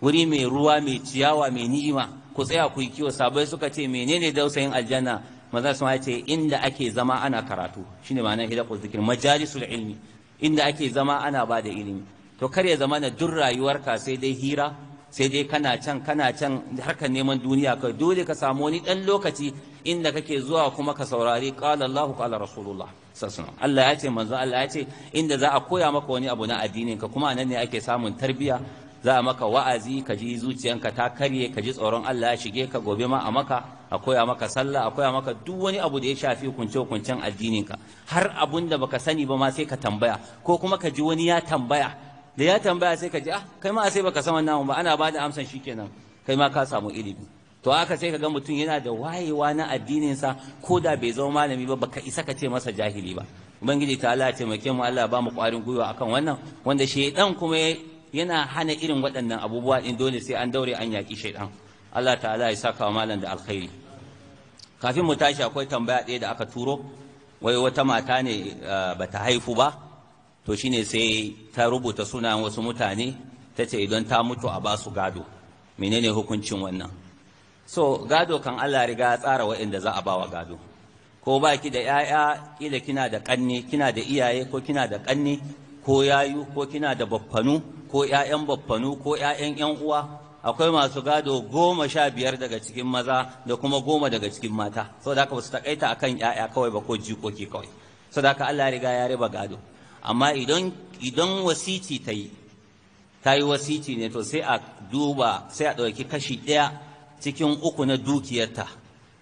wuri mai ruwa mai ciyawa mai ni'ima ku tsaya ku kiyo sabai suka ce menene dausayin aljanna manzala sama ce inda ake zama ana karatu shine ma'anar hilaqu dhikr majalisul ilmi inda ake zama ana ba da ilimi to kar ya zama na duk rayuwarka sai dai hira sai dai kana can kana can harkar neman duniya kai dole ka samu wani dan lokaci inda kake zuwa kuma ka saurari qala Allah qala Rasulullah sallallahu Allah ya ce manzo Allah ya ce inda za a koya maka wani abu na addinin ka kuma nan ne ake samun tarbiya za a maka wa'azi ka ji zuciyanka ta karye ka ji tsoron Allah ya shige ka gobe ma a maka a koya maka sallah a maka duk wani abu da ya shafi kunce kuncen addininka har abun da baka sani ba ma sai ka tambaya ko kuma ka ji wani ya tambaya da ya tambaya sai ka ji ah kai ma sai baka san wannan ba ana ba da amsan shikenan kai ma ka samu ilimi to haka sai ka ga mutum yana da wayewa na addinin sa ko da bai zama malami ba baka isa ka ce masa jahili ba ubangiji ta Allah ya taimake mu Allah ba mu kwarin gwiwa akan wannan wanda shaidan kuma yana hana irin waɗannan abubuwa din dole sai an daure an yaki shaidan Allah ta'ala ya saka wa malam da alkhairi kafin mu tashi akwai tambaya ɗaya da aka turo wai wata mata ne eh, ba ta haifu ba to shine sai ta rubuta sunayen wasu mutane ta ce idan ta mutu a basu gado menene hukuncin wannan so gado kan Allah riga ya tsara waɗanda za a bawa gado ko ba ki da 'ya'ya kila kina da ƙanne kina da iyaye ko kina da ƙanne ko yayu ko kina da baffanu ko 'ya'yan baffanu ko 'ya'yan 'yan uwa akwai masu gado goma sha biyar daga cikin maza da kuma goma daga cikin mata saboda haka ba su takaita akan yaya kawai ba ko jikoki kawai da haka Allah riga ya riba gado amma idan wasici ta yi ta yi wasici ne to sai a duba sai a ɗauki kashi ɗaya cikin uku na dukiyarta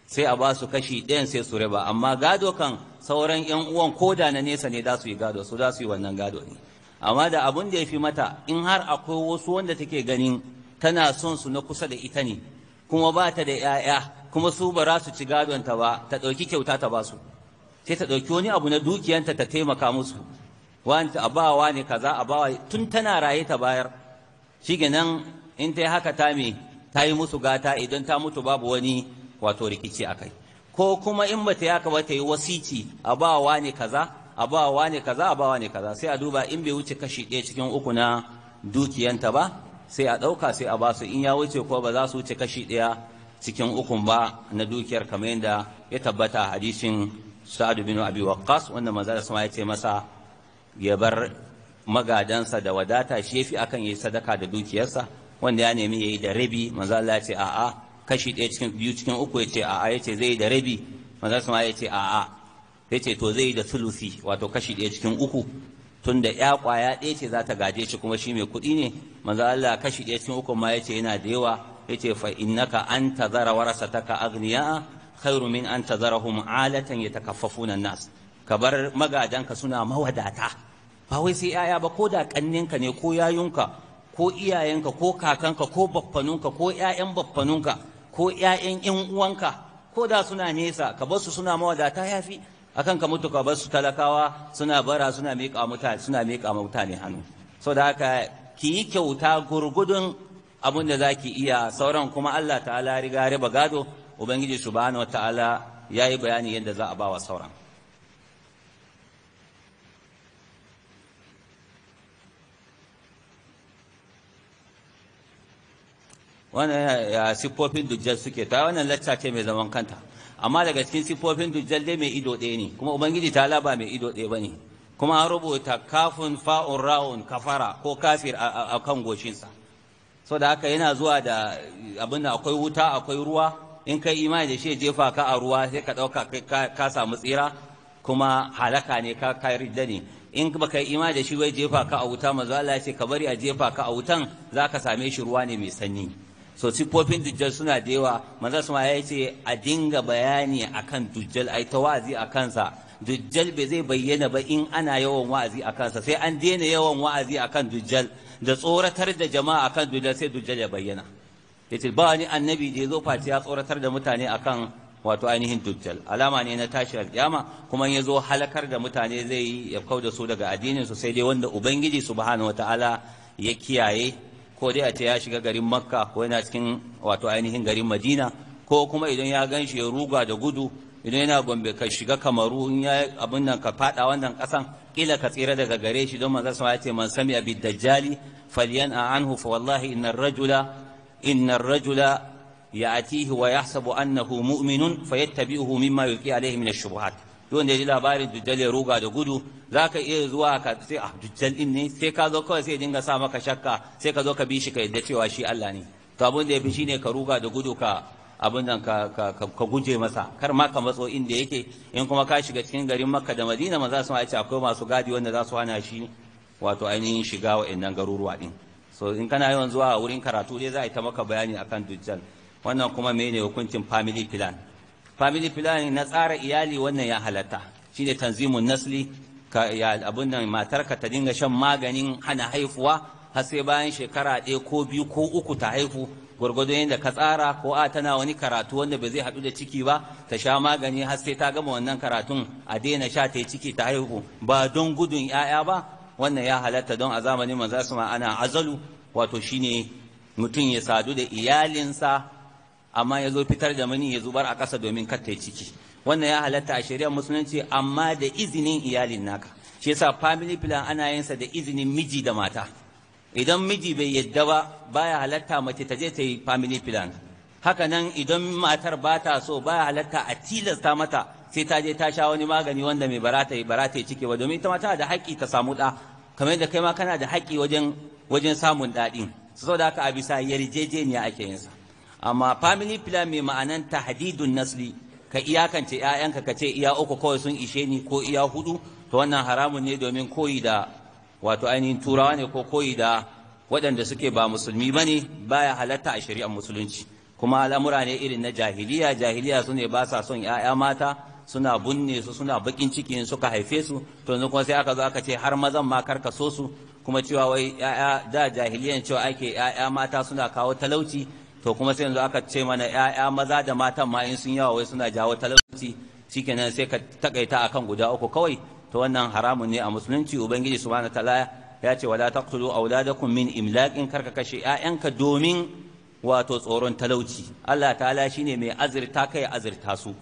sai a ba su kashi ɗayan sai su riba amma gado kan sauran 'yan uwan ko da na nesa ne za su yi gado su za su yi wannan gado ne amma da abun da ya fi mata in har akwai wasu wanda take ganin tana son su na kusa da ita ne kuma ba ta da 'ya'ya kuma su ba za su ci gadonta ba ta ɗauki kyauta ta ba su sai ta ɗauki wani abu na dukiyanta ta taimaka musu wani a ne kaza a tun tana raye ta bayar shi nan in ta yi haka ta me ta yi musu gata idan ta mutu babu wani wato rikici a kai ko kuma in bata yaka ba ta yi wasici a ne kaza a ne kaza a ne kaza sai a duba in bai wuce kashi ɗaya cikin uku na dukiyanta ba sai a ɗauka sai a basu in ya wuce ko ba za su wuce kashi ɗaya cikin ukun ba na dukiyar kamar yadda ya tabbata a hadisin sa'adu bin abi waqqas wanda manzo sama ya ce masa ya bar magadansa da wadata shi yafi akan yayi sadaka da dukiyarsa wanda ya nemi yayi da rabi manzo Allah ya ce a'a kashi ɗaya cikin biyu cikin uku ya ce a'a ya ce zai yi da rabi manzo sama ya ce a'a ya ce to zai yi da sulusi wato kashi ɗaya cikin uku tun da ya kwaya ɗaya ce za ta gaje shi kuma shi mai kuɗi ne manzo Allah kashi ɗaya cikin uku ma yace yana da yawa yace fa innaka an tazara ka aghniya khairu min an tazarahum alatan yatakaffafuna nas ka bar magajanka suna mawadata ba wai sai yaya ba ko da kanninka ne ko yayunka ko iyayenka ko kakanka ko baffanunka ko ƴaƴan baffanunka ko ƴaƴan ƴan uwanka ko da suna nesa ka bar su suna mawadata yafi akan ka mutu ka bar su talakawa suna bara suna miƙa mutane suna miƙa mutane hannu saboda haka ki yi kyauta gurgudun abin da zaki iya sauran kuma Allah ta'ala riga riba gado ubangiji subhanahu ta'ala yayi bayani yadda za a ba wa sauran wannan ya siffofin dujjar suke ta wannan lacca ce mai zaman kanta amma daga cikin siffofin dujjal dai mai ido ɗaya ne kuma ubangiji ta laba mai ido ɗaya bane kuma an rubuta kafin fa'un ra'un kafara ko kafir a kan goshinsa so da haka yana zuwa da abin akwai wuta akwai ruwa in kai imani da shi jefa ka a ruwa sai ka ɗauka ka samu tsira kuma halaka ne ka kai da ne in ba kai imani da shi wai jefa ka a wuta mazu Allah ce ka bari a jefa ka a wutan za ka same shi ruwa ne mai sanyi so sifofin dujjal suna da yawa manzo suma ya ce a dinga bayani akan dujjal ai ta wa'azi a kansa dujjal bai zai bayyana ba in ana yawan wa'azi a kansa sai an daina yawan wa'azi a kan dujjal da tsoratar da jama'a a kan dujjal sai dujjal ya bayyana ce ba wani annabi da ya zo face ya tsoratar da mutane a kan wato ainihin dujjal alama ne na tashi alƙiyama kuma ya zo halakar da mutane zai yi ya kau da su daga addinin su sai dai wanda ubangiji subhanahu ta'ala ya kiyaye ko dai a ce ya shiga garin makka ko yana cikin wato ainihin garin madina ko kuma idan ya gan shi ya ruga da gudu idan yana gombe ka shiga kamaru in ya abin nan ka fada wannan kasan kila ka tsira daga gare shi don manzo sama ya ce man sami abid dajjali falyan'a anhu fa wallahi innar rajula innar rajula ya'tihi wa yahsabu annahu mu'minun fayattabi'uhu mimma yuqi alayhi min ash-shubuhat duk da ya ji labarin dujjal ya ruga da gudu za ka iya zuwa ka sai a ah, dujjal din ne sai ka zo kawai sai dinga sa maka shakka sai ka zo ka bi shi ka yadda cewa shi Allah ne to abin da ya fi shi ne ka ruga da gudu ka abin nan ka ka guje masa kar ma ka matso inda yake in kuma ka shiga cikin garin Makka da Madina ma za su ce akwai masu gadi wanda za su hana shi wato ainihin shiga wa wa'annan garuruwa din so in kana yawan zuwa wurin karatu dai za a yi ta maka bayani akan dujjal wannan kuma mene hukuncin family plan family planning na tsara iyali wannan ya halatta shine tanzimun nasli ka ya abun nan matarka ta dinga shan maganin hana haifuwa har sai bayan shekara ɗaya ko biyu ko uku ta haifu gwargwadon yadda ka tsara ko a tana wani karatu wanda ba zai haɗu da ciki ba ta sha magani har sai ta gama wannan karatun a daina sha ta yi ciki ta haihu ba don gudun 'ya'ya ba wannan ya halatta don a zamanin manzo su ana azalu wato shine mutum ya sadu da iyalinsa amma ya zo fitar da mani ya zubar a ƙasa domin kattai ciki wannan ya halatta a shari'ar musulunci amma da izinin iyalin naka shi yasa family plan ana yin sa da izinin miji da mata idan miji bai yadda ba baya halatta mace ta je ta yi family plan haka nan idan matar ba ta so baya halatta a tilasta mata sai ta je ta sha wani magani wanda mai barata yi barata ya cike ba domin ta mata da haƙƙi ta samu ɗa kamar yadda kai ma kana da haƙƙi wajen wajen samun daɗin saboda haka a bisa yarjejeniya ake yin sa amma family plan mai ma'anan tahdidun nasli ka iyakance ƴaƴanka ka ce iya uku kawai sun ishe ni ko iya hudu to wannan haramun ne domin koyi da wato ainihin turawa ne ko koyi da waɗanda suke ba musulmi ba ne baya halatta a shari'ar musulunci kuma al'amura ne irin na jahiliya jahiliya su ne ba sa son ƴaƴa mata suna bunne su suna bakin ciki in suka haife su to yanzu kuma sai aka zo aka ce har mazan ma karka so su kuma cewa wai ƴaƴa da jahiliyan cewa ake ƴaƴa mata suna kawo talauci to kuma sai yanzu aka ce mana ‘ya'ya maza da matan ma in sun yawa wai suna jawo talauci shikenan sai ka takaita akan guda uku kawai to wannan haramun ne a musulunci ubangiji subhanahu ta'ala ya ce wala taqtulu auladakum min imlaqin karka kashe ‘ya'yanka domin wato tsoron talauci Allah ta'ala shine mai azirta kai azirta su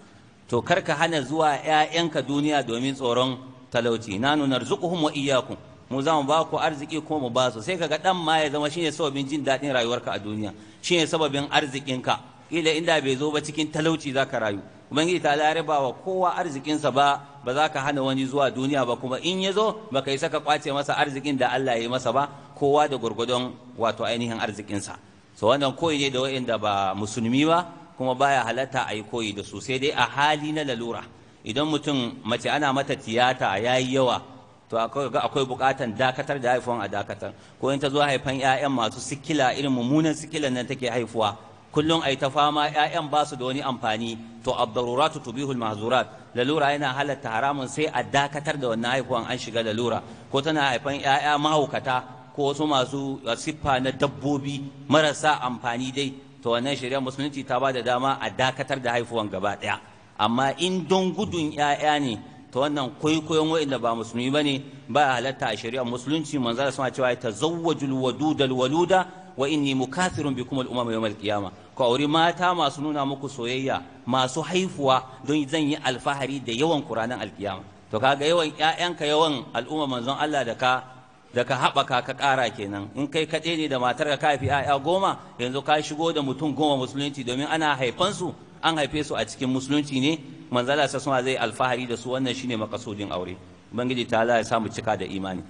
to karka hana zuwa ‘ya'yanka duniya domin tsoron talauci nanu narzuquhum wa iyyakum mu za mu ba ku arziki ko mu ba su sai kaga dan ma ya zama shine sababin jin daɗin rayuwarka a duniya shine sababin arzikinka ila inda bai zo ba cikin talauci zaka rayu ubangiji ta larabawa wa kowa arzikinsa ba ba za ka hana wani zuwa duniya ba kuma in ya zo ba ka yi saka kwace masa arzikin da Allah ya yi masa ba kowa da gwargwadon wato ainihin arzikinsa so wannan koyi ne da waɗanda ba musulmi ba kuma baya halatta a yi koyi da su sai dai a hali na lalura idan mutum mace ana mata tiyata ya yi yawa to akwai bukatan dakatar da haifuwan a dakatar ko in ta zo haifan 'ya'yan masu sikila irin mummunan sikilan nan take haifuwa kullum ai ta fama 'ya'yan ba su da wani amfani to abdururatu tubihul mahzurat lalura yana halatta haramun sai a dakatar da wannan haifuwan an shiga lalura ko tana haifan 'ya'ya mahaukata ko wasu masu siffa na dabbobi marasa amfani dai to wannan shari'ar musulunci ta ba da dama a dakatar da haifuwan gaba ɗaya amma in don gudun 'ya'ya ne ta wannan kwaikwayon wa'inda ba musulmi ba ne ba halatta a shari'ar musulunci manzo sama cewa ta zawwajul wadudal waluda wa inni mukathirun bikum al umam yawm al qiyama ku auri mata masu nuna muku soyayya masu haifuwa don zan yi alfahari da yawan qur'anin al qiyama to kaga yawan ƴaƴanka yawan al'umma manzon Allah da ka da ka haɓaka ka ƙara kenan in kai kaɗai ne da matar ka haifi 'ya'ya goma yanzu ka shigo da mutum goma musulunci domin ana haifansu an haife su a cikin musulunci ne manzala sa suna zai alfahari da su wannan shine makasudin aure ubangiji ta Allah ya samu cika da imani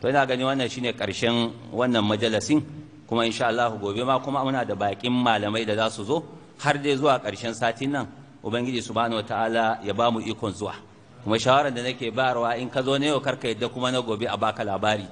to ina gani wannan shine karshen wannan majalisin kuma insha Allah gobe ma kuma muna da bakin malamai da za su zo har dai zuwa karshen satin nan ubangiji subhanahu wataala ya ba mu ikon zuwa kuma shawarar da nake bayarwa in ka zo ne yau ka yadda kuma na gobe a baka labari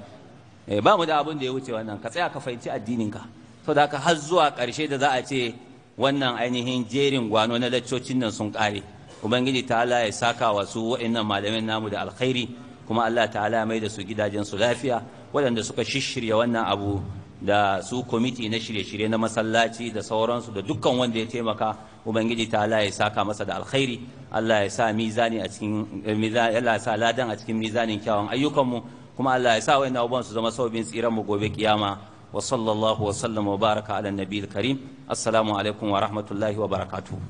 eh, ba mu da abin da ya wuce wannan ka tsaya ka fahimci addinin ka saboda haka har zuwa karshe da za a ce wannan ainihin jerin gwano na laccocin nan sun kare ubangiji ta'ala ya saka wa su wa'annan malamin namu da alkhairi kuma Allah ta'ala mai da su gidajen su lafiya waɗanda suka shishirya wannan abu da su kwamiti na shirye-shirye na masallaci da sauransu da dukkan wanda ya taimaka ubangiji ta Allah ya saka masa da alkhairi Allah ya sa mizani a cikin Allah ya sa ladan a cikin mizanin kyawun ayyukanmu kuma Allah ya sa wa'annan abubuwan su zama saubin tsiran mu gobe kiyama wa sallallahu wa sallam wa baraka ala nabiyil karim assalamu alaikum wa rahmatullahi wa barakatuhu